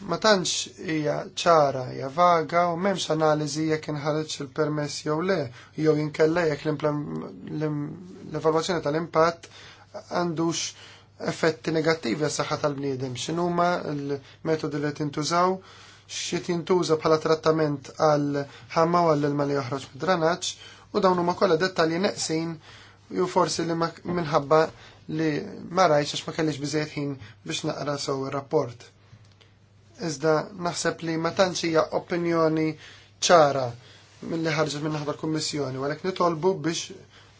ma tantx hija ċara, hija vaga u m'hemmx analiżi jekk inħareġ il-permess jew le, jew jinkella jekk l-evalwazzjoni tal-impatt għandux effetti negattivi għas saħħa tal-bniedem. X'inhuma l-metodi li tintużaw, x'qed jintuża bħala trattament għal ħamma u għall ilma li joħroġ mid-dranaġġ u dawn huma kollha dettalji neqsin jew forsi li minħabba li ma rajx għax ma kellix biżejjed ħin biex naqra sew ir-rapport iżda naħseb li ma tantx hija opinjoni ċara mill-li ħarġet minn naħdar kummissjoni, u għalhekk nitolbu biex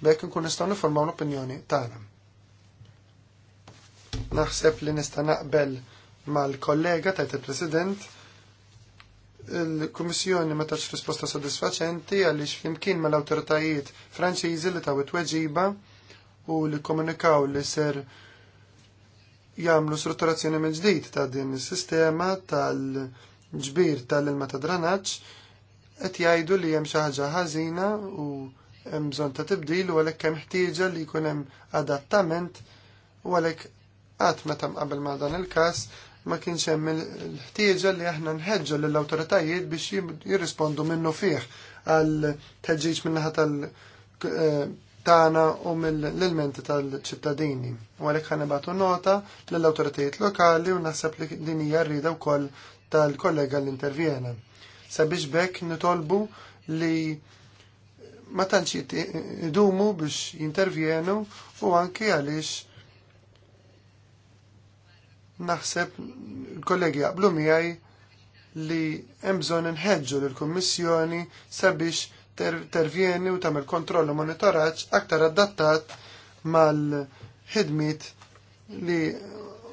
bekk nkun nistgħu niformaw l-opinjoni tagħna. Naħseb li nista' naqbel mal-kollega tajt il-President il-Kummissjoni ma tax risposta sodisfaċenti għaliex flimkien mal-awtoritajiet Franċiżi li tawet weġiba u li komunikaw li ser Jamlu strutturazzjoni minn ġdid ta' din is-sistema tal-ġbir tal-ilma ta' dranaġġ qed jgħidu li hemm xi ħaġa ħażina u hemm bżonn ta' tibdil u għalhekk hemm ħtieġa li jkun hemm adattament u għalhekk qatt meta mqabel ma' dan il-każ ma kienx hemm il-ħtieġa li aħna nħeġġu lill awtoritajiet biex jirrispondu minnu fih għal teġġiġ min-naħa tal eh, Tana u mill-elementi tal-ċittadini. U għalhekk ħanibatu nota lill-awtoritajiet lokali u naħseb li din hija rrida wkoll tal-kollega l-intervjena. Sabiex bekk nitolbu li ma tantx idumu biex jintervjenu u anke għaliex naħseb kollegi jaqblu miegħi li hemm bżonn inħeġġu lill-Kummissjoni sabiex tervjeni u tagħmel kontroll u aktar adattat mal-ħidmit li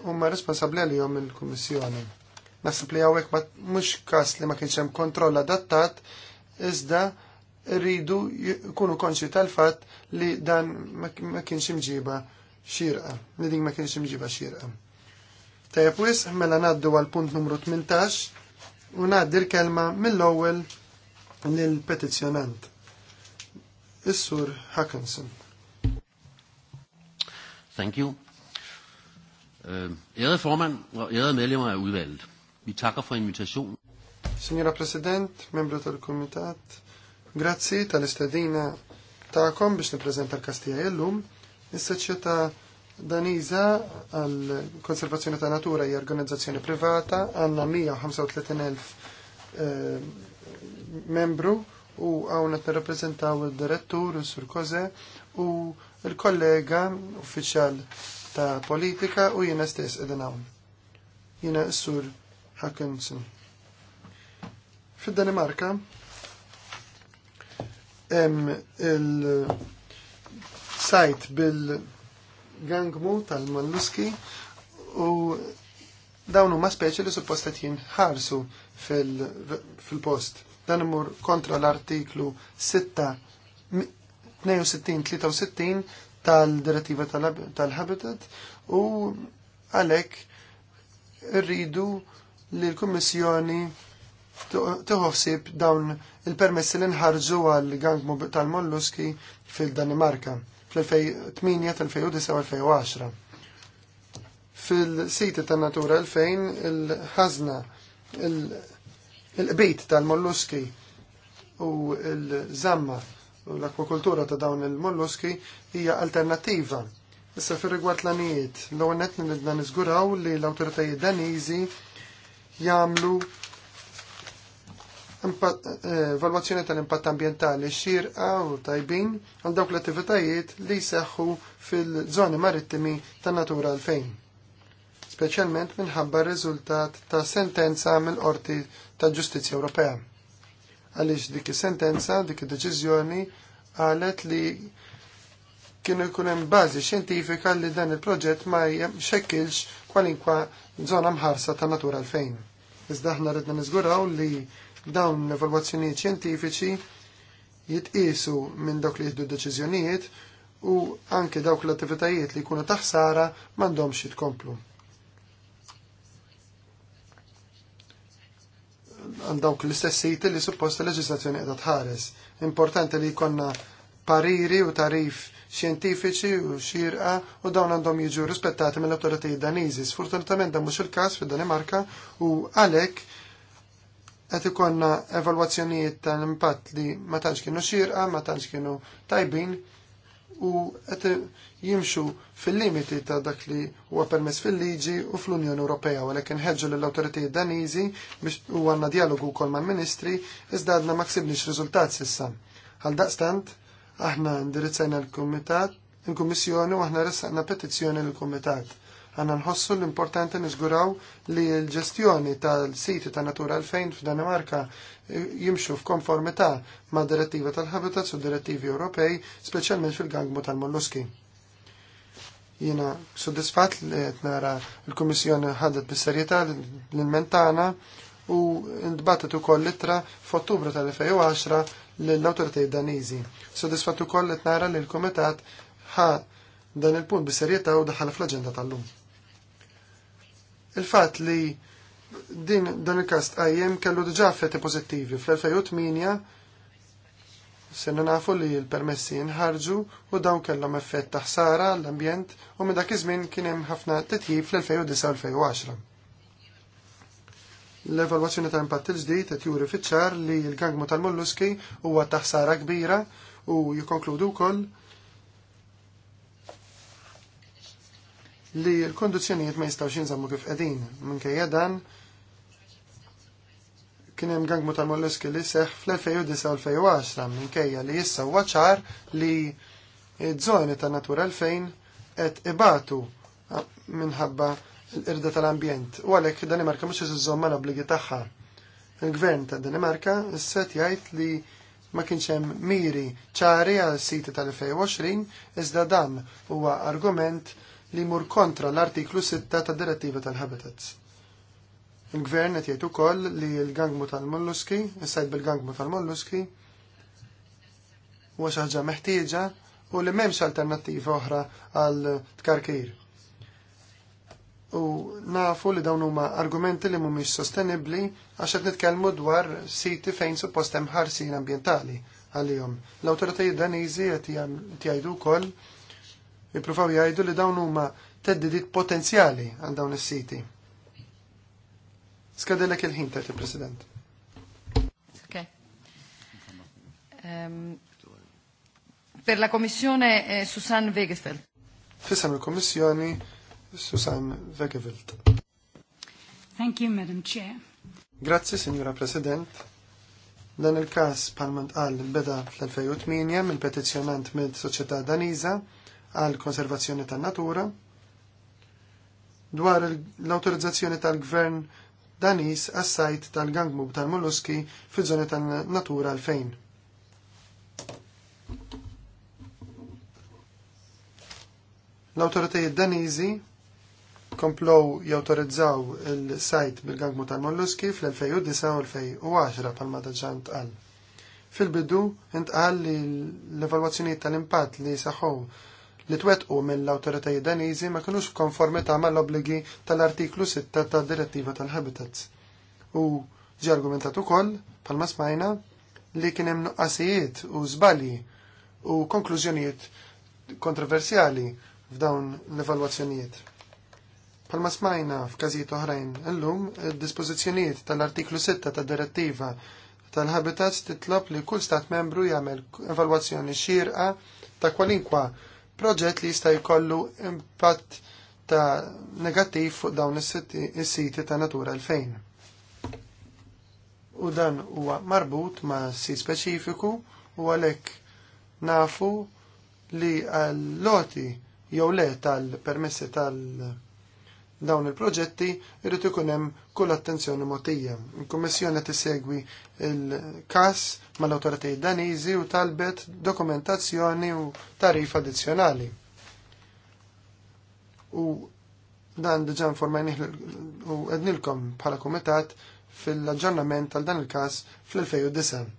huma responsabbli għalihom il-Kummissjoni. Naħseb li hawnhekk mhux każ li ma kienx hemm kontroll adattat iżda rridu jkunu konċi tal-fatt li dan ma kienx imġiba xirqa, li din ma kienx imġiba xirqa. Tajab wis, mela naddu għal punt numru 18 u naddi l-kelma mill-ewwel nil petizzjonant is Hackinson. Thank you. Øh, ærede formand og ærede medlemmer af udvalget, vi takker for invitationen. Signora President, membro del Komitat, grazie tal istadina ta' kom biex nipprezenta l-Kastija jellum. Is-soċjetà Daniza għal-Konservazzjoni ta' Natura hija e organizzazzjoni privata, għandna 135.000 membru u għawna t reprezentaw il-direttur, il-sur Koze, u il-kollega uffiċjal ta' politika u jena stess edin għawn. Jena sur Hackinson. Fid-Danimarka, hemm il-sajt bil-gangmu tal malluski u dawn huma speċi li suppost jien jinħarsu fil-post. Fil dan imur kontra l-artiklu 62-63 tal-direttiva tal-Habitat u għalek rridu li l-Kommissjoni tħossib dawn il-permessi li nħarġu għal gang tal-molluski fil-Danimarka fl-2008, 2009-2010. Fil-siti tan natura 2000 il-ħazna il-ħazna Il-qbit tal-molluski u l-zamma u l-akwakultura ta' dawn il-molluski hija alternativa. Issa fir rigward l-anijiet, l-ewwel qed nidna niżguraw li l-awtoritajiet Daniżi jagħmlu eh, valwazzjoni tal-impatt ambjentali xirqa u tajbin għal dawk l-attivitajiet li jseħħu fil-żoni marittimi ta' natura l-fejn, speċjalment minħabba r-riżultat ta' sentenza mill-qorti tal-Ġustizzja Ewropea. Għaliex dik is-sentenza, dik id-deċiżjoni qalet li kienu jkun hemm bażi xjentifika li dan il-proġett ma xekkilx kwalinkwa żona mħarsa ta' natura l-fejn. Iżda aħna rridna niżguraw li dawn l-evalwazzjonijiet xjentifiċi jitqisu minn dawk li jieħdu deċiżjonijiet u anke dawk l-attivitajiet li jkunu taħsara m'għandhomx jitkomplu. għal l-istess siti li supposta l-leġislazzjoni qiegħda tħares. Importanti li jkollna pariri u tarif xjentifiċi u xirqa u dawn għandhom jiġu rispettati mill-autoritajiet daniżi. Sfortunatament dan mhux il-każ fid-Danimarka u għalhekk qed ikonna evalwazzjonijiet tal-impatt li ma tantx kienu xirqa, ma tantx kienu tajbin u qed jimxu fil-limiti ta' dak li huwa permess fil-liġi u fl-Unjoni Ewropea u lekin ħeġġu lill awtoritijiet Daniżi biex u għandna dialogu wkoll mal-Ministri iżda għadna ma ksibniex riżultat sissa. Għal daqstant, aħna indirizzajna l-Kumitat, il komissjoni u aħna ressaqna petizzjoni l-Kumitat Għanna nħossu l-importanti nizguraw li l-ġestjoni tal-siti ta' Natura 2000 f'Danimarka eh, jimxu f'konformità ma' direttiva tal-Habitats u direttivi Ewropej, speċjalment fil-gangmu tal-molluski. Jina soddisfat li nara l-Komissjoni ħadet bis-serjetà l-mentana u ndbattet ukoll litra f'Ottubru tal-2010 l-autoritajiet daniżi. Soddisfat ukoll li li l-Komitat ħa dan il-punt bis-serjetà u daħal fl-aġenda tal-lum. Il-fat li din dan il-kast għajjem kellu dġa feti pozittivi. Fl-2008 sena nafu li l-permessi nħarġu u dawn kellhom effett ta' ħsara l-ambjent u minn dak iż-żmien kien hemm ħafna titjib fl-2009-2010. L-evalwazzjoni ta' impatt il-ġdid qed juri fiċ-ċar li l-gangmu tal-molluski huwa ta' ħsara kbira u jikkonkludu wkoll li l-kondizjonijiet ma jistawx jinżammu kif qegħdin. Minkejja dan kien hemm gangmu tal-molluski li seħ fl-2009-2010 minkejja li issa huwa ċar li żoni ta' natura 2000 qed ibatu minħabba l-irda tal-ambjent. U għalhekk Danimarka mhux iżżomm mal-obbligi tagħha. Il-gvern ta' Danimarka s-set jgħid li ma kienx hemm miri ċari għal siti tal-2020 iżda dan huwa argument li jmur kontra l-artiklu 6 ta' direttiva tal-Habitats. Il-gvern qed jgħid ukoll li l-gangmu tal-molluski, is-sajt bil-gangmu tal-molluski, huwa xi ħaġa meħtieġa u li m'hemmx alternattiva oħra għal tkarkir. U nafu li dawn huma argumenti li mhumiex sostenibbli għax qed nitkellmu dwar siti fejn suppost hemm ħarsin ambjentali għalihom. L-awtoritajiet Daniżi qed jgħidu wkoll Ippruvaw jgħidu li dawn huma teddidiet potenzjali għal dawn is-siti. Skadilek il-ħin tagħti president Okay. Um, per la Kommissjoni eh, Susan Wegefeld. Fissam il-Kommissjoni Susan Wegefeld. Thank you, Madam Chair. Grazzi, Signora President. Dan il-kas Parlament għal beda fl-2008 mill-petizjonant mill-Soċjetà Daniza għal konservazzjoni tan-natura dwar l-autorizzazzjoni tal-gvern danis għas-sajt tal-gangmub tal-molluski fi żoni tan-natura għal fejn L-autoritajiet daniżi komplow jautorizzaw il-sajt bil-gangmu tal-molluski fl-2009 u 2010 pal daġan għal. Fil-bidu intqal li l-evalwazzjoni tal-impatt li saħħu li twettqu mill-awtoritajiet Daniżi ma kinux f'konformità mal-obbligi tal-artiklu 6 tad-Direttiva tal-Habitats. U ġi argumentat ukoll palma smajna li kien hemm nuqqasijiet u żbalji u konklużjonijiet kontroversjali f'dawn l-evalwazzjonijiet. Palma smajna f'każijiet oħrajn illum, id-dispożizzjonijiet tal-artiklu 6 tad-direttiva tal-habitats titlob li kull stat membru jagħmel evalwazzjoni xierqa ta' kwalinkwa proġett li jista' jkollu impatt ta' negattiv fuq dawn is-siti ta' Natura 2000. U dan huwa marbut ma' si speċifiku u għalhekk nafu li għall-loti jew le tal-permessi tal-, -permessi tal dawn il-proġetti irrid ikun hemm kull attenzjoni mogħtija. Il-Kummissjoni tissegwi il-każ mal-awtoritajiet Daniżi u talbet dokumentazzjoni u tarif addizzjonali. U dan diġà informajnih u ednilkom bħala kumitat fil-aġġornament tal dan il-każ fl-2009.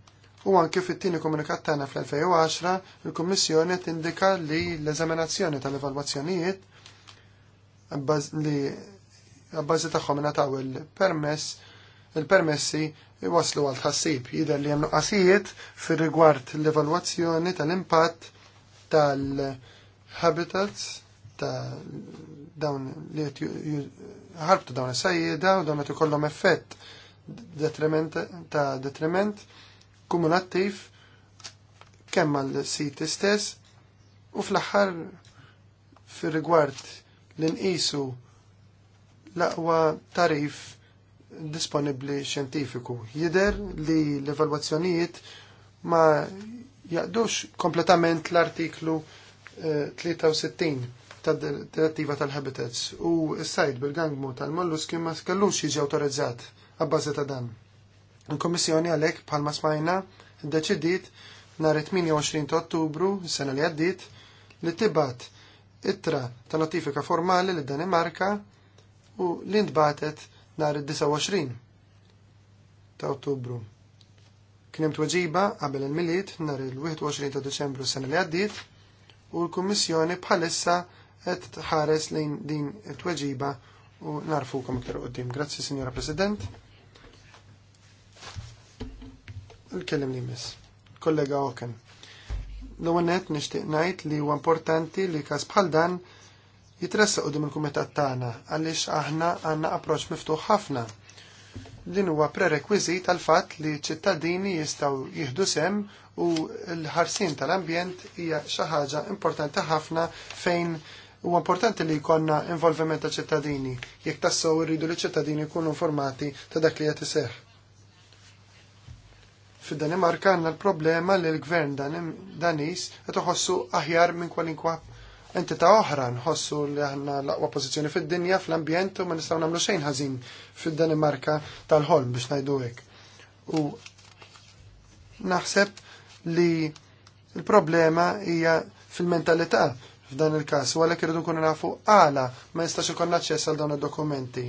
U anki fit-tieni komunikat tagħna fl-2010, il-Kummissjoni tindika li l-eżaminazzjoni tal-evalwazzjonijiet li għabbażi tagħhom nataw il-permess il-permessi iwaslu għal tħassib jidher li hemm nuqqasijiet fir-rigward l-evalwazzjoni tal-impatt tal-habitats ta' dawn li ħarbtu dawn is-sajjieda u dawn qed ikollhom effett ta' detriment kumulattiv kemm għall siti stess u fl-aħħar fir rigward li nqisu l-aqwa tarif disponibbli xjentifiku. Jider li l-evalwazzjonijiet ma jaqdux kompletament l-artiklu 63 eh, tad direttiva tal-habitats u s-sajt bil-gangmu tal-molluski ma skallux jiġi autorizzat għabbażi ta' dan. Il-Komissjoni għalek bħalma smajna deċidiet nhar 28 ta' Ottubru s-sena li għaddiet li tibat ittra ta' notifika formali li danimarka u li ntbatet nhar id-29 ta' Ottubru. Kien tweġiba qabel il-miliet nhar il-21 ta' Diċembru s-sena li għaddiet u l-Kummissjoni bħalissa qed tħares lejn din it-tweġiba u narfukom iktar qudiem. Grazzi, Signora President. il kellem li miss. Kollega Oken. L-għonet nishtiq najt li huwa importanti li kas bħal dan jitressa u il-kumitat tagħna għaliex aħna għandna approċ miftuħ ħafna. Din huwa prerekwiżit għal fatt li ċittadini jistgħu jieħdu sem u l-ħarsin tal-ambjent hija xi ħaġa importanti ħafna fejn u importanti li jkollna involviment ta' ċittadini jekk tassew irridu li ċittadini jkunu informati ta' dak li qed iseħħ Fid-Danimarka għandna l-problema li l-gvern Danis qed iħossu aħjar minn kwalinkwa entità oħra nħossu li għanna l-aqwa pożizzjoni fid-dinja fl-ambjent u ma nistgħu nagħmlu xejn ħażin fid-Danimarka tal-ħolm biex ngħidu hekk. U naħseb li l-problema hija fil-mentalità f'dan il-każ u għalek irridu nafu għala ma nistax ikollna naċċess għal dawn id-dokumenti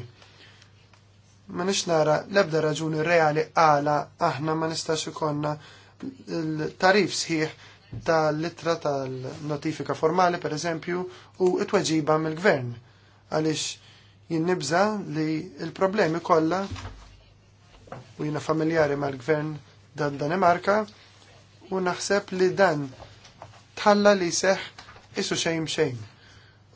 ma nix nara lebda raġuni reali għala aħna ma nistax ikonna l-tarif sħiħ ta' litra tal-notifika formali per eżempju u it-tweġiba mill-gvern għalix jinnibza li il-problemi kollha u jina familjari mal-gvern dan Danimarka u naħseb li dan tħalla li seħ isu xejn xejn.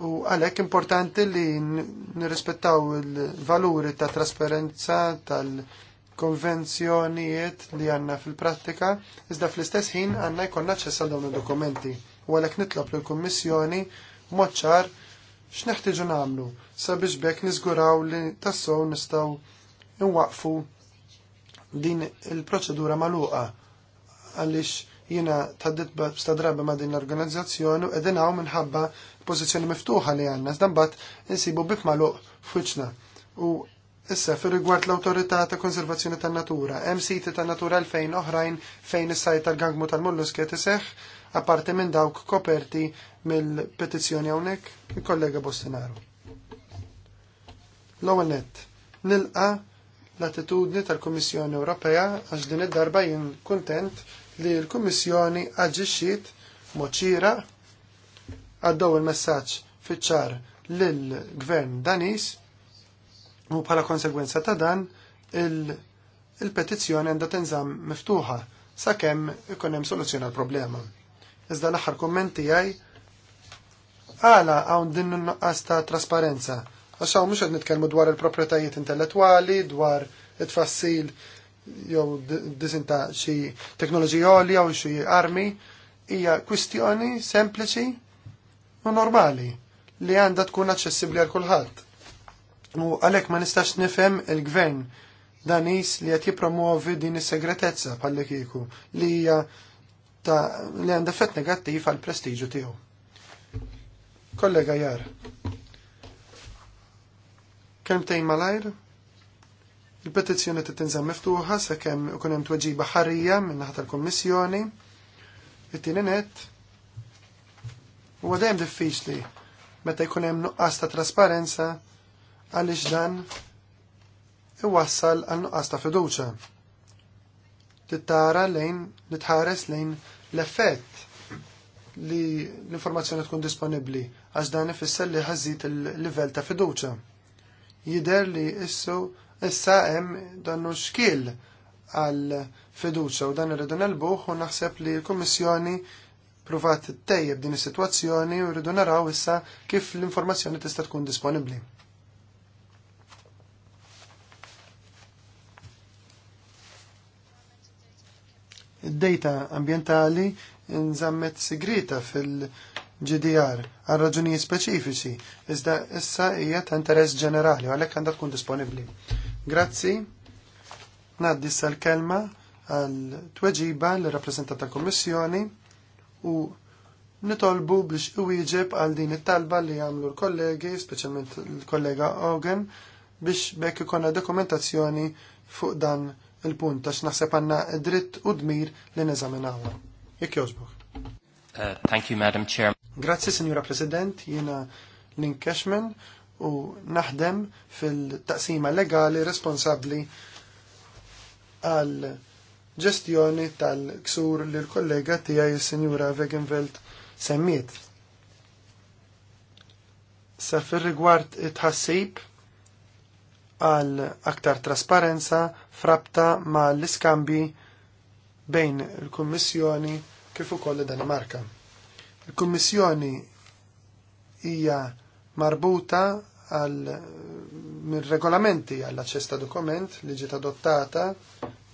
U għalhekk importanti li nirrispettaw il-valuri ta' trasparenza tal-konvenzjonijiet li għandna fil-prattika, iżda fl-istess ħin għandna jkollna aċċess għal dawn id-dokumenti. U għalhekk nitlob lill-Kummissjoni moċċar x'neħtieġu nagħmlu sabiex bekk niżguraw li tassew nistgħu nwaqfu din il-proċedura magħluqa għaliex Jiena taddit sta drabi ma' din l-organizzazzjoni u edin għaw minħabba pożizzjoni miftuħa li għandna. Iżda insibu bif magħluq fuċna. U issa fir rigward l-Awtorità ta' Konservazzjoni tan-Natura, hemm siti tan-natura l-fejn oħrajn fejn is-sajt tal-gangmu tal-molluski qed iseħħ, apparti minn dawk koperti mill-petizzjoni hawnhekk, il-kollega Bostinaru. L-ewwel nett, nilqa' l-attitudni tal-Kummissjoni Ewropea għax din id-darba jien kuntent li l-Kummissjoni aġixxiet moċira għaddew il-messaġġ fiċ-ċar lill-Gvern Danis u bħala konsegwenza ta' dan il-petizzjoni għandha tinżamm miftuħa sakemm ikun hemm soluzzjoni għall problema Iżda l-aħħar kumment tiegħi għala hawn din nuqqas ta' trasparenza. Għax hawn mhux qed nitkellmu dwar il-proprjetajiet intellettwali, dwar it-tfassil jew disinta' xi teknoloġija għolja jew xi armi hija kwistjoni sempliċi u normali li għandha tkun aċċessibbli għal kulħadd. U għalhekk ma nistax nifhem il-gvern danis li qed jippromuovi din is-segretezza bħal kieku li hija ta' li għandha effett negattiv għal prestiġu tiegħu. Kollega Jar. Kemm tejn malajr? Il-petizzjoni titinżam miftuħa sakemm ikun hemm tweġiba ħarrija minn naħa tal-Kummissjoni. It-tieni net huwa dejjem diffiċli meta jkun hemm nuqqas ta' trasparenza għaliex dan iwassal għal nuqqas ta' fiduċa. Tittara lejn li tħares lejn l-effett li l-informazzjoni tkun disponibbli għax dan ifisser li ħażid il-livell ta' fiduċa. Jider li issu issa hemm dan hu għal fiduċa u dan irridu nelbuħ u naħseb li l-Kummissjoni provat tejjeb din is-sitwazzjoni u rridu naraw issa kif l-informazzjoni tista' tkun disponibbli. Id-data ambientali nżammet sigrita fil- GDR għal raġunijiet speċifiċi, iżda issa hija ta' interess ġenerali għalhekk għandha tkun disponibbli. Grazzi. Ngħaddi issa l-kelma għal tweġiba l rappresentant tal-Kummissjoni u nitolbu biex iwieġeb għal din it-talba li għamlu l-kollegi, speċjalment l-kollega Ogen, biex bekk ikonna dokumentazzjoni fuq dan il-punt għax naħseb għanna dritt u dmir li neżaminawha. Jekk jogħġbok. Uh, thank you, Madam Chair. Grazzi, Signora President, jiena Link Cashman u naħdem fil-taqsima legali responsabli għal ġestjoni tal-ksur li l-kollega tijaj il-Signora Wegenveld semmiet. Sa fil-rigward it-ħassib għal aktar trasparenza frabta ma l-iskambi bejn il-Kummissjoni kif ukoll Danimarka. Il-Kummissjoni hija marbuta għal regolamenti għall ċesta dokument li ġiet adottata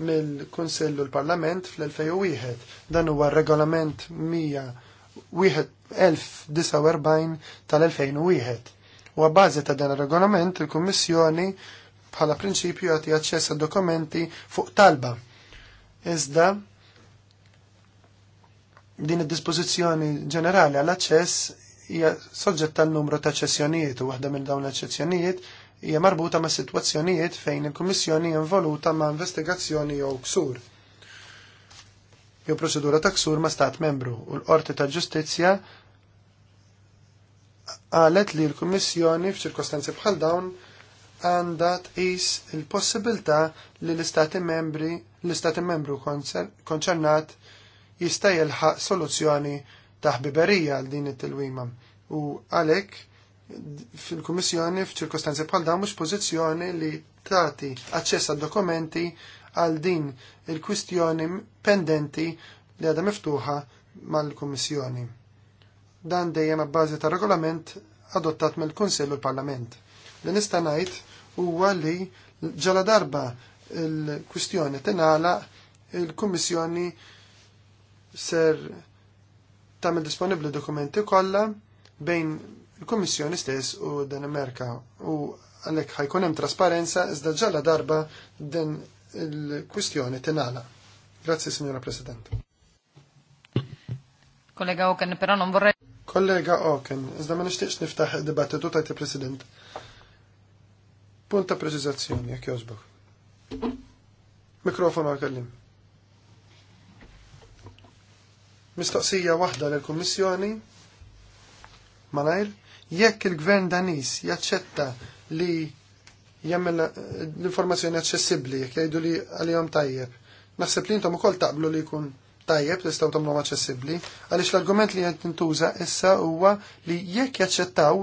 mill kunsellu l-Parlament fl-2001. Dan huwa regolament 1049 tal-2001. U għabbażi ta' dan regolament il-Kummissjoni bħala prinċipju għati aċċess għad dokumenti fuq talba. Iżda din id-dispożizzjoni ġenerali għall-aċċess hija soġġett tal-numru ta' ċessjonijiet u waħda minn dawn l-ċessjonijiet hija marbuta ma' sitwazzjonijiet fejn il-Kummissjoni involuta ma' investigazzjoni jew ksur jew proċedura ta' ksur ma' stat membru u l-Qorti ta' Ġustizzja qalet li l-Kummissjoni f'ċirkostanzi bħal dawn għandha tqis il-possibilità li l-Istati membri l-Istati membru konċernat jista' jilħaq soluzzjoni ta' ħbiberija għal din it-tilwima. U għalhekk fil-Kummissjoni f'ċirkostanzi bħal dawn mhux pożizzjoni li tagħti aċċess għad dokumenti għal din il-kwistjoni pendenti li għadha miftuħa mal-Kummissjoni. Dan dejjem għabbażi ta' regolament adottat mill-Kunsill u l-Parlament. Li nista' ngħid huwa li ġala darba il-kwistjoni tingħala il-Kummissjoni il kwistjoni tingħalaq il kummissjoni il il kummissjoni ser tagħmel disponibli dokumenti kollha bejn il-Kummissjoni stess u Danimarka u għalhekk ħajkun hemm trasparenza iżda ġalla darba din il-kwistjoni tinala. Grazzi, Signora President. Kollega Oken, però non vorrei. Kollega Oken, iżda ma nixtieqx niftaħ dibattitu tajt il-President. Punta preċizazzjoni, jekk jozbok. Mikrofon għal-kellim. Mistoqsija waħda l kummissjoni malajr, jekk il-gvern danis jaċċetta li jemmel eh, l-informazzjoni aċċessibbli, jekk jgħidu li għalihom tajjeb. Naħseb li intom ukoll taqblu li jkun tajjeb testaw tagħmluhom aċċessibbli, għaliex l-argument li qed tintuża issa huwa li jekk jaċċettaw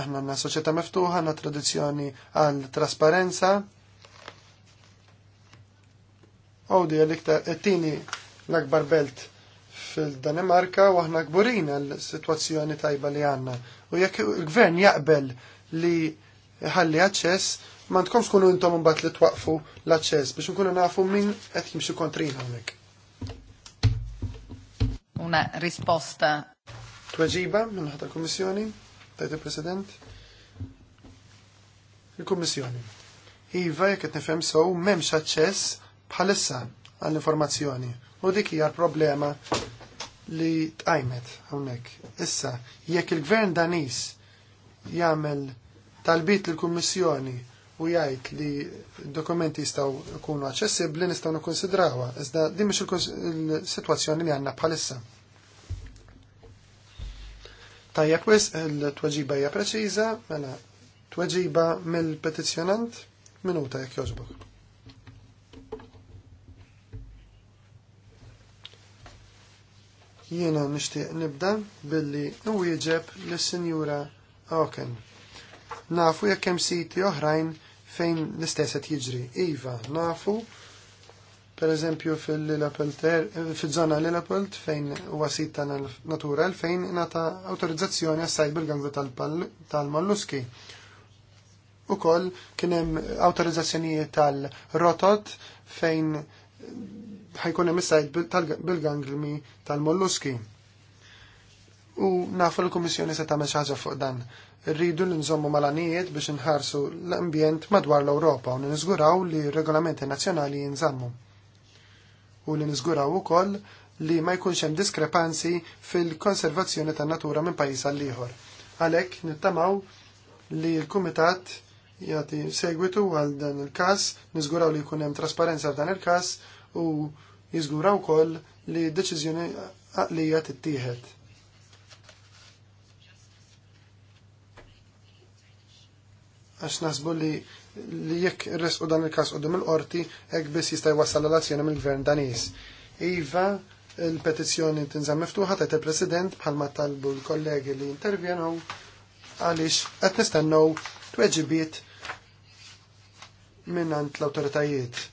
aħna għanna soċjetà miftuħa, għanna tradizzjoni għal trasparenza. Għodi għal-iktar, t-tini l-akbar belt fil-Danimarka u aħna kburin għal-situazzjoni tajba li għanna. U jekk il-gvern jaqbel li ħalli aċċess, ma tkomx kunu intom mbagħad li twaqfu l-aċċess biex nkunu nafu min qed jimxi kontrin hawnhekk. Una risposta. Tweġiba minn ħadd il-Kummissjoni, tajt il-President. Il-Kummissjoni. Iva jekk qed nifhem sew m'hemmx aċċess bħalissa għall-informazzjoni. U dik hija l-problema li tqajmet hawnhekk. Issa, jekk il-gvern Danis jagħmel talbit lill-Kummissjoni u jgħid li dokumenti jistgħu jkunu aċċessibbli nistgħu nikkonsidrawha, iżda din mhux il-sitwazzjoni li għandna bħalissa. Tajja kwis il-tweġiba hija preċiża, mela tweġiba mill-petizzjonant minuta jekk jogħġbok. Jiena nixtieq nibda billi nwieġeb l sinjura Oken. Nafu jekk hemm siti oħrajn fejn l-istess qed jiġri. Iva, nafu per eżempju fil-Lillapelt, fil-żona Lillapelt fejn huwa sit ta' natura fejn nata autorizzazzjoni għas-sajt bil-gangu tal tal-pal-malluski. Ukoll kien hemm autorizzazzjonijiet tal-rotot fejn ħajkun hemm is bil gangrimi tal-molluski. U nafu l-Kummissjoni se tagħmel xi ħaġa fuq dan. Rridu li nżommu malanijiet biex inħarsu l-ambjent madwar l-Ewropa u niżguraw li regolamenti nazzjonali jinżammu. U li niżguraw ukoll li ma jkunx hemm diskrepanzi fil-konservazzjoni tan-natura minn pajjiż għal ieħor. Għalhekk nittamaw li l-Kumitat jagħti segwitu għal dan il-każ, niżguraw li jkun hemm trasparenza f'dan il-każ u jizguraw wkoll li deċiżjoni t tittieħed. Għax naħsbu li li jekk u dan il-każ dum il-qorti hekk biss jista' jwassal l-azzjoni mill-gvern Danis. Iva, il-petizzjoni tinżam miftuħa ta' il-President bħalma talbu l-kollegi li intervjenu għaliex qed nistennew minn minnant l-awtoritajiet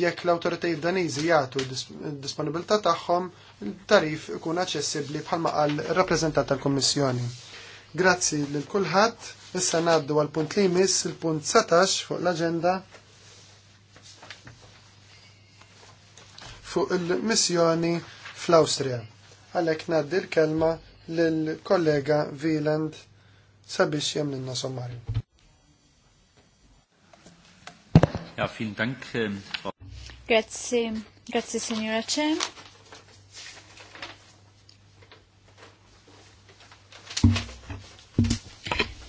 jekk l-awtoritajiet Daniżi jagħtu d-disponibilità tagħhom, il-tarif ikun aċċessibbli bħalma qal rappreżentant tal-Kummissjoni. Grazzi lil kulħadd, issa ngħaddu għal punt li jmiss il-punt 17 fuq l-aġenda fuq il-missjoni fl-Awstrija. Għalhekk ngħaddi l-kelma lill-kollega Wieland sabiex jemlinna sommarju. Ja, vielen Dank. Ähm, grazie, grazie signora Cem.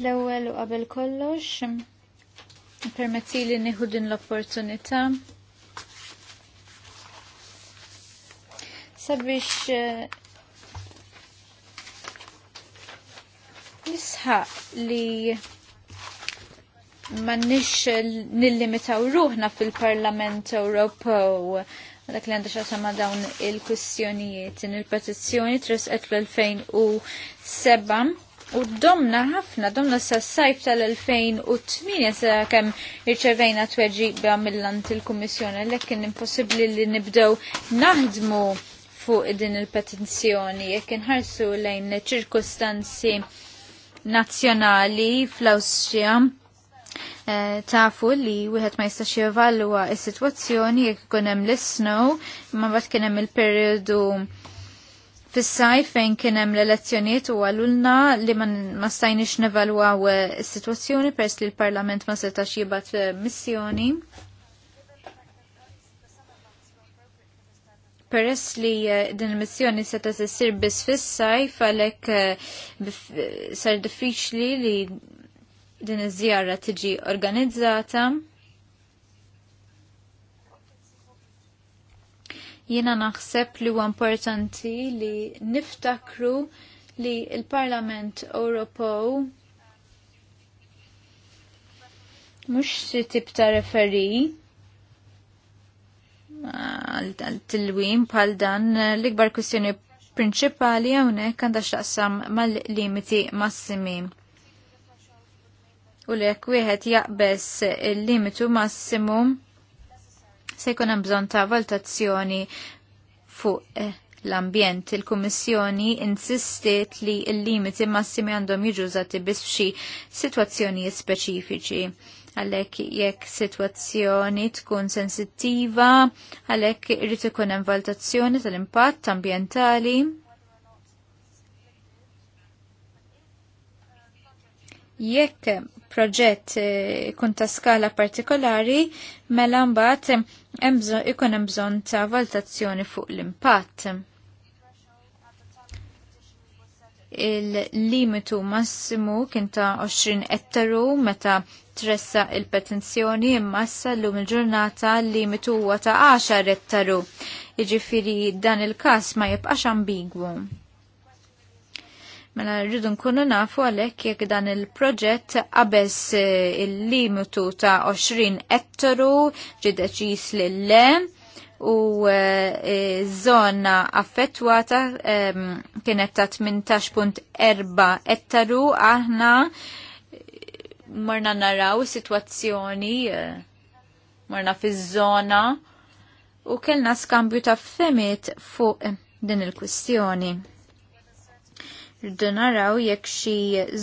L-ewwel u qabel kollox, permezzi nieħu din l-opportunità sabiex eh, nisħaq li m'għandniex nillimitaw ruħna fil-Parlament Ewropew dak li għandha xasama dawn il-kwistjonijiet. Il-petizzjoni tresqet fl-2007 U domna ħafna, domna sa sajf tal-2008 sa kem irċevejna tweġiba mill-ant il-Kommissjoni, lekin impossibli li nibdew naħdmu fuq din il petizzjoni jekk inħarsu lejn ċirkustanzi nazzjonali fl-Awstrija Eh, tafu li wieħed ma jistax jevalwa s-sitwazzjoni jekk ikun hemm l-snow, imma mbagħad kien hemm il-perjodu fis-sajf fejn kien hemm l-elezzjonijiet u għalulna li ma stajniex nevalwaw eh, is-sitwazzjoni pers li l-Parlament ma setax jibgħat eh, missjoni. peress li din il-missjoni seta' issir biss fis-sajf għalhekk sar diffiċli li din iż-żjara tiġi organizzata. Jiena naħseb li huwa importanti li niftakru li l-Parlament Ewropew mhux xi tip ta' referi għal tilwim bħal dan l-ikbar kwistjoni prinċipali hawnhekk għandha x'taqsam mal-limiti massimi u li jekk wieħed jaqbes il-limitu massimum se jkun hemm bżonn ta' valutazzjoni fuq eh, l-ambjent. Il-Kummissjoni insistiet li l-limiti massimi għandhom jiġu żati biss f'xi sitwazzjonijiet speċifiċi għalek jekk situazzjoni tkun sensittiva, għalek irrit ikun hemm valutazzjoni tal-impatt ambjentali. Jekk proġett eh, kun ta' skala partikolari, mela mbagħad ikun hemm bżonn ta' valutazzjoni fuq l-impatt. Il-limitu massimu kien ta' 20 ettaru meta tressa il-petenzjoni imma llum il-ġurnata l-limitu huwa ta' 10 ettaru. Jiġifieri dan il-każ ma jibqax ambigwu. Mela rridu nkunu nafu għalhekk jekk dan il-proġett qabeż eh, il-limitu ta' 20 ettaru ġi deċis lill-le u żona eh, eh, affettwata ehm, kienet ta' 18.4 ettaru aħna morna naraw situazzjoni morna fiż-żona u kellna skambju ta' femit fuq din il-kwistjoni rridu naraw jekk xi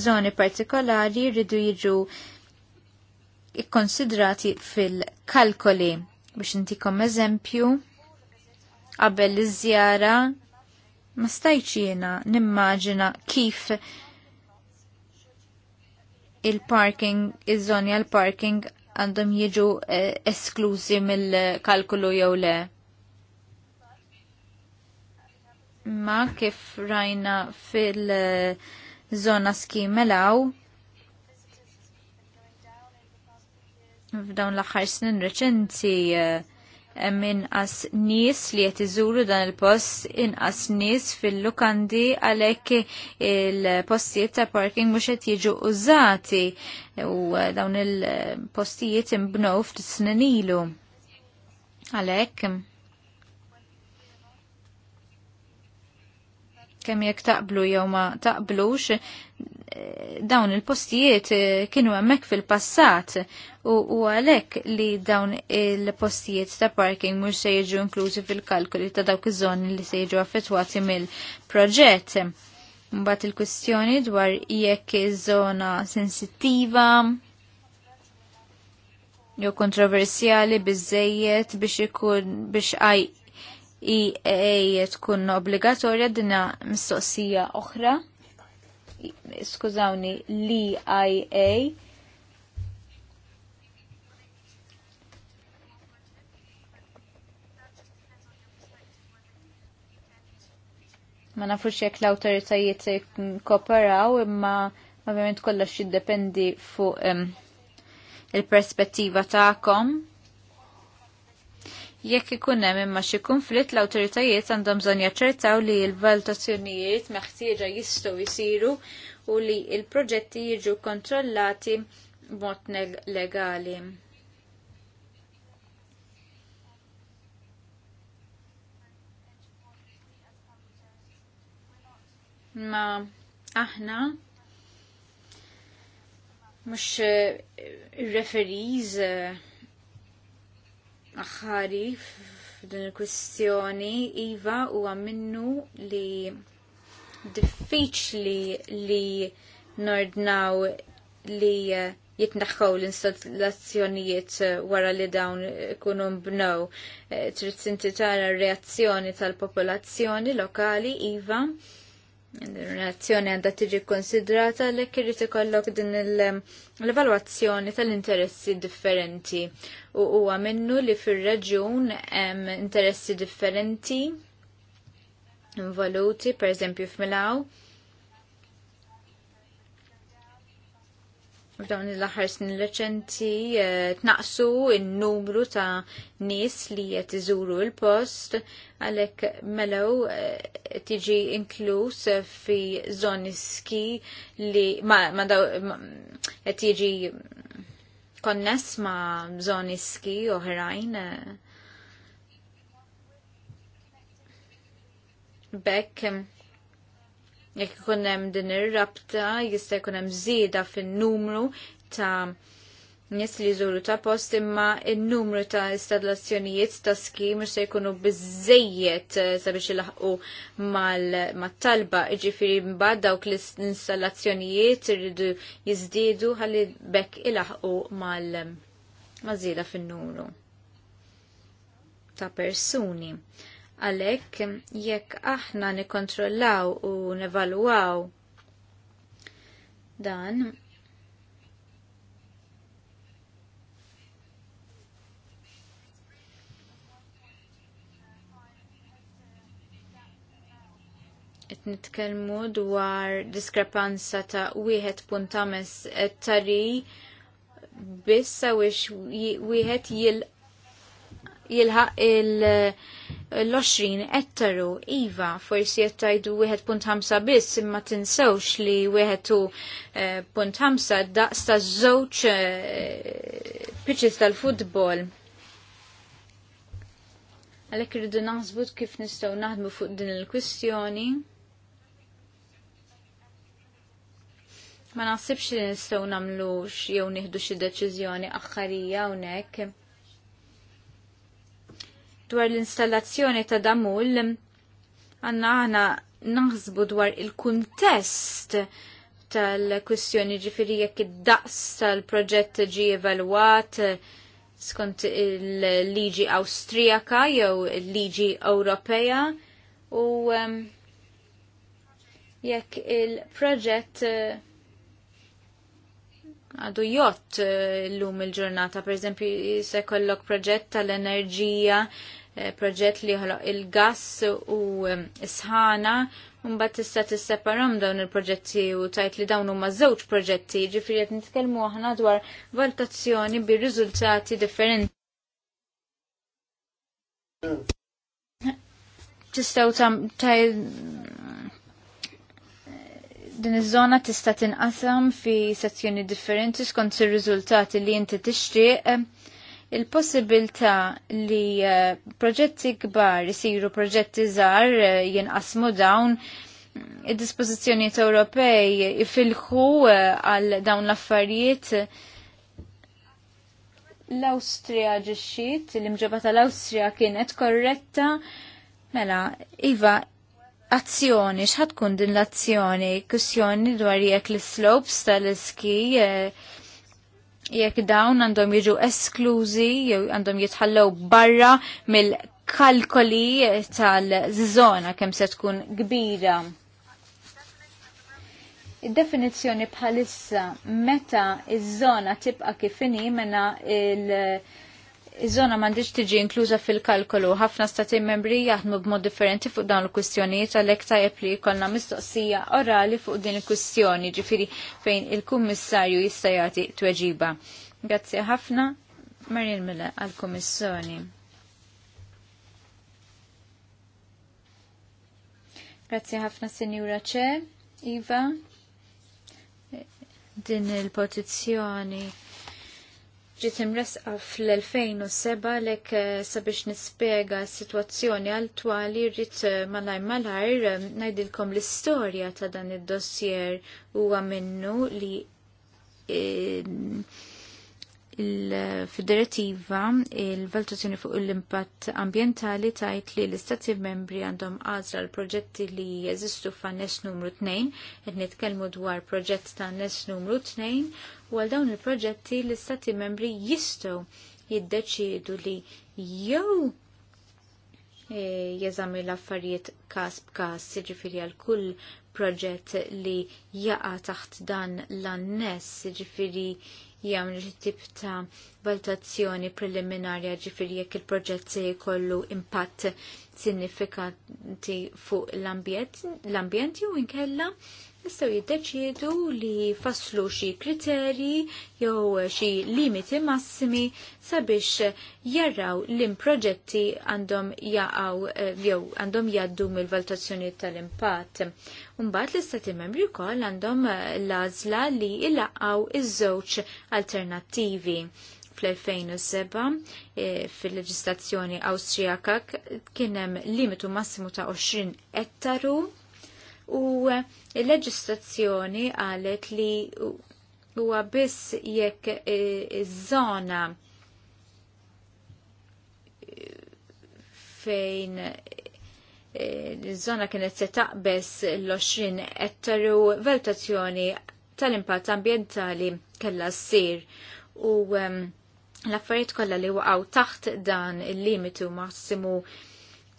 żoni partikolari rridu jiġu ikkonsidrati fil-kalkoli. Biex intikom eżempju, qabel iż-żjara ma stajċ jiena nimmaġina kif il-parking, iż-żoni għal-parking għandhom jiġu eh, esklużi mill-kalkulu jew le. ma kif rajna fil-zona skimelaw f'dawn l-axar snin reċenti eh, minn as nis li qed iżuru dan il-post inqas nis fil-lukandi għalhekk il-postijiet ta' parking mhux qed jiġu użati u dawn il-postijiet inbnew ftit snin ilu. Għalhekk kemm jekk taqblu jew ma taqblux, eh, dawn il-postijiet eh, kienu hemmhekk fil-passat u għalhekk li dawn il-postijiet ta' parking mhux se jiġu inklużi fil-kalkoli ta' dawk iż-żoni li se jiġu affettwati mill-proġett. Mbagħad il-kwistjoni dwar jekk iż-żona sensittiva jew kontroversjali biżejjed biex ikun biex EA tkun obbligatorja dina mistoqsija oħra. Skużawni, l-IA. ma nafux jekk l-autoritajiet se kooperaw imma ovvjament kollox jiddependi fuq il-perspettiva ta'kom Jekk ikun hemm imma xi konflitt l-awtoritajiet għandhom bżonn jaċċertaw li l-valutazzjonijiet meħtieġa jistgħu jsiru u li l-proġetti jiġu kontrollati b'mod legali. ma aħna mux eh, referiz eh, aħħari f'din il-kwistjoni iva huwa minnu li diffiċli li nordnaw li jitnaħħaw l-installazzjonijiet wara li dawn ikunu mbnew. Eh, trid tinti tara r-reazzjoni tal-popolazzjoni lokali iva il relazzjoni għandha tiġi konsidrata li kirrit ikollok din ehm, l-evalwazzjoni tal-interessi differenti u huwa minnu li fir-reġjun hemm interessi differenti involuti, per eżempju f'Milaw f'dawn l-aħħar snin reċenti eh, tnaqsu in-numru ta' nies li qed iżuru l-post għalhekk melew eh, tiġi inkluż fi żoni ski li ma daw qed jiġi konness ma' żoni ski oħrajn. Eh. Bekk Jekk ikun hemm din ir-rabta jista' jkun hemm żieda fin-numru ta' nies li jżuru ta' post imma n-numru ta' installazzjonijiet ta' ski mhux se jkunu biżejjed eh, sabiex ilaħqu mat-talba, jiġifieri mbagħad dawk l-installazzjonijiet irridu jiżdiedu ħalli bekk ilaħqu mal żieda fin-numru ta' persuni. Għalhekk jekk aħna nikkontrollaw u nevalwaw dan qed nitkellmu dwar diskrepanza ta' wieħed punt tari biss sawiex wieħed jilqa' jilħaq il- l-20 ettaru iva forsi qed tgħidu 1.5 biss imma tinsewx li 1.5 eh, daqs ta' żewġ eh, pitches tal-futbol. Għalhekk irridu naħsbu kif nistgħu naħdmu fuq din il-kwistjoni. Ma naħsibx li nistgħu nagħmlux jew nieħdu xi deċiżjoni aħħarija hawnhekk dwar l-installazzjoni ta' damul għanna għana naħsbu dwar il-kuntest tal-kwistjoni ġifiri jekk id-daqs tal-proġett ġi evalwat skont il-liġi Awstrijaka jew il-liġi Ewropea u um, jekk il-proġett uh, għadu jott uh, l-lum il-ġurnata, per eżempju, se kollok proġett tal-enerġija Eh, proġett li ħloq il-gas u eh, sħana Mbagħad tista' tisseparahom dawn il-proġetti u tajt li dawn huma żewġ proġetti, ġifieri qed nitkellmu aħna dwar valutazzjoni bir-riżultati differenti. Tistgħu tam taj din iż-żona tista' tinqasam fi sezzjoni differenti skont ir-riżultati li inti tixtieq il-possibilità li eh, proġetti kbar isiru proġetti żgħar eh, jinqasmu dawn id-dispożizzjonijiet Ewropej ifilħu eh, għal dawn l-affarijiet l-Awstrija ġixxiet, l-imġoba tal-Awstrija kienet korretta, mela, Iva, azzjoni, xħat kun din l-azzjoni, kussjoni dwar jek l-slopes tal-iski, jekk dawn għandhom jiġu esklużi, jew għandhom jitħallew barra mill-kalkoli tal-żona kemm se tkun kbira. Id-definizzjoni bħalissa meta iż-żona tibqa' kif inhi mena il- Iż-żona m'għandix tiġi inkluża fil-kalkolu. Ħafna stati membri jaħdmu b'mod differenti fuq dawn il-kwistjonijiet għalhekk tajjeb li jkollna mistoqsija orali fuq din il-kwistjoni, ġifieri fejn il-kummissarju jista' jagħti tweġiba. Grazzi ħafna. Marin Mille għall-Kummissjoni. Grazzi ħafna Sinjura Ċe, Iva, din il pozizjoni ġiet imresqa fl-2007 lek eh, sabiex nispjega s-sitwazzjoni għal-twali rrit malaj eh, malajr eh, ngħidilkom l istorja ta' dan id dossier huwa minnu li il-Federativa il-valutazzjoni fuq l-impatt ambientali tajt li l-istati membri għandhom għazra l-proġetti li jeżistu fa' nes numru 2, ed nitkelmu dwar proġett ta' nes numru 2, u għal dawn il-proġetti l-istati membri jistow jiddeċidu li jew eh, jeżami l-affarijiet kas b'kas, siġifiri għal kull proġett li jaqa taħt dan l-annes, ġifiri jgħamlu xi tip ta' valutazzjoni preliminarja ġifieri jekk il-proġett se jkollu impatt sinifikanti fuq l-ambjent jew inkella jistgħu jiddeċiedu li faslu xi kriterji jew xi limiti massimi sabiex jarraw lim proġetti għandhom jaqgħu eh, jew għandhom jaddu mill-valutazzjoni tal-impatt. Mbagħad l-istati membri wkoll għandhom l-għażla li jlaqgħu iż-żewġ alternattivi fl-2007 eh, fil-leġislazzjoni Awstrijaka kien hemm limitu massimu ta' 20 ettaru u il-leġislazzjoni għalet li huwa biss jekk zona żona fejn iż-żona kienet se taqbess l-20 ettaru valutazzjoni tal-impatt ambjentali kellha ssir u ehm, l-affarijiet kollha li waqgħu taħt dan il-limitu massimu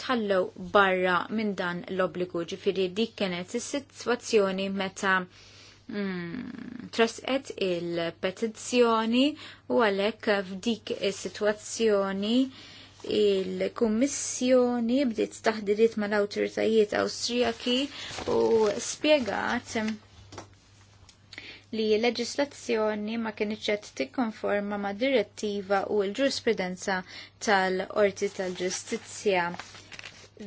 tħallew barra minn dan l-obbligu ġifiri dik kienet is-sitwazzjoni meta mm, il-petizzjoni u għalhekk f'dik is-sitwazzjoni il-Kummissjoni bdiet taħdiriet mal-awtoritajiet Awstrijaki u spjegat li l-leġislazzjoni ma kienx qed tikkonforma ma' direttiva u l-ġurisprudenza tal-Qorti tal-Ġustizzja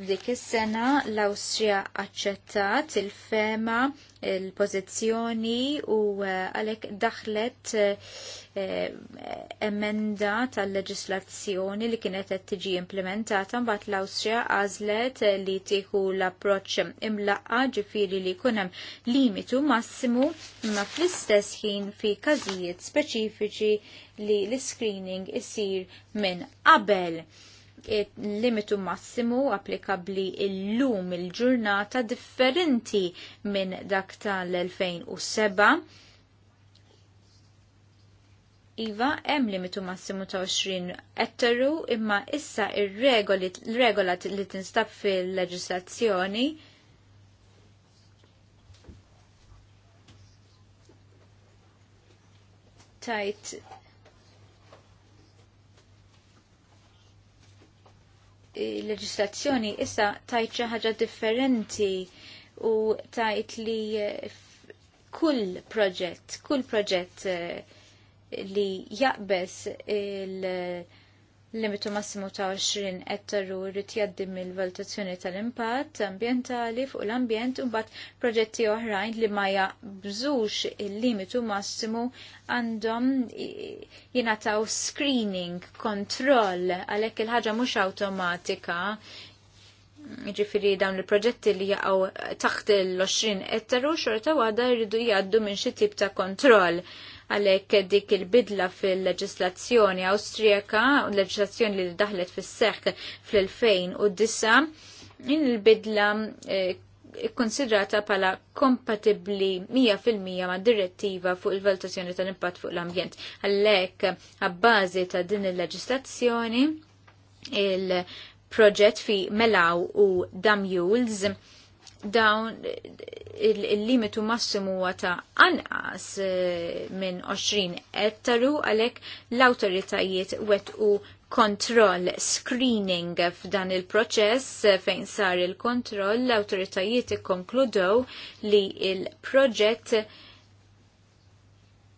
dik is-sena l-Awstrija aċċettat il-fema, il-pożizzjoni u eh, għalhekk daħlet eh, eh, emenda tal-leġislazzjoni li kienet qed tiġi implementata mbagħad l-Awstrija għażlet li tieħu l-approċċ imlaqqa ġifieri li jkun hemm limitu massimu imma fl-istess ħin fi każijiet speċifiċi li l-screening isir minn qabel limitu massimu applikabli il-lum il-ġurnata differenti minn dak tal-2007. Iva, hemm limitu massimu ta' 20 ettaru, imma issa ir-regola li tinstab fil-leġislazzjoni tajt il-leġislazzjoni issa tajt xi ħaġa differenti u tajt li kull proġett, kull proġett eh, li jaqbes il- limitu massimu ta' 20 ettaru rrit jaddim il-valutazzjoni tal-impatt ambientali fuq l-ambjent u mbagħad proġetti oħrajn li ma jaqbżux il-limitu massimu għandhom jingħataw screening, kontroll għalhekk il-ħaġa mhux awtomatika ġifiri dawn il-proġetti li jaqaw taħt l-20 ettaru xorta għada jridu jaddu minn xi tip ta' kontroll għalhekk dik il-bidla fil-leġislazzjoni Awstrijaka u l-leġislazzjoni li daħlet fis-seħħ fl-2009 din il-bidla eh, konsidrata pala kompatibli 100% ma' direttiva fuq il-valutazzjoni tal-impatt fuq l-ambjent. Għalhekk għabbazi ta' din il-leġislazzjoni il-proġett fi Melaw u Damjuls dawn il-limitu massimu huwa ta' anqas eh, minn 20 ettaru għalhekk l-awtoritajiet u kontroll screening f'dan il-proċess eh, fejn sar il-kontroll l-awtoritajiet ikkonkludew li il-proġett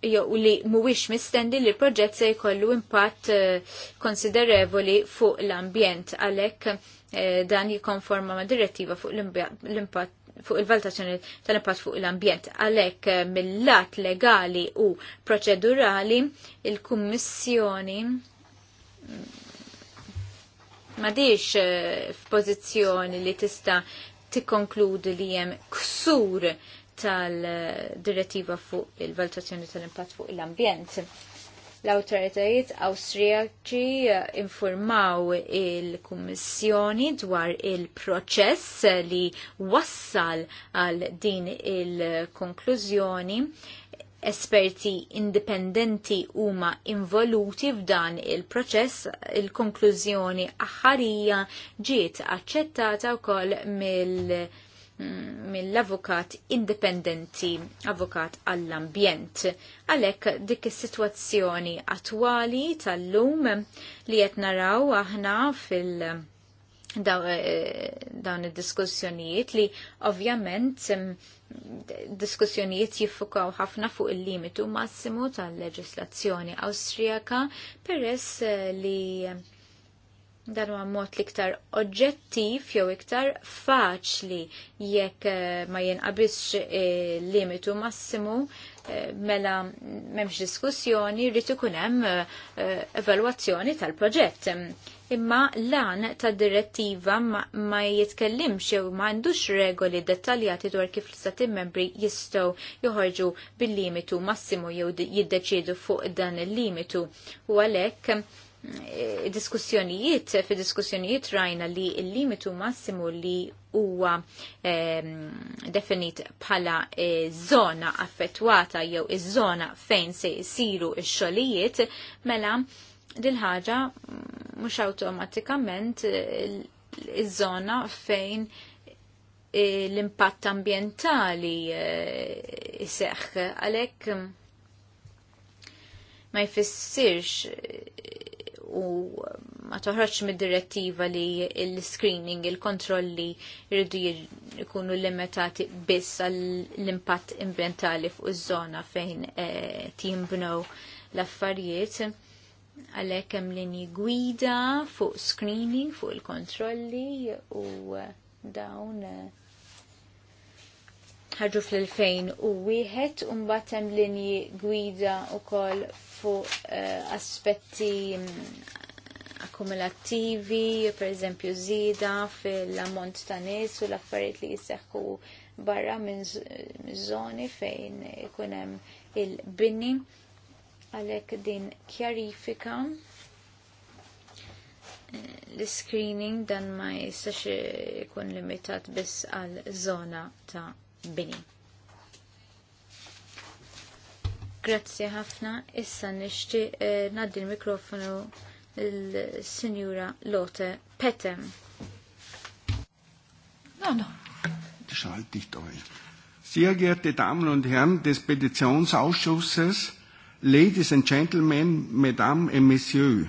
jew li mhuwiex mistendi li l-proġett se jkollu impatt eh, konsiderevoli fuq l-ambjent għalhekk Eh, dan jikonforma ma' direttiva fuq l-impatt fuq il-valutazzjoni tal-impatt fuq l-ambjent. Għalek eh, mill-lat legali u proċedurali il-Kummissjoni ma mm, diċ eh, f'pożizzjoni li tista tikkonkludi li jem ksur tal-direttiva fuq il-valutazzjoni tal-impatt fuq l-ambjent. L-autoritajiet Awstrijaċi eh, informaw il-Kummissjoni dwar il-proċess li wassal għal din il-konklużjoni esperti indipendenti huma involuti f'dan il-proċess, il-konklużjoni aħħarija ġiet aċċettata wkoll mill- Mm, mill-avukat indipendenti, avukat għall-ambjent. Għalek dik is-sitwazzjoni attwali tal-lum li qed naraw aħna fil- eh, dawn id-diskussjonijiet li ovvjament mm, diskussjonijiet jiffukaw ħafna fuq il-limitu massimu tal-leġislazzjoni Awstrijaka peress eh, li dan huwa mod liktar oġġettiv jew iktar faċli jekk eh, ma jinqabisx eh, limitu massimu eh, mela m'hemmx diskussjoni rrid ikun hemm evalwazzjoni tal-proġett. Imma lan ta' direttiva ma jitkellimx jew ma għandux regoli dettaljati dwar kif l-istati membri jistgħu joħorġu bil-limitu massimu jew jiddeċiedu fuq dan il-limitu. U għalhekk Eh, diskussjonijiet, fi diskussjonijiet rajna li il-limitu massimu li huwa ehm, definit bħala eh, zona affettwata jew iż-żona fejn se jsiru x-xogħlijiet mela din ħaġa mhux awtomatikament eh, iż-żona fejn eh, l-impatt ambientali iseħħ għalhekk ma jfissirx u ma toħroċ mid-direttiva li l-screening, il-kontrolli jridu jkunu limitati biss għall-impatt ambientali fuq iż-żona fejn eh, tinbnew l-affarijiet. Għalhekk hemm linji gwida fuq screening, fuq il-kontrolli u eh, dawn eh, ħarġu fl-2001 u mbagħad hemm linji gwida wkoll fuq uh, aspetti mm, akkumulattivi, per eżempju żieda fil-ammont ta' nies u l-affarijiet li jisseħħu barra minn żoni fejn ikun hemm il-binni. Għalhekk din kjarifika eh, l-screening dan ma jistax ikun limitat biss għal żona ta' bini Grazzi ħafna, issa nishti eh, naddi l-mikrofonu l-Sinjura Lotte Petem. No, no. Schalt dich euch. Sehr geehrte Damen und Herren des Petitionsausschusses, Ladies and Gentlemen, Mesdames et Messieurs,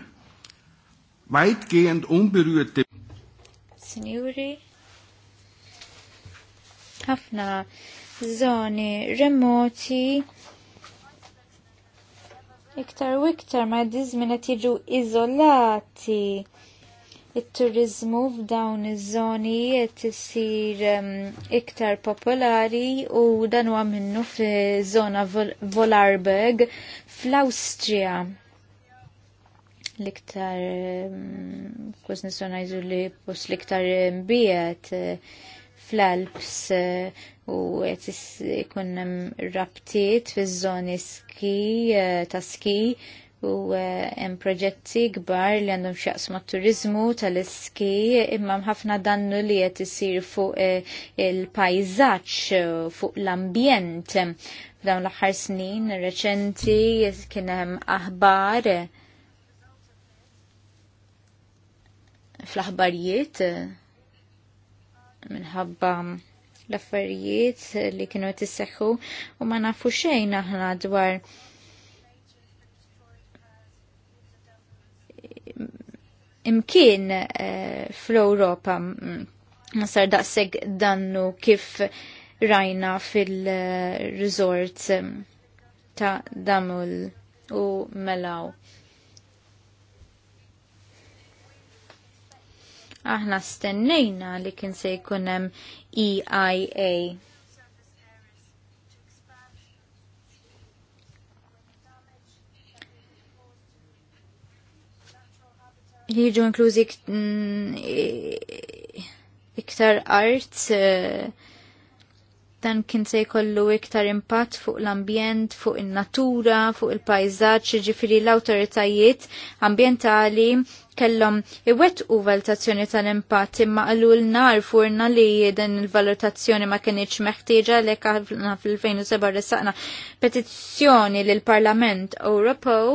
weitgehend unberührte Signori, ħafna żoni remoti iktar u iktar ma dizmin qed jiġu iżolati it-turizmu f'dawn iż-żoni qed isir um, iktar popolari u dan huwa minnu f'żona Vol Volarberg fl-Awstrija. L-iktar um, kważi nisonajżu li post l-iktar mbiet fl-Alps eh, u hemm rabtiet fiż-żoni ski eh, ta' ski u eh, hemm proġetti kbar li għandhom x'jaqs mat-turiżmu tal-iski imma ħafna dannu li qed isir fuq il-pajżaġġ fuq l-ambjent. F'dawn l-aħħar snin reċenti kien hemm aħbar fl-aħbarijiet minħabba l-affarijiet li kienu tisseħħu u ma nafu xejn aħna dwar imkien eh, fl-Europa sar daqseg dannu kif rajna fil-resort ta' Damul u Melaw. aħna stennejna li kien se jkun hemm EIA. Jiġu inklużi mm, iktar art eh, dan kien se jkollu iktar impatt fuq l-ambjent, fuq in-natura, fuq il pajżaġġ ġifieri l-awtoritajiet ambjentali kellhom iwettqu valutazzjoni tal-impatt imma qalulna rfurna li din il-valutazzjoni ma kienx meħtieġa li aħna fil-2007 ressaqna petizzjoni lil Parlament Ewropew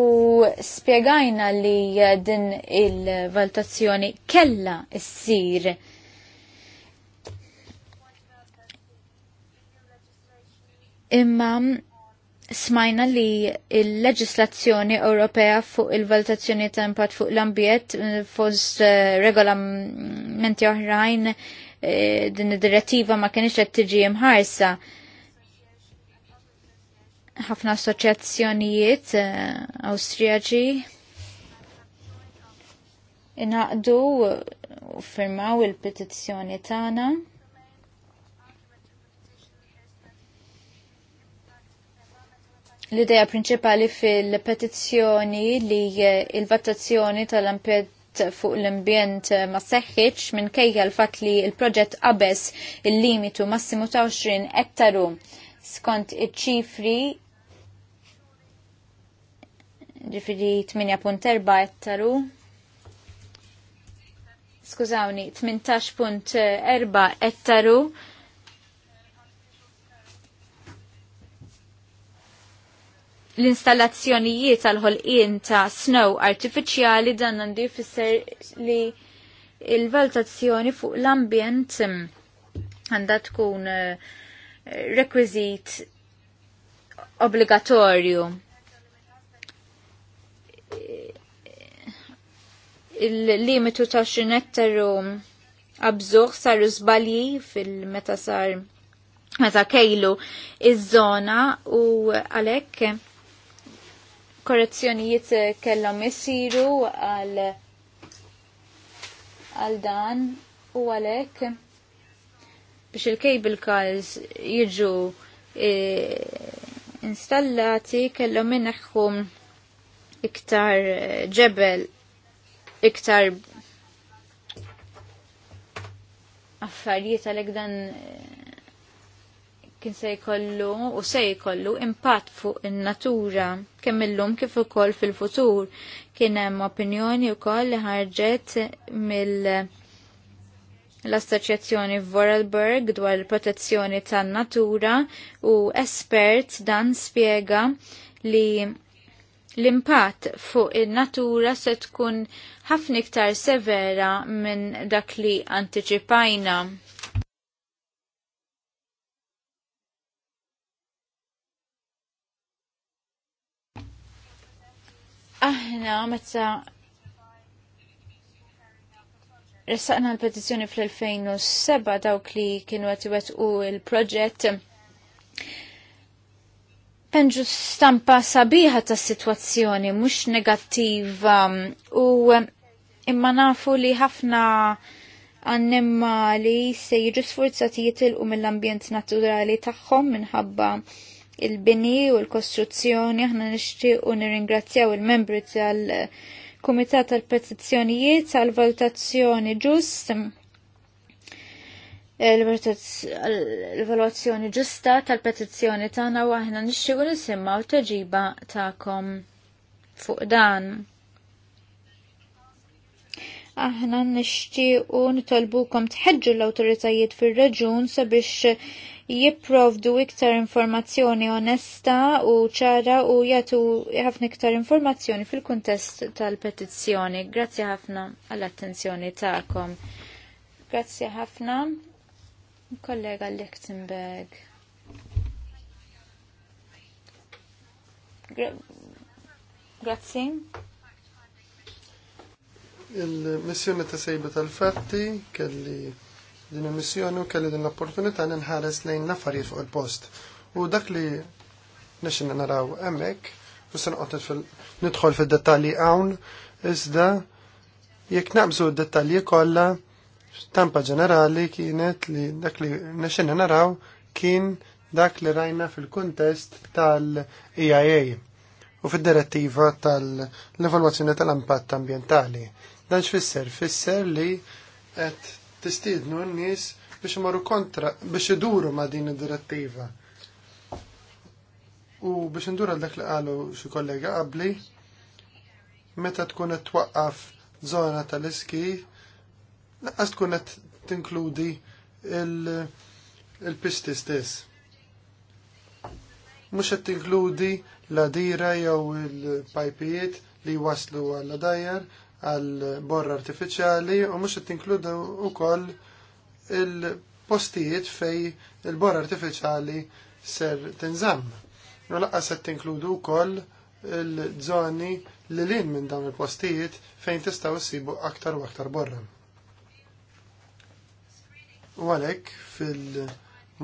u spiegajna li din il-valutazzjoni kella issir imma smajna li il-leġislazzjoni Ewropea fuq il-valutazzjoni ta' impatt fuq l ambjet fost eh, regolamenti oħrajn eh, din id-direttiva ma kienx qed tiġi mħarsa. Ħafna assoċjazzjonijiet eh, Awstrijaġi inaqdu u firmaw il-petizzjoni tagħna. l-ideja prinċipali fil-petizzjoni li il-votazzjoni tal-ampet fuq l-ambjent ma seħħiċ minn kejja l-fat li l proġett qabes il-limitu massimu ta' 20 ettaru skont iċ-ċifri ġifiri 8.4 ettaru skużawni 18.4 ettaru l-installazzjonijiet tal-ħolqien ta' snow artificiali dan għandu jfisser li il-valutazzjoni fuq l-ambjent mm, għandha tkun eh, requisit obbligatorju. Il-limitu ta' xinettaru abżuħ saru zbalji fil-meta sar meta kejlu iż-żona u għalhekk korrezzjonijiet eh, kellhom isiru għal għal dan u għalhekk biex il-cable cars jiġu eh, installati kellhom inneħħu iktar eh, ġebel iktar affarijiet għalhekk dan kien se jkollu u se jkollu impatt fuq in-natura kemm illum kif ukoll fil-futur. Kien hemm opinjoni wkoll li ħarġet mill l-Assoċjazzjoni Vorarlberg dwar il-protezzjoni tan-natura u espert dan spjega li l-impatt fuq in-natura se tkun ħafna iktar severa minn dak li antiċipajna Aħna meta ressaqna l-petizjoni fl-2007 dawk li kienu għet u il-proġett penġu stampa sabiħa ta' situazzjoni, mux negattiva u um, imma nafu li ħafna għannemma li se jiġu sforzati jitilqu mill-ambjent naturali tagħhom minħabba il-bini u l-kostruzzjoni, aħna nixtieq u nirringrazzjaw il-membri tal-Kumitat tal-Petizzjonijiet tal-valutazzjoni ġust l valutazzjoni ġusta tal-petizzjoni tagħna u aħna nixtiequ nisimgħu teġiba tagħkom fuq dan. Aħna nixtiequ nitolbukom tħeġġu l-awtoritajiet fir-reġun sabiex jipprovdu iktar informazzjoni onesta u ċara u jagħtu ħafna iktar informazzjoni fil-kuntest tal-petizzjoni. Grazzi ħafna għall-attenzjoni tagħkom. Grazzi ħafna, kollega Lichtenberg. Grazzi. Il-missjoni ta' sejba tal-fatti kelli din il-missjoni u kelli din l-opportunità nħares lejn l-affarijiet fuq il-post. U dak li nixin naraw emmek, u s nidħol fil-dettalji għawn, iżda jekk naqbżu d-dettalji kollha stampa ġenerali kienet li dak li nixin naraw kien dak li rajna fil-kontest tal-EIA u fil-direttiva tal-evaluazzjoni tal-impatt ambientali. Dan xfisser? Fisser li qed tistiednu n-nies biex imorru kontra, biex iduru ma' din id-direttiva. U biex ndura dak li qalu xi kollega qabli, meta tkun qed twaqqaf żona tal-iski, laqas tkun qed tinkludi il-pisti stess. Mhux qed tinkludi la dira jew il-pajpijiet li waslu għal dajjar għal borra artificiali u mhux qed tinkludu wkoll il-postijiet fej il-borra artificiali ser tinżamm. U laqqas qed tinkludu wkoll il-żoni li lin minn dawn il-postijiet fejn tistgħu sibu aktar u aktar borra. U għalhekk fil-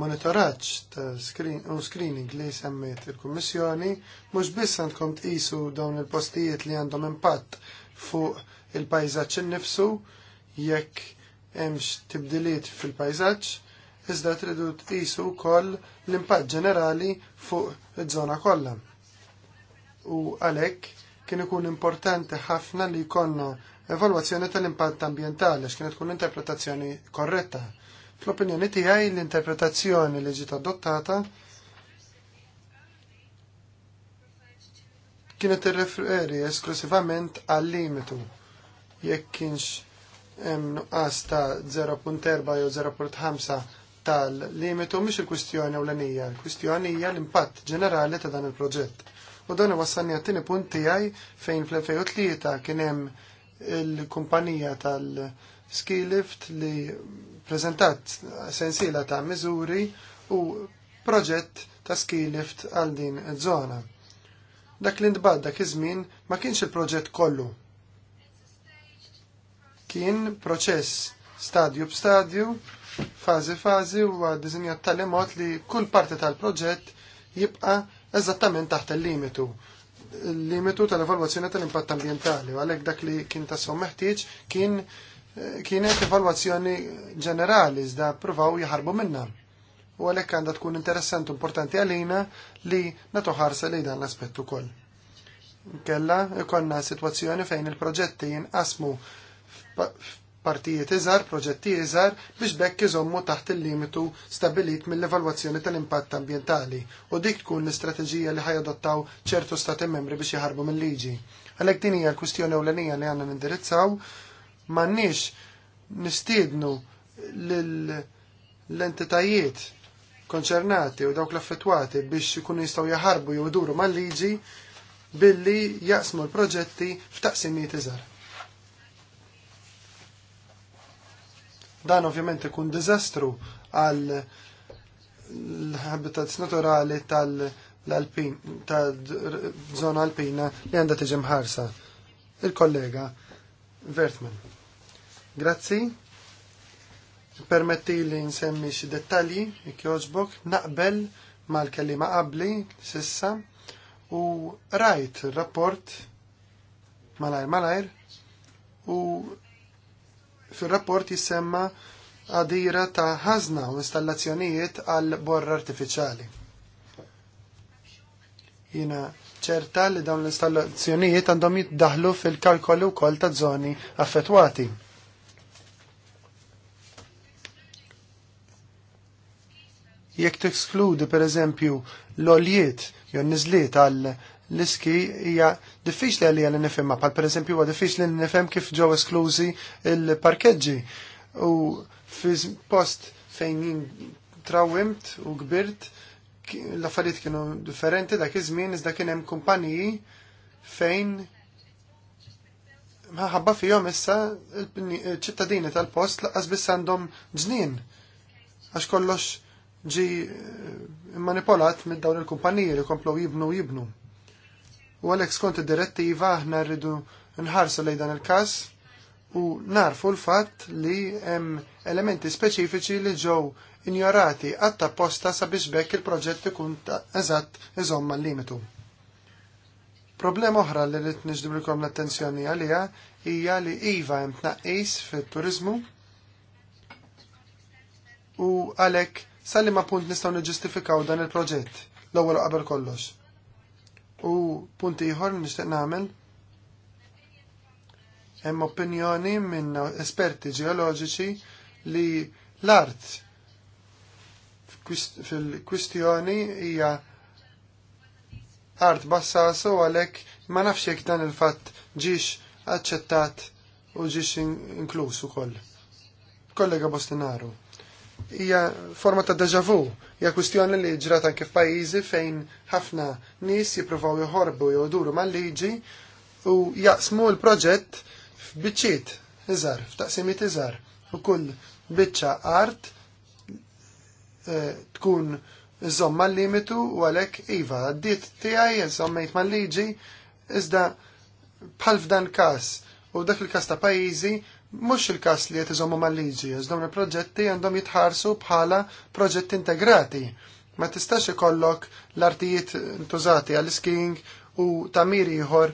monitoraġġ ta' screen, u screening li semmet il-Kummissjoni mhux biss għandkom tqisu dawn il-postijiet li għandhom impatt fuq il-pajzaċ innifsu jekk hemmx tibdiliet fil-pajzaċ, iżda tridu tqisu wkoll l-impatt ġenerali fuq iż-żona kollha. U għalhekk kien ikun importanti ħafna li jkollna evalwazzjoni tal-impatt ambjentali għax kienet tkun interpretazzjoni korretta. Fl-opinjoni tiegħi l-interpretazzjoni li ġiet adottata kienet irreferi esklusivament għal limitu jekk kienx hemm nuqqas ta' 0.4 jew 0.5 tal-limitu mhix il-kwistjoni ewlenija, il-kwistjoni hija l-impatt ġenerali ta' dan il-proġett. U dan iwassalni għat-tieni punt tiegħi fejn fl-2003 kien hemm il-kumpanija tal-ski lift li prezentat sensiela ta' miżuri u proġett ta' ski lift għal din iż-żona dak li ndbad dak iż-żmien ma kienx il-proġett kollu. Kien proċess stadju b'stadju, fażi fażi u dizinjat tal mod li kull parti tal-proġett jibqa' eżattament taħt il-limitu limitu tal-evalwazzjoni tal-impatt ambientali, u għalhekk dak li kien tassew meħtieġ kien kienet evalwazzjoni ġenerali iżda pruvaw jaħarbu minna u għalhekk għandha tkun interessanti importanti għalina li natuħarsa li dan l-aspett ukoll. Kella ikonna sitwazzjoni fejn il-proġetti jinqasmu partijiet iżar, proġetti iżar biex bekk iżommu taħt il-limitu stabilit mill-evalwazzjoni tal-impatt ambientali u dik tkun l-istrateġija li ħajadottaw ċertu stati membri biex jħarbu mill-liġi. Għalhekk din hija l-kwistjoni ewlenija li għandna nindirizzaw m'għandniex nistiednu l-entitajiet konċernati u dawk l-affettwati biex ikunu jistgħu jaħarbu jew iduru mal-liġi billi jaqsmu l-proġetti f'taqsimijiet iżgħar. Dan ovvjament ikun diżastru għal l-habitats naturali tal-alpin, tal-żona alpina li għandha tiġi mħarsa. Il-kollega Vertman. Grazzi permetti li nsemmi xi dettalji jogħġbok naqbel mal-kelima qabli sissa u rajt rapport malajr malajr u fil-rapport jisemma għadira ta' ħazna u installazzjonijiet għal borra artificiali. Jina ċerta li dawn l-installazzjonijiet għandhom jiddaħlu fil-kalkolu kol ta' zoni affettwati Jekk per pereżempju l-oljiet jew niżliet għal l-iski hija diffiċli għalli li nifhimha, per pereżempju huwa diffiċli li nifhem kif ġew esklużi il-parkeġġi u fi post fejn trawimt u kbirt l-affarijiet kienu differenti dak iż-żmien iżda kien hemm kumpaniji fejn ħabba fihom issa ċittadini tal-post laqas biss għandhom ġnien għax kollox ġi eh, manipolat minn dawn il-kumpaniji li komplu jibnu jibnu. U għalek skont id-direttiva aħna rridu nħarsu lej dan il-kas u narfu l-fatt li hemm elementi speċifiċi li ġew injorati għatta posta sabiex bekk il-proġett ikun eżatt iżomma l-limitu. Problema oħra li rrid nixdibilkom l-attenzjoni għalija hija li iva hemm tnaqqis fit-turizmu u għalhekk Salli ma punt nistaw niġustifikaw dan il-proġett, l-ewwel qabel kollox. U punti ieħor nixtieq nagħmel hemm opinjoni minn esperti ġeoloġiċi li l-art fil-kwistjoni hija art u għalhekk ma nafx jekk dan il-fatt ġiex aċċettat u ġiex inkluż ukoll. Kollega Bostinaru hija forma ta' deja vu, hija kwistjoni li ġrat anke f'pajjiżi fejn ħafna nies jippruvaw joħorbu jew duru mal-liġi u jaqsmu l-proġett f'biċċiet iżgħar, f'taqsimiet iżgħar. U kull biċċa art eh, tkun iżomma l-limitu u għalhekk iva, għaddiet tiegħi iżommejt mal-liġi iżda bħal f'dan każ u dak il-każ ta' pajjiżi Mhux il-każ li qed iżommu mal-liġi, għax il-proġetti għandhom jitħarsu bħala proġetti integrati. Ma tistax ikollok l-artijiet intużati għall-skiing u tamir ieħor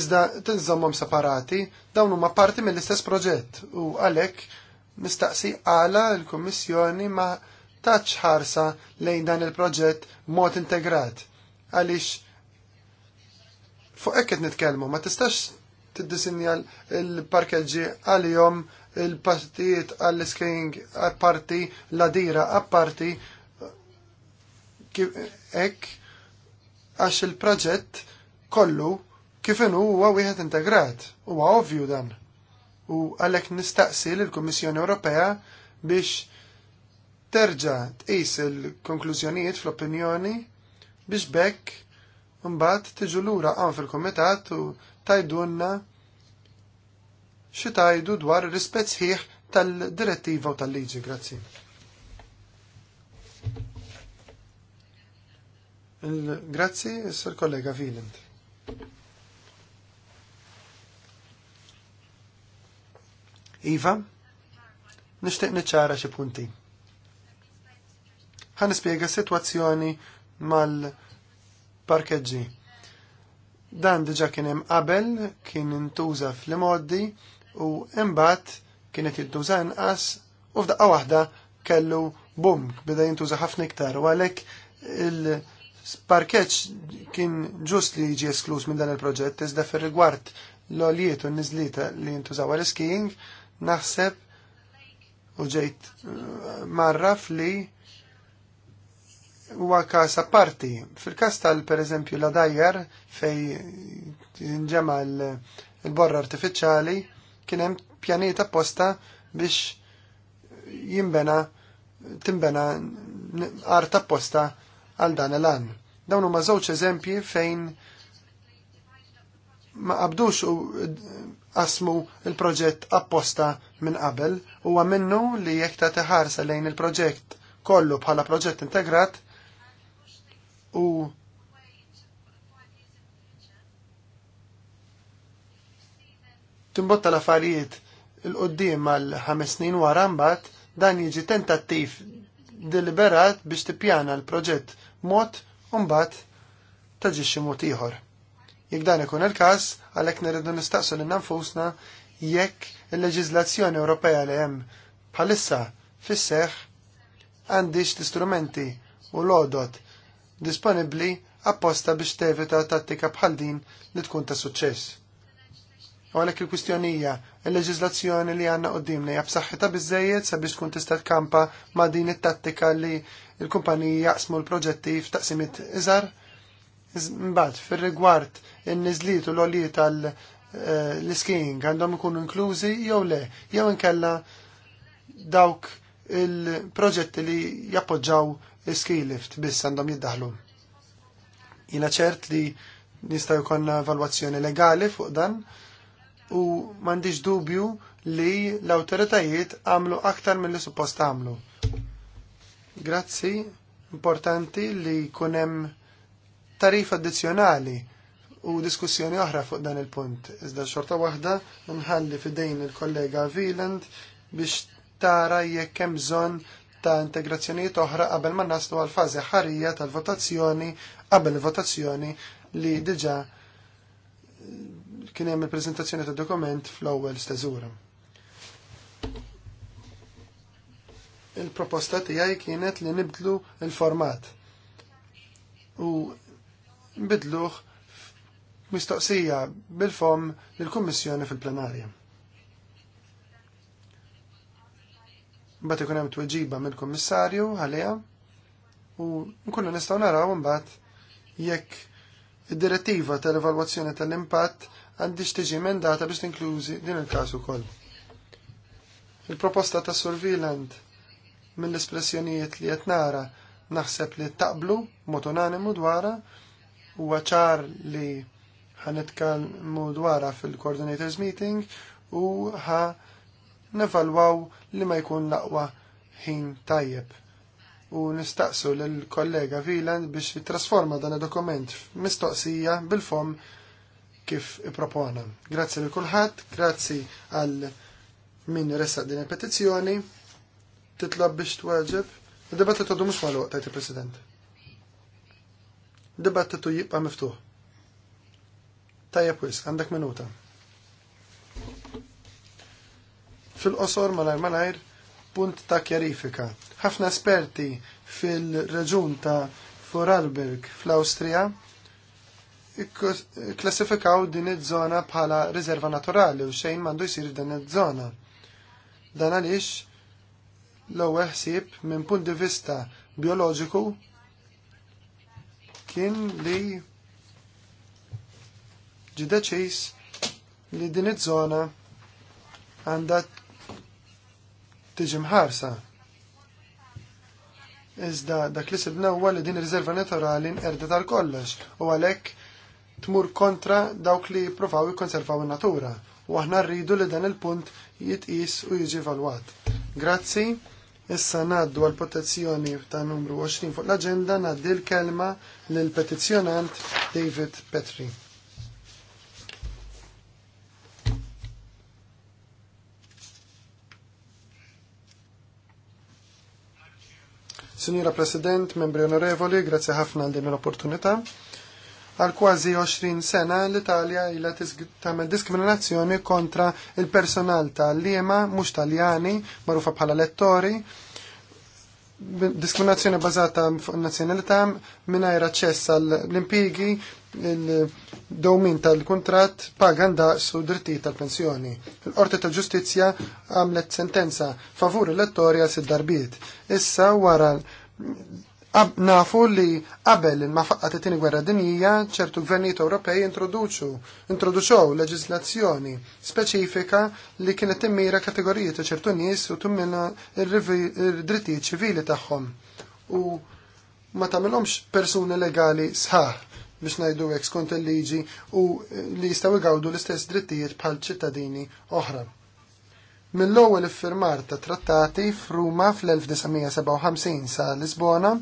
iżda tinżommhom separati, dawn huma parti mill-istess proġett u għalhekk mistaqsi għala l-Kummissjoni ma taċ ħarsa lejn dan il-proġett mod integrat. Għaliex fuq ekk qed nitkellmu ma tistax tiddisinjal il-parkeġġi għal-jom il-partijiet għall-skiing apparti, l-adira apparti, ek, għax il-proġett kollu kifinu huwa wieħed integrat, huwa ovvju dan. U għalhekk nistaqsi lill-Kummissjoni Ewropea biex terġa' tqis il-konklużjonijiet fl-opinjoni biex bekk Mbagħad tiġu lura għan fil-kumitat u tajdunna xi tajdu dwar rispett sħiħ tal-direttiva u tal-liġi. Grazzi. Grazzi, sir kollega Filint. Iva, nishtiq niċara xi punti. Ħa nispjega sitwazzjoni mal-parkeġġi Dan diġa kien hemm qabel kien intuża fl-modi u imbagħad kienet jintuża inqas u f'daqqa waħda kellu bum bida jintuża ħafna iktar u għalhekk il-parkeċ kien ġust li jiġi esklus minn dan il-proġett iżda fir-rigward l-olijiet u n nizlieta li jintużaw għal skiing naħseb u ġejt marraf li huwa każ apparti. Fil-każ tal pereżempju la dajjar fej inġema l-borra artifiċjali kien hemm pjaniet apposta biex jimbena timbena art apposta għal dan l-an. Dawn huma żewġ eżempji fejn ma qabdux u qasmu il-proġett apposta minn qabel huwa minnu li jekk ta' teħarsa lejn il-proġett kollu bħala proġett integrat u timbotta l-affarijiet il-qoddim għal ħames snin wara mbagħad dan jiġi tentattiv deliberat biex tippjana l-proġett mod u mbagħad xi mod ieħor. Jekk dan ikun il-każ, għalhekk nirridu nistaqsu lil nfusna jekk il-leġiżlazzjoni Ewropea li hemm bħalissa fis-seħħ għandix l-istrumenti u l-odot disponibbli apposta biex tevita tattika bħal din li tkun ta' suċċess. U għalhekk il-kwistjonija, il-leġiżlazzjoni li għandna qudiemna hija b'saħħitha biżejjed sabiex tkun tista' tkampa ma' din it-tattika li l-kumpaniji jaqsmu l-proġetti f'taqsimiet iżgħar. Mbagħad fir-rigward in-niżliet u l-għoliet tal eh, l-skiing għandhom ikunu inklużi jew le, jew inkella dawk il-proġetti li jappoġġaw ski lift biss għandhom jiddaħlu. Jina ċert li nistaw jkollna evalwazzjoni legali fuq dan u m'għandix dubju li l-awtoritajiet għamlu aktar mill-li suppost għamlu. Grazzi, importanti li kunem tarif addizzjonali u diskussjoni oħra fuq dan il-punt. Iżda xorta waħda nħalli fidejn il-kollega Wieland biex tara jekk hemm bżonn ta' integrazzjonijiet oħra qabel ma naslu għal fażi ħarija tal-votazzjoni qabel votazzjoni li diġa kien hemm il-preżentazzjoni ta' dokument fl-ewwel steżura. Il-proposta tiegħi kienet li nibdlu il-format u nbidluh mistoqsija bil-fom lill-Kummissjoni fil-plenarja. Mbagħad ikun hemm tweġiba mill-Kummissarju għaliha u nkunu nistgħu naraw imbagħad jekk id-direttiva tal-evalwazzjoni tal-impatt għandix tiġi mendata biex tinklużi din il-każ ukoll. Il-proposta ta' Surveillant mill-espressjonijiet li qed nara naħseb li taqblu mod unanimu dwara huwa ċar li ħanitkellmu dwara fil-coordinators meeting u ħa nevalwaw li ma jkun laqwa ħin tajjeb. U nistaqsu l-kollega Vilan biex jitrasforma dan il-dokument mistoqsija bil-fom kif propona. Grazzi li kulħadd grazzi għal min ressa din il-petizzjoni, titlob biex tweġeb. Il-debattitu du mux malu tajt il-President. Debattitu jibqa miftuħ. Tajja pwis, għandak minuta. Fil-qosor malajr malajr punt ta' kjarifika. Ħafna esperti fil-reġun ta' Vorarlberg fl-Awstrija klassifikaw din iż-żona bħala riserva naturali u xejn m'għandu jsir f'dan iż-żona. Dan għaliex l-ewwel ħsieb minn punt di vista bioloġiku kien li ġi deċiż li din iż-żona għandha tiġi mħarsa. Iżda dak li sibna huwa li din ir riserva naturali nqerda tal-kollox u għalhekk tmur kontra dawk li jippruvaw jikkonservaw in-natura u aħna rridu li dan il-punt jitqis u jiġi valwat. Grazzi, issa naddu għal protezzjoni ta' numru 20 fuq l aġenda naddi l-kelma lill petizzjonant David Petri. Sinjura President, membri onorevoli, grazzi ħafna għal din l-opportunità. Għal kważi 20 sena l-Italja ila tagħmel diskriminazzjoni kontra il-personal tal-liema mhux taljani, magħrufa bħala lettori, diskriminazzjoni bazata fuq nazzjonalità mingħajr aċċess għall impigi il-domin tal-kontrat pagan daqs u dritti tal-pensjoni. Il-Qorti tal-Ġustizzja għamlet sentenza favur il-lettorja sid-darbiet. Issa wara nafu li qabel il mafaqqa it tini gwerra dinija ċertu gvernijiet Ewropej introduċu introduċew leġislazzjoni speċifika li kienet timmira kategoriji ta' ċertu nies u tummina il drittijiet ċivili tagħhom. U ma tagħmilhomx persuni legali sħaħ biex najdu hekk skont il-liġi u li jistgħu għawdu l-istess drittijiet bħal ċittadini oħra. Mill-ewwel iffirmar ta' trattati f'Ruma fl-1957 sa Lisbona,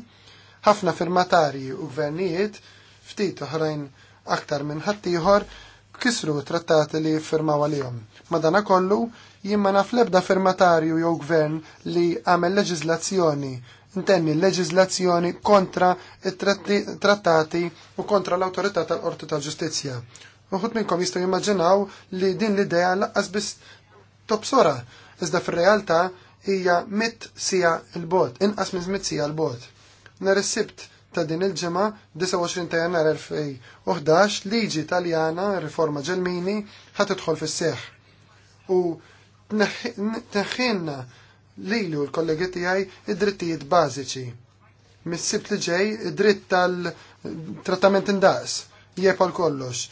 ħafna firmatarji u gvernijiet ftit oħrajn aktar minn ħaddieħor kisru trattati li firmaw għalihom. Madana kollu jimma naf lebda firmatarju jew gvern li għamel leġiżlazzjoni intenni l-leġizlazzjoni kontra it-trattati u kontra l-autorità tal-Qorti tal-Ġustizzja. Uħut minnkom jistgħu jimmaġinaw li din l-idea laqqas biss topsora, iżda fir-realtà hija mit sija l-bot, inqas minn mit sija l-bot. Nar is-sibt ta' din il-ġimgħa 29 ta' Jannar 2011 liġi Taljana riforma ġelmini ħat fis-seħħ. U tneħħinna lilu l-kollegi tiegħi id-drittijiet bażiċi. Mis-sibt li ġej id-dritt tal-trattament indaqs jieb kollox,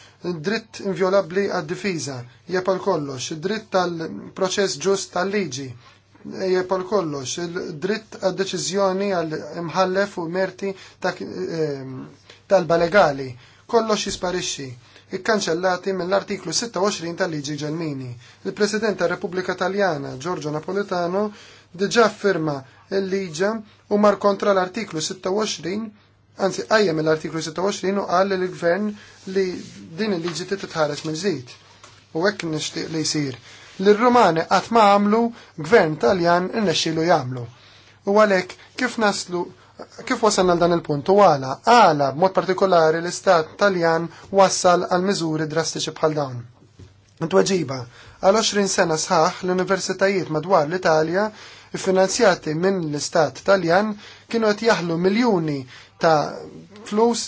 dritt inviolabli għad difiża jieb għal kollox, dritt tal-proċess ġust tal-liġi jieb għal kollox, dritt għad deċiżjoni għal imħallef u merti eh, tal-balegali, kollox jisparixxi ikkanċellati mill-artiklu 26 tal-Liġi Ġelmini. Il-President tar-Repubblika Taljana, Giorgio Napoletano, diġa firma il-liġa u mar kontra l-artiklu 26, anzi għajja mill-artiklu 26 u għalli l-gvern li din il-liġi titħares mill żid U għek nishtiq li jisir. L-Rumani għat ma għamlu, gvern taljan n-nexilu jamlu. U għalek kif naslu kif wasalna dan il-punt u għala, għala b'mod partikolari l-istat taljan wassal għal miżuri drastiċi bħal dawn. Tweġiba, għal 20 sena sħaħ l-universitajiet madwar l-Italja finanzjati minn l-istat taljan kienu qed jaħlu miljuni ta' flus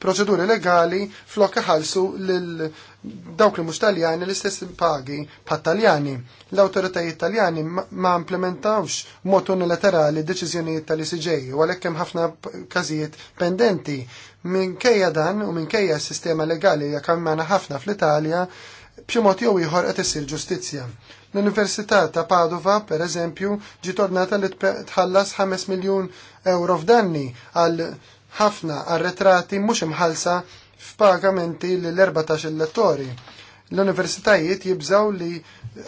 proċeduri legali flok ħalsu lil dawk li mhux taljani l-istess pagi bħat taljani. L-awtoritajiet taljani ma implementawx mod unilaterali deċiżjonijiet tal-ICJ u għalhekk hemm ħafna każijiet pendenti. Minkejja dan u minkejja s-sistema legali jekk hemm ħafna fl-Italja mod jew ieħor qed isir ġustizzja. L-Università ta' Padova, per eżempju, ġi tornata li tħallas 5 miljun euro f'danni għal ħafna arretrati mhux imħalsa f'pagamenti l-14 lettori L-universitajiet jibżaw li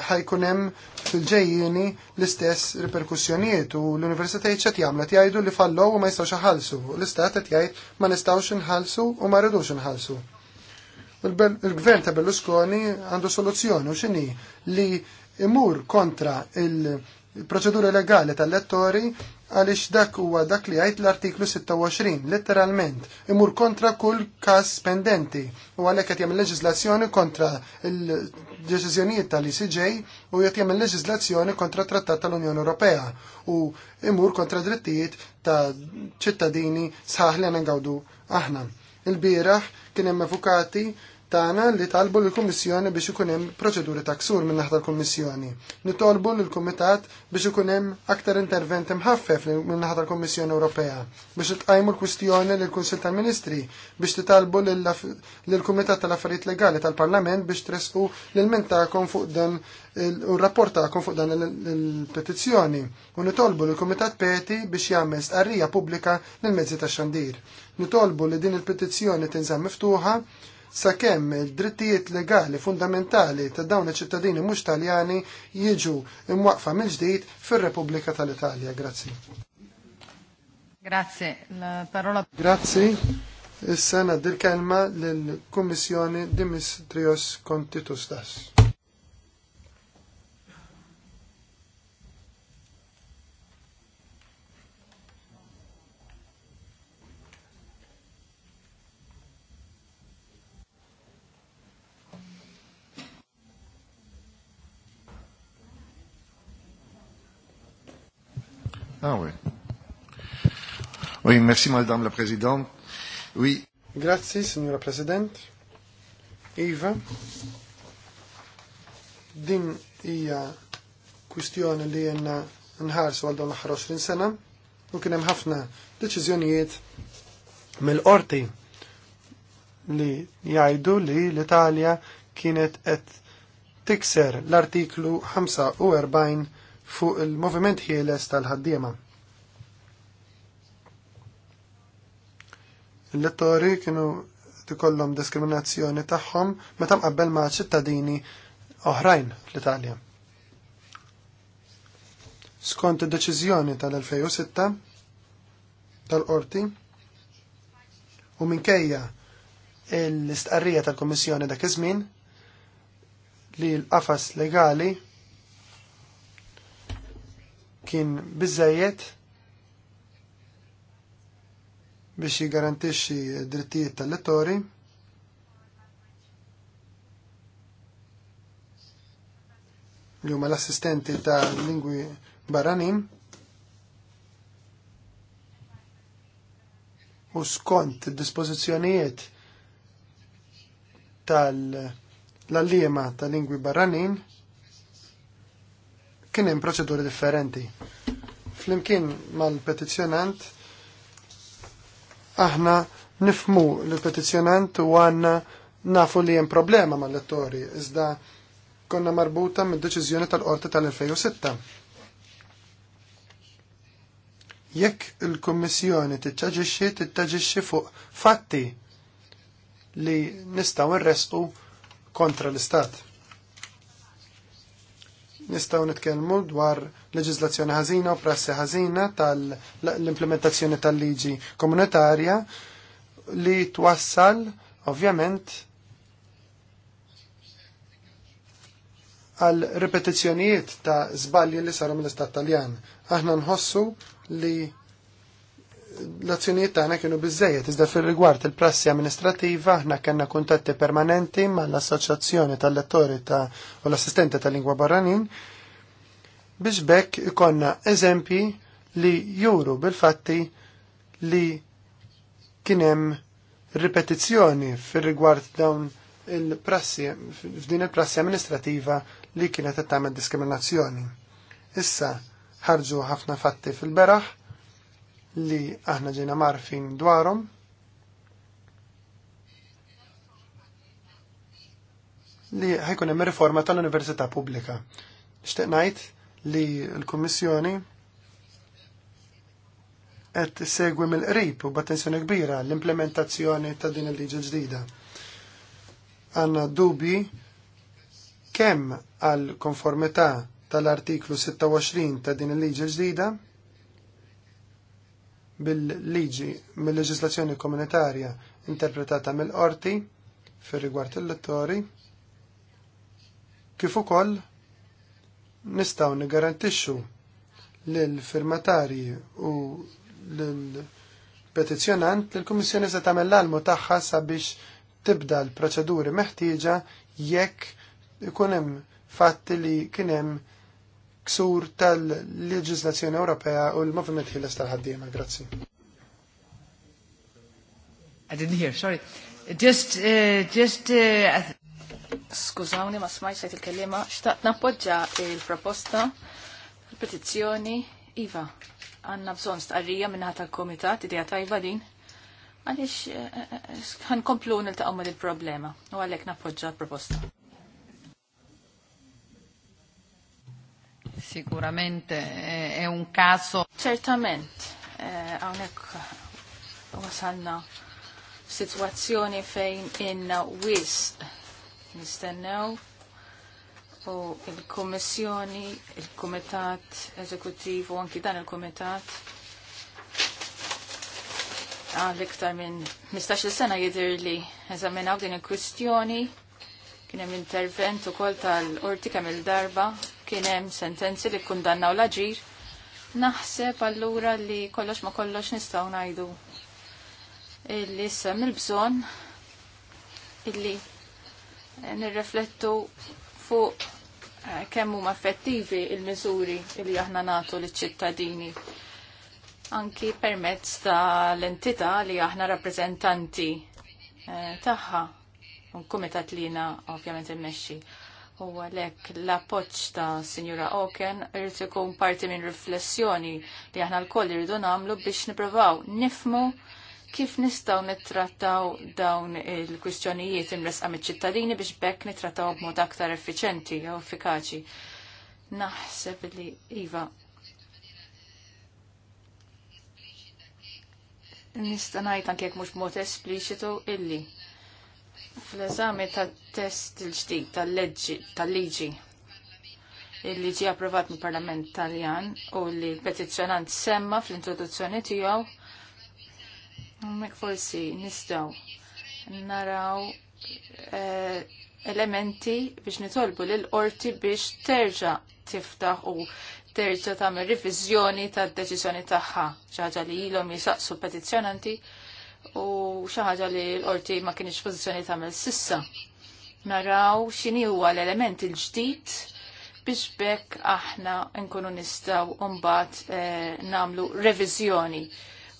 ħajkunem fil-ġejjini l-istess riperkussjonijiet u l-universitajiet ċet jamla jgħidu li fallow u ma jistawx ħalsu. L-istat qed jgħid ma nistawx nħalsu u ma rridux nħalsu. Il-gvern ta' Berlusconi għandu soluzzjoni u xini li imur kontra il- proċedura legali tal-lettori għaliex dak huwa dak li għajt l-artiklu 26, letteralment, imur kontra kull kas pendenti u għalhekk qed jagħmel kontra l-deċiżjonijiet tal-ICJ u qed jagħmel leġizlazzjoni kontra trattat tal-Unjoni Ewropea u imur kontra drittijiet ta' ċittadini sħaħ li għandna għawdu aħna. Il-bieraħ kien hemm avukati Tana li talbu lill-Kummissjoni biex ikun hemm proċeduri ta' ksur minn naħta l-Kummissjoni. Nitolbu lill-Kumitat biex ikun hemm aktar interventi mħaffef minn naħta l-Kummissjoni Ewropea biex tqajmu l-kwistjoni lill kunsil tal-Ministri biex titalbu lill-Kumitat tal-Affarijiet Legali tal-Parlament biex tresqu l-mentakom fuq dan il-rapportakom fuq dan il-petizzjoni u nitolbu lill-Kumitat Peti biex jagħmel stqarrija pubblika lill-mezzi tax-xandir. Nitolbu li din il-petizzjoni tinżamm miftuħa sakemm il-drittijiet legali fundamentali ta' dawn iċ-ċittadini mhux Taljani jiġu imwaqfa mill-ġdid fir-Repubblika tal-Italja. Grazzi. Grazzi. La parola Grazzi. Issa sena l-kelma lill-Kummissjoni Dimitrios Kontitus Das. Ah oui. Oui, merci Madame la Présidente. Oui. Grazie, signora presidente. Iva, din hija kwistjoni li jenna nħarsu għal dawn l-aħħar 20 sena u kien hemm ħafna deċiżjonijiet mill-qorti li jgħidu li l-Italja kienet qed tikser l-artiklu 45 fuq il-moviment ħieles tal-ħaddiema. Il-lettori kienu tikollhom diskriminazzjoni tagħhom meta mqabbel ma' ċittadini oħrajn fl-Italja. Skont id-deċiżjoni tal-2006 tal-qorti u minkejja l-istqarrija tal kummissjoni dak iż-żmien li l-qafas legali kien bizzejiet biex jgarantixxi drittijiet tal-lettori. li huma l-assistenti ta' lingwi barranin u skont dispożizzjonijiet tal-allima ta' lingwi barranin kien hemm proċeduri differenti. Flimkien mal-petizzjonant aħna nifmu l-petizzjonant u għanna nafu li hemm problema mal-lettori iżda konna marbuta mid-deċiżjoni tal-Qorti tal-2006. Jekk il-Kummissjoni tittaġixxi tittaġixxi fuq fatti li nistgħu nresqu kontra l-Istat nistgħu nitkellmu dwar leġislazzjoni ħażina u prassi ħażina tal-implementazzjoni tal-liġi komunitarja li twassal ovvjament għal ripetizzjonijiet ta' żbalji li saru mill-Istat Taljan. Aħna nħossu li l-azzjonijiet tagħna kienu biżejjed iżda fir-rigward il-prassi amministrativa aħna kellna kuntatti permanenti mal-Assoċjazzjoni tal-Lettori ta' u l-Assistenti tal-Lingwa Barranin biex bekk ikonna eżempji li juru bil-fatti li kien hemm ripetizzjoni fir-rigward dawn il-prassi f'din il-prassi amministrativa li kienet qed tagħmel diskriminazzjoni. Issa ħarġu ħafna fatti fil-beraħ li aħna ġejna marfin dwarhom. li ħajkun hemm riforma tal-Università Pubblika. Nixtieq ngħid li l-Kummissjoni qed segwi mill-qrib u b'attenzjoni kbira l-implementazzjoni ta' din il-liġi ġdida. Għandna dubi kemm għal konformità tal-artiklu 26 ta' din il-liġi ġdida bil-liġi mill-leġislazzjoni komunitarja interpretata mill-qorti fir rigward il-lettori kif ukoll nistgħu nigarantixxu lill firmatarji u lil petizzjonant li l-Kummissjoni se tagħmel l-almu tagħha sabiex tibda l-proċeduri meħtieġa jekk ikun hemm fatti li kien hemm ksur tal-leġislazzjoni Ewropea u l-movement ħilles tal-ħaddiema. Grazzi. I didn't hear, sorry. Just, uh, just, uh, Skużawni ma smajt sejt il-kellima, xtaqt nappoġġa il-proposta, il-petizzjoni, Iva, għanna bżon stqarrija minna tal-komitat, idea tajva din, għalix għan eh, eh, eh, komplu nil-taqom il-problema, u għalek nappoġġa l-proposta. Sicuramente eh, è un caso. Certament, ha eh, wasalna fejn inna wis nistennew u il-Kommissjoni, il-Komitat Eżekutiv u anki dan il-Komitat għal iktar minn 15 sena jidir li eżaminaw din il-kwistjoni kien hemm intervent ukoll tal-qorti kemm il-darba kien hemm sentenzi li kundannaw l-aġir, naħseb allura li kollox ma kollox nistgħu ngħidu illi sem il-bżonn illi nirreflettu fuq eh, kemm huma effettivi il-miżuri illi aħna nagħtu liċ-ċittadini anki permezz tal-entità li aħna rappresentanti eh, tagħha un kumitat li jiena ovvjament immexxi. U għalek l-appoċ ta' Signora Oken irrid ikun parti minn riflessjoni li aħna l-koll irridu namlu biex niprovaw nifmu kif nistaw nittrattaw dawn il-kwistjonijiet imres mit-ċittadini biex bekk nittrattaw b'mod aktar effiċenti u effikaċi. Naħseb li Iva. Nista' ngħid anke jekk mhux b'mod espliċitu illi fl-eżami tat-test il-ġdid tal-leġi tal-liġi li ġi approvat mill parlament Taljan u li l-petizzjonant semma fl-introduzzjoni tiegħu mek forsi nistgħu naraw eh, elementi biex nitolbu lil qorti biex terġa' tiftaħ u terġa' tagħmel riviżjoni tad-deċiżjoni tagħha ġaġa li ilhom jisaqsu petizzjonanti. petizzjonanti u xi ħaġa li l-qorti ma kienx pożizzjoni tagħmel sissa. Naraw x'inhi huwa l-element il-ġdid biex bekk aħna nkunu nistgħu mbagħad eh, nagħmlu reviżjoni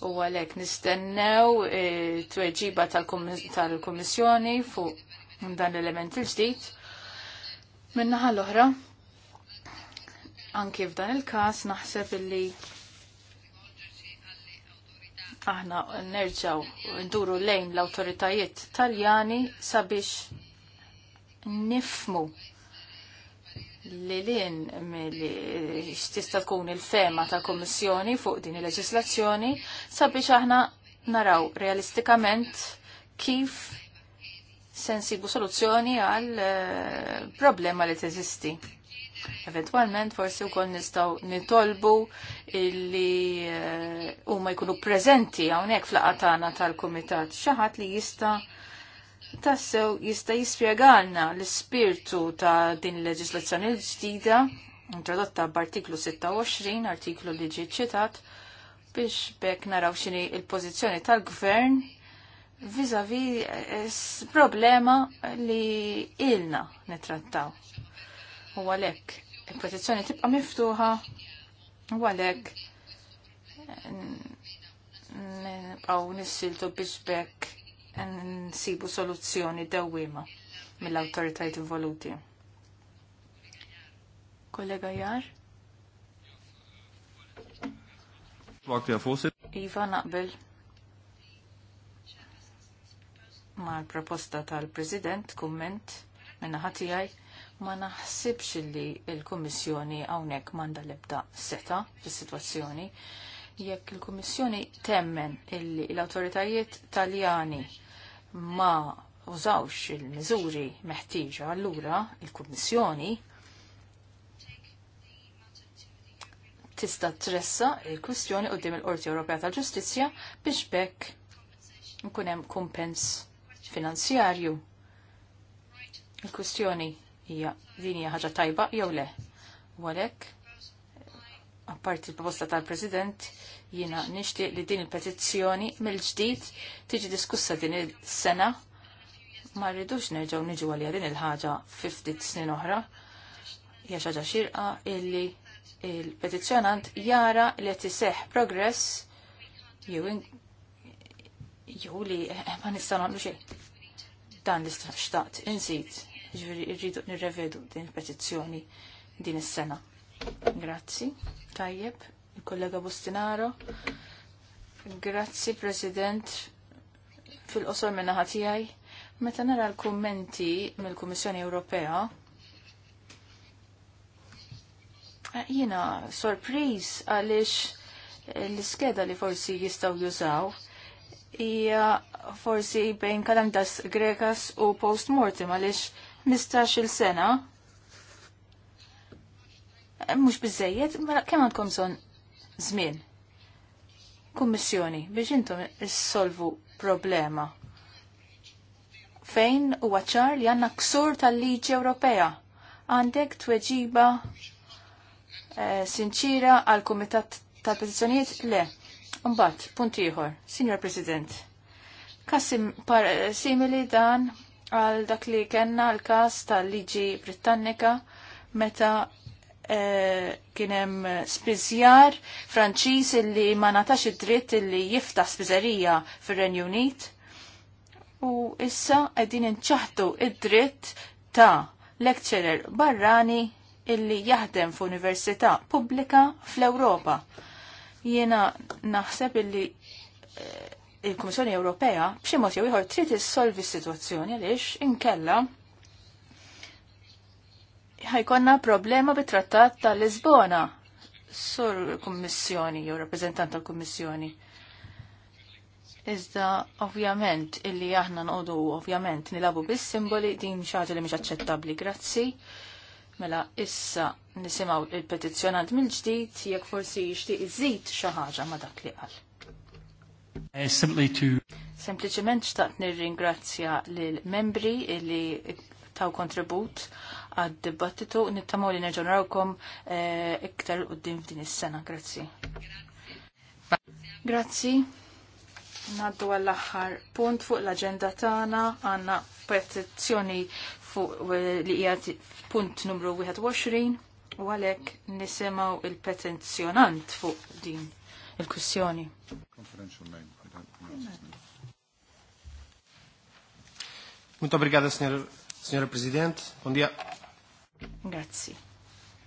u għalhekk nistennew eh, tweġiba tal-Kummissjoni fuq dan l-element il-ġdid. Minnaħa l-oħra, anki f'dan il-każ naħseb illi aħna nerġaw nduru lejn l-autoritajiet taljani sabiex nifmu li lin li xtista tkun il-fema ta' kommissjoni fuq din il-leġislazzjoni sabiex aħna naraw realistikament kif sensibu soluzzjoni għal eh, problema li teżisti Eventualment forsi wkoll nistgħu nitolbu illi eh, huma jkunu prezenti hawnhekk fl tagħna tal-kumitat xi ħadd li jista' tassew jista' jispjegalna l-ispirtu ta' din il-leġislazzjoni l-ġdida introdotta b'artiklu 26, artiklu li ġie ċitat, biex bekk naraw x'inhi il-pożizzjoni tal-gvern vis-a-vis eh, problema li ilna nitrattaw U għalhekk il pozizjoni tibqa' miftuħa u għalhekk eh, nibqgħu nissiltu biex bekk nsibu soluzzjoni dawima mill-awtoritajiet involuti. Kollega Jar? Iva naqbel ma' proposta tal-President, komment minna ħatijaj ma naħsibx li il-Kummissjoni hawnhekk m'għandha l-ebda seta fis-sitwazzjoni. Jekk il-Kummissjoni temmen illi l-awtoritajiet Taljani ma użawx il-miżuri meħtieġa allura il-Kummissjoni tista' tressa il-kwistjoni qudiem il-Qorti Ewropea tal-Ġustizzja biex bekk nkun hemm kumpens finanzjarju. Il-kwistjoni hija din hija ħaġa tajba jew le. U għalhekk apparti l-proposta tal-President jiena nixtieq li din il-petizzjoni mill-ġdid tiġi diskussa din il-sena ma rridux nerġgħu niġu għalija din il-ħaġa 50 snin oħra. Hija xi ħaġa xirqa illi il-petizzjonant jara li qed iseħħ progress jew jew li ma nista' nagħmlu xejn. Dan l-istaxtaqt insit Ġviri, irridu nirrevedu din il-petizzjoni din is-sena. Grazzi. Tajjeb, il-kollega Bustinaro. Grazzi, President, fil-qosor minna ħatijaj. Meta nara l-kummenti mill-Kummissjoni Ewropea, jina sorpriż għaliex l-iskeda li forsi jistaw jużaw hija forsi bejn kalendas grekas u post-mortem għaliex 15 il sena mhux bizzejiet, ma kemm għandkom bżonn żmien. Kummissjoni biex intom solvu problema fejn huwa ċar li għandna ksur tal-liġi Ewropea. Għandek tweġiba eh, sinċira għal kumitat tal-petizzjonijiet? Le. Mbagħad, punt ieħor, Signor President. Kasim eh, simili dan għal dak li kena l-kas tal-liġi Britannika meta eh, kienem spizjar franċis illi ma natax id-dritt illi jiftaħ spiżerija fir-Renju Unit. U issa qegħdin inċaħtu id-dritt ta' lecturer barrani illi jaħdem f'università pubblika fl-Ewropa. Jiena naħseb illi eh, il-Kummissjoni Ewropea b'xi mod jew ieħor trid issolvi s-sitwazzjoni għaliex inkella ħajkonna problema bit-trattat tal-Lisbona sur kummissjoni jew rappreżentant tal-Kummissjoni. Iżda ovvjament illi aħna nqogħdu ovvjament nilabu bis-simboli din xi ħaġa li mhix aċċettabbli. Grazzi. Mela issa nisimgħu il-petizzjonant mill-ġdid jekk forsi jixtieq iżid xi ħaġa ma' dak li qal. Eh, Sempliciment xtaqt nir-ringrazzja l-membri li taw kontribut għad-dibattitu nittamaw li nerġonrawkom eh, iktar u din f'din is-sena. Grazzi. Grazzi. Naddu għall-axħar punt fuq l-agenda tagħna għandna petizzjoni fuq eh, li hija punt numru 21 u għalhekk nisimgħu il-petizzjonant fuq din il-kussjoni. Muito obrigado, senhora, senhora Presidente. Bom dia. Grazie.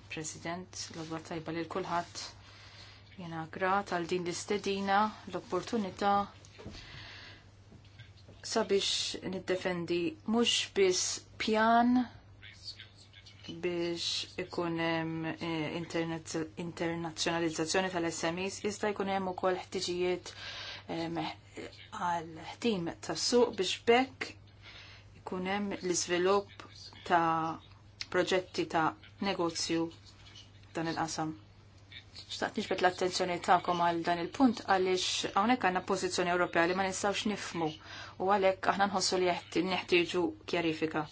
President, l-għadwa tajba li l-kulħat jena grat għal din l-istedina l-opportunita sabiex niddefendi mux bis pjan biex ikun hemm eh, internazzjonalizzazzjoni tal-SMEs, iżda jkun hemm ukoll ħtiġijiet eh, għal ħtim tas-suq biex bekk ikun hemm l-iżvilupp ta' proġetti ta' negozju dan il-qasam. Xtaqt nixbet l-attenzjoni ta'kom għal dan il-punt għaliex hawnhekk għandna pożizzjoni Ewropea li ma nistgħux nifmu u għalhekk aħna nħossu li neħtieġu kjarifika.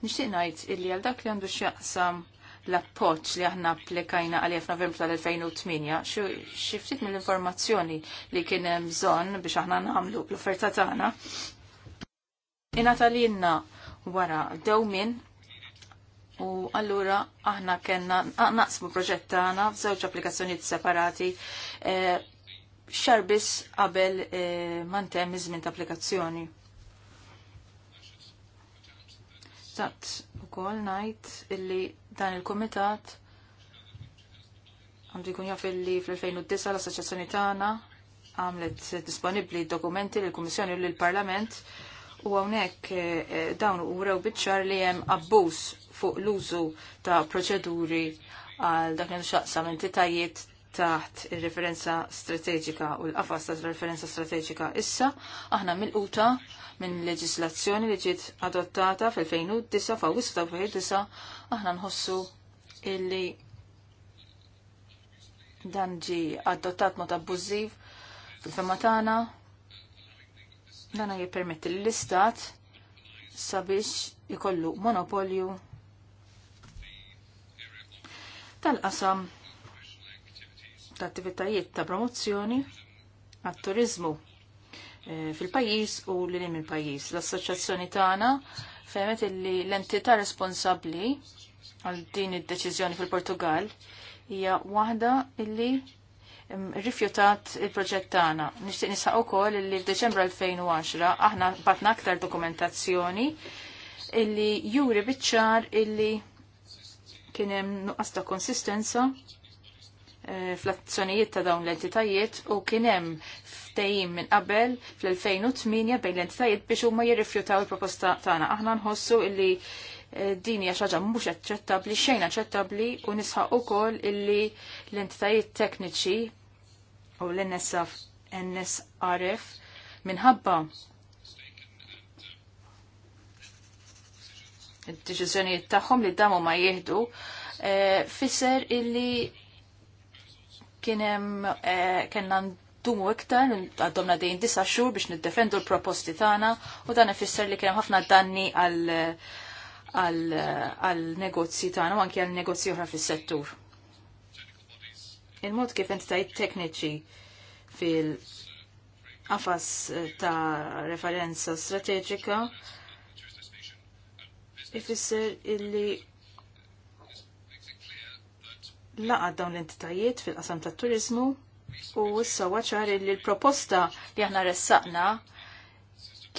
Nixtieq ngħid illi għal dak li għandu x'jaqsam l appoġġ li aħna applikajna għalih f'Novembru tal-2008, xi ftit mill-informazzjoni li kien hemm bżonn biex aħna nagħmlu l-offerta tagħna. Ingħata wara dewmin u allura aħna kellna naqsmu proġett tagħna f'żewġ applikazzjonijiet separati eh, xarbis qabel eh, ntemm iż-żmien ta' applikazzjoni. u kol najt illi dan il komitat għandu jkun jaff illi fl-2009 l assoċazzjoni tagħna għamlet disponibbli dokumenti lill kummissjoni u lill-Parlament u hawnhekk eh, eh, dawn u rew biċċar li hemm abbuż fuq l-użu ta' proċeduri għal dak li xaqsam entitajiet taħt ir-referenza strateġika u l-qafas ta' referenza strateġika issa aħna mill-quta minn leġislazzjoni li ġiet adottata fil-2009 fa' wisf ta' 2009 aħna nħossu illi dan ġi adottat mod abbużiv fil-fema tagħna dan jippermetti l-istat sabiex ikollu monopolju tal-qasam ta' attivitajiet ta' promozzjoni għat-turizmu Eh, fil-pajis u li li il-pajis. L-assoċjazzjoni tagħna femet li l-entità responsabbli għal din id-deċiżjoni fil-Portugal hija waħda illi rifjutat il-proġett tagħna. Nixtieq nisaq ukoll li f'Deċembru 2010 aħna batna aktar dokumentazzjoni illi juri biċċar illi kien hemm nuqqas ta' konsistenza eh, fl-azzjonijiet ta' dawn l-entitajiet u kien hemm ftehim minn qabel fl-2008 bejn l-entitajiet biex huma jirrifjutaw il-proposta tagħna. Aħna nħossu illi eh, din hija xi ħaġa mhux aċċettabbli, xejn aċċettabbli u nisħaq ukoll illi l-entitajiet tekniċi u l-NSF NSRF minħabba id-deċiżjonijiet tagħhom li damu ma jieħdu eh, fisser illi kienem hemm eh, kena tumu iktar, għaddomna dejn disa xhur biex niddefendu l-proposti tagħna u dan ifisser li kien ħafna danni għal negozji tagħna u anke għal negozji oħra fis-settur. Il-mod kif entitajiet tekniċi fil-qafas ta' referenza strateġika ifisser illi laqad dawn l-entitajiet fil-qasam tat-turizmu U issa waċar li l-proposta li aħna ressaqna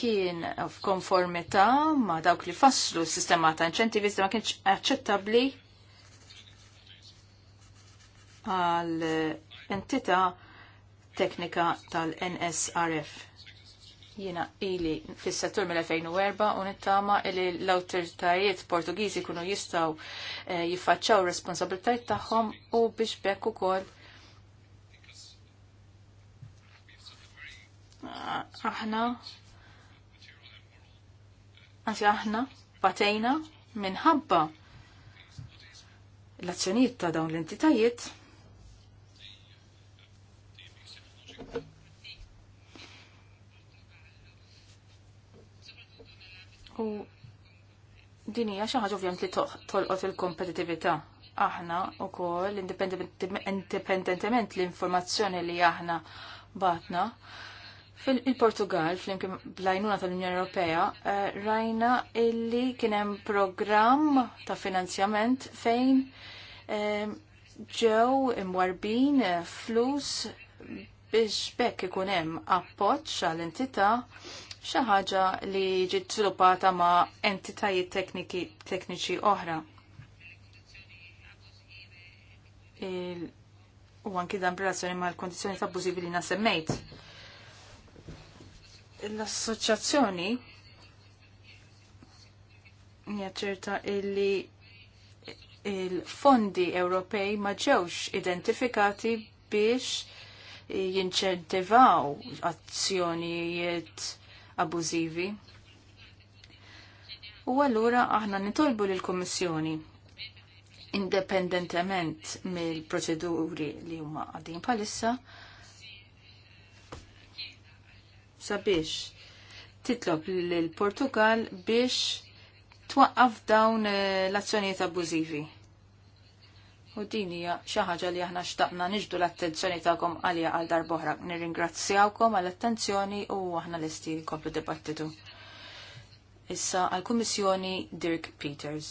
kien f'konformità ma' dawk li faslu s-sistema ta' inċentivi ma kienx aċċettabbli għal entità teknika tal-NSRF. Jiena ili fis-settur mill-2004 u nittama li l-awtoritajiet Portugiżi kunu jistgħu eh, jiffaċċaw responsabiltajiet tagħhom u biex bekk ukoll aħna għanzi aħna batejna minħabba l-azzjonijiet ta' dawn l-entitajiet u din hija xi ħaġa li tolqot il-kompetitività aħna wkoll independentement l-informazzjoni li aħna batna Fil-Portugal, fl-imkien blajnuna tal-Unjoni Ewropea, eh, rajna illi kienem program ta' finanzjament fejn eh, ġew imwarbin eh, flus biex bekk ikun hemm appoġġ għall entità xi ħaġa li ġiet sviluppata ma' entitajiet tekniċi oħra. U anki dan b'relazzjoni mal kondizjoni ta' abbużivi li nasemmejt l-assoċjazzjoni ċerta illi il-fondi Ewropej ma ġewx identifikati biex jinċentivaw azzjonijiet abużivi. U allura aħna nitolbu lill kummissjoni indipendentement mill-proċeduri li huma għaddin palissa, sabiex titlob l-Portugal biex twaqqaf dawn eh, l-azzjonijiet abbużivi. U din hija xi ħaġa li aħna xtaqna niġdu l-attenzjoni tagħkom għalija għal darbohra. Nirringrazzjawkom għall-attenzjoni u aħna lesti nkomplu dibattitu. Issa għall kummissjoni Dirk Peters.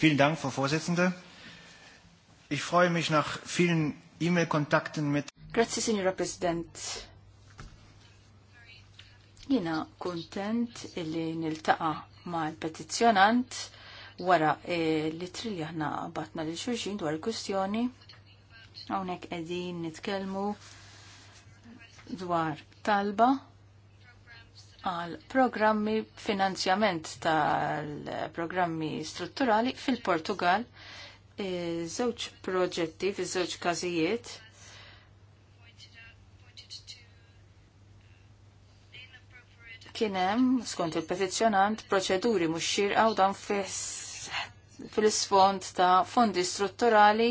Vielen Dank, Frau Vorsitzende. Ich freue mich nach vielen E-Mail-Kontakten mit... Grazie, Signora President. Jina kontent illi niltaqa ma' l-petizjonant wara e, li trilli aħna batna li xulxin dwar il-kustjoni. Hawnhekk qegħdin nitkellmu dwar talba għal programmi finanzjament tal-programmi strutturali fil-Portugal. Eh, żewġ proġetti fil żewġ każijiet Kien hemm skont il-petizzjonant, proċeduri mhux xirqa u dan fil-isfond ta' fondi strutturali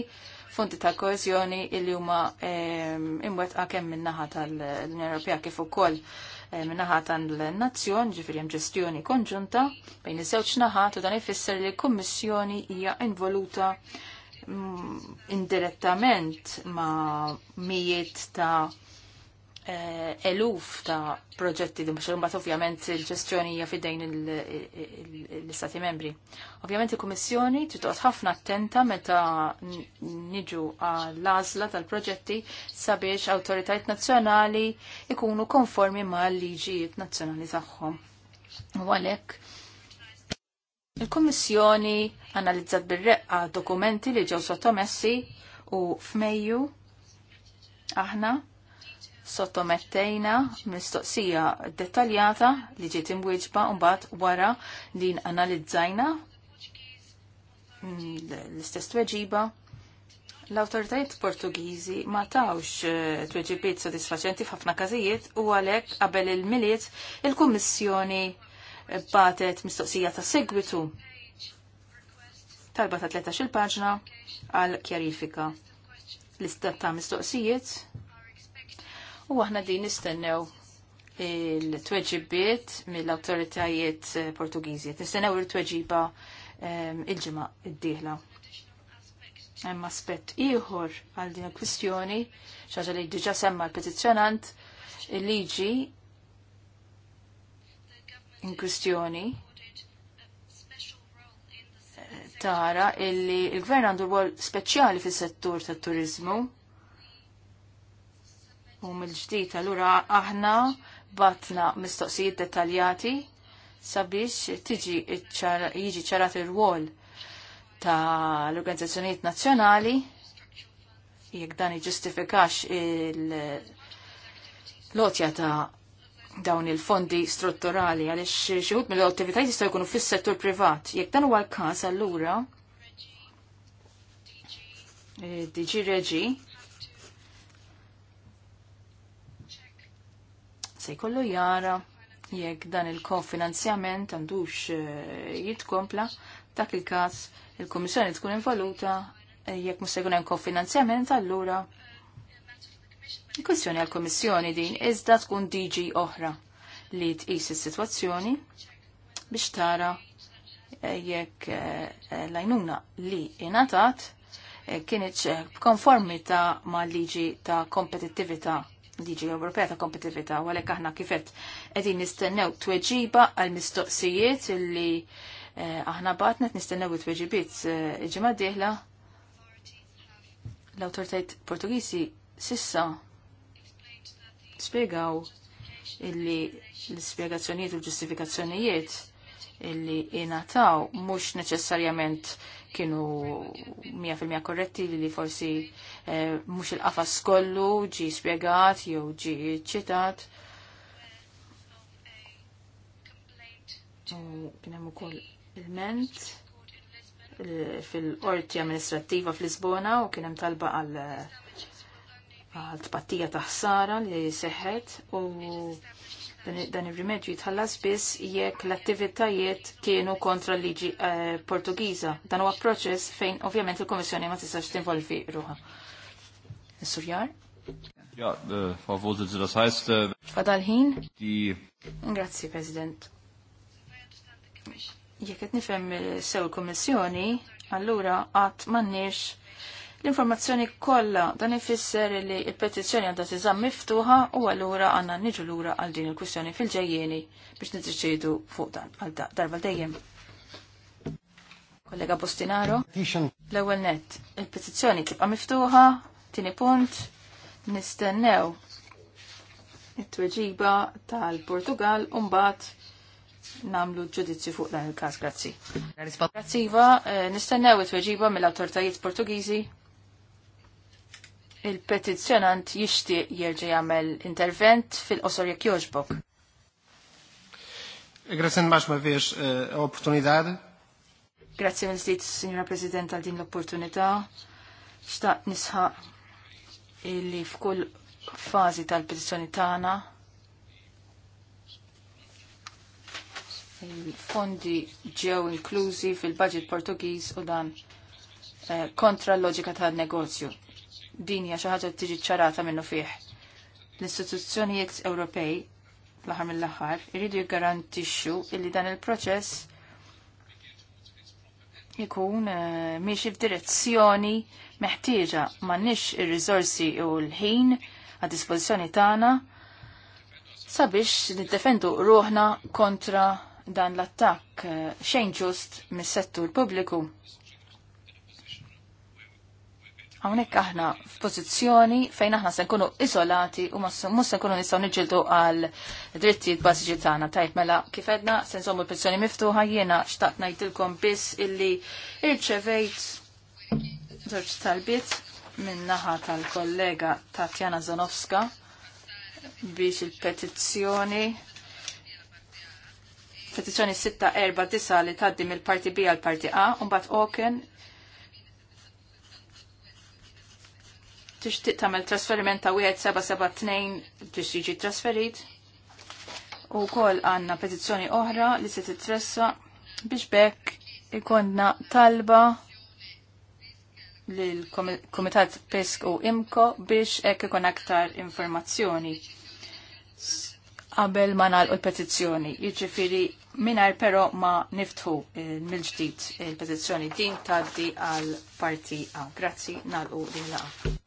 fondi ta' koezjoni illi huma ehm, imwet kemm min-naħa tal-Unjoni Ewropea kif ukoll ehm, min-naħa nazzjon ġifieri hemm ġestjoni konġunta bejn iż-żewġ naħat u dan ifisser li l-Kummissjoni hija involuta mm, indirettament ma' mijiet ta' Eh, eluf ta' proġetti dum bat ovvjament il-ġestjoni hija l-Istati membri. Ovvjament il-Kummissjoni titqgħod ħafna attenta meta niġu għall-għażla tal-proġetti sabiex awtoritajiet nazzjonali ikunu konformi mal-liġijiet nazzjonali tagħhom. U għalhekk il-Kummissjoni analizzat bir-reqqa dokumenti li ġew sottomessi u f'Mejju aħna sottomettejna mistoqsija dettaljata li ġiet imwieġba mbagħad wara li analizzajna l-istess tweġiba. L-awtoritajiet Portugiżi ma tawx eh, tweġibiet sodisfaċenti f'ħafna każijiet u għalhekk qabel il-miliet il-Kummissjoni batet mistoqsija ta' segwitu talba ta' 13 il-paġna għal kjarifika. L-istat ta' mistoqsijiet u aħna din nistennew il-tweġibiet mill-autoritajiet eh, Portugizi, nistennew il-tweġiba ehm, il-ġimgħa id-dieħla. Hemm aspett ieħor għal din il-kwistjoni xaġa li diġa semma l-petizzjonant il-liġi in kwistjoni eh, tara illi il-gvern għandu rwol speċjali fis-settur tat-turizmu u mill-ġdid allura aħna batna mistoqsijiet dettaljati sabiex tiġi jiġi ċarat ir-rwol tal-organizzazzjonijiet nazzjonali jekk dan iġustifikax il-lotja ta' dawn il-fondi strutturali għaliex xi mill-attivitajiet jistaw jkunu fis-settur privat. Jekk dan huwa l-każ allura eh, DG Reġi se jkollu jara jekk dan il-kofinanzjament għandux eh, jitkompla dak il-każ il-Kummissjoni tkun involuta eh, jekk mhux se jkun hemm kofinanzjament allura kwestjoni għall-Kummissjoni din iżda tkun DG oħra li tqis is-sitwazzjoni biex tara eh, jekk lajnuna li ingħatat kienet konformita ma' liġi ta' kompetittività liġi Ewropea ta' kompetitività u għalhekk aħna kifet qegħdin nistennew tweġiba għal mistoqsijiet illi eh, aħna batna nistennew it-tweġibiet eh, ġimgħa d-dieħla l-awtoritajiet Portugiżi sissa spjegaw illi l-ispjegazzjonijiet u l-ġustifikazzjonijiet illi ingħataw mhux neċessarjament kienu 100% korretti li forsi eh, mux il-qafas kollu ġi spiegat jew ġi ċitat. U hemm ukoll il-ment eh, fil-qorti amministrattiva fl-Lisbona u kienem talba għal eh, għal tpattija ta' ħsara li seħħet u dan il-rimedju jitħallas biss jekk l-attivitajiet kienu kontra l-liġi eh, Portugiża. Dan huwa proċess fejn ovvjament il-Kommissjoni ma tistax tinvolvi ruha. Surjar? Ja, eh, Frau Vorsitzende, das heißt... Eh, Fadal ħin? Di... Grazzi, President. Jekk qed nifhem sew il-Kommissjoni, allura għat m'għandniex l-informazzjoni kollha dan ifisser li l-petizzjoni għandha tiżamm miftuħa u allura għandna niġu lura għal din il-kwistjoni fil-ġejjieni biex nidriċedu fuq dan għal darba dejjem. Kollega Bostinaro, l-ewwel net, il-petizzjoni tibqa' miftuħa, tieni punt, nistennew it-tweġiba tal-Portugal u mbagħad namlu ġudizzju fuq dan il-kas, grazzi. Grazzi, iva. eh, nistennew it-tweġiba mill-autoritajiet Portugiżi il-petizzjonant jixtieq jerġa' jagħmel intervent fil-qosor jekk jogħġbok. Grazie mbax ma fiex eh, opportunidad. Grazie mill Signora President, għal din l-opportunità. Xtaq nisħaq illi f'kull fażi tal-petizzjoni tagħna il-fondi ġew inklużi fil-budget Portugiż u dan eh, kontra l-loġika tan negozju din hija xi ħaġa tiġi ċarata minnu fih. L-istituzzjonijiet Ewropej fl-aħħar mill-aħħar iridu jiggarantixxu illi dan il-proċess ikun uh, miexi f'direzzjoni meħtieġa m'għandniex ir-riżorsi u l-ħin għad dispożizzjoni tagħna sabiex niddefendu ruħna kontra dan l-attakk eh, xejn ġust mis-settur pubbliku. Hawnhekk aħna f'pożizzjoni fejn aħna se nkunu iżolati u mus se nkunu nistgħu nġildu għal drittijiet bażiċi tagħna. Tajt mela kif edna se nżommu l pozizjoni miftuħa jiena xtaqt ngħidilkom biss illi irċevejt żewġ talbiet minn naħa tal-kollega Tatjana Zanowska biex il-petizzjoni petizzjoni 649 li taddim il-parti B għal parti A, bat Oken tixtieq tamel trasferiment ta' wieħed seba' seba' biex jiġi trasferit. U wkoll għandna petizzjoni oħra li se titressa biex bekk ikonna talba lil Kumitat Pesk u Imko biex ek ikun aktar informazzjoni qabel ma nagħlqu l-petizzjoni. Jiġifieri mingħajr però ma niftħu mill-ġdid il-petizzjoni din taddi għal parti A. Grazzi nagħlqu lilha.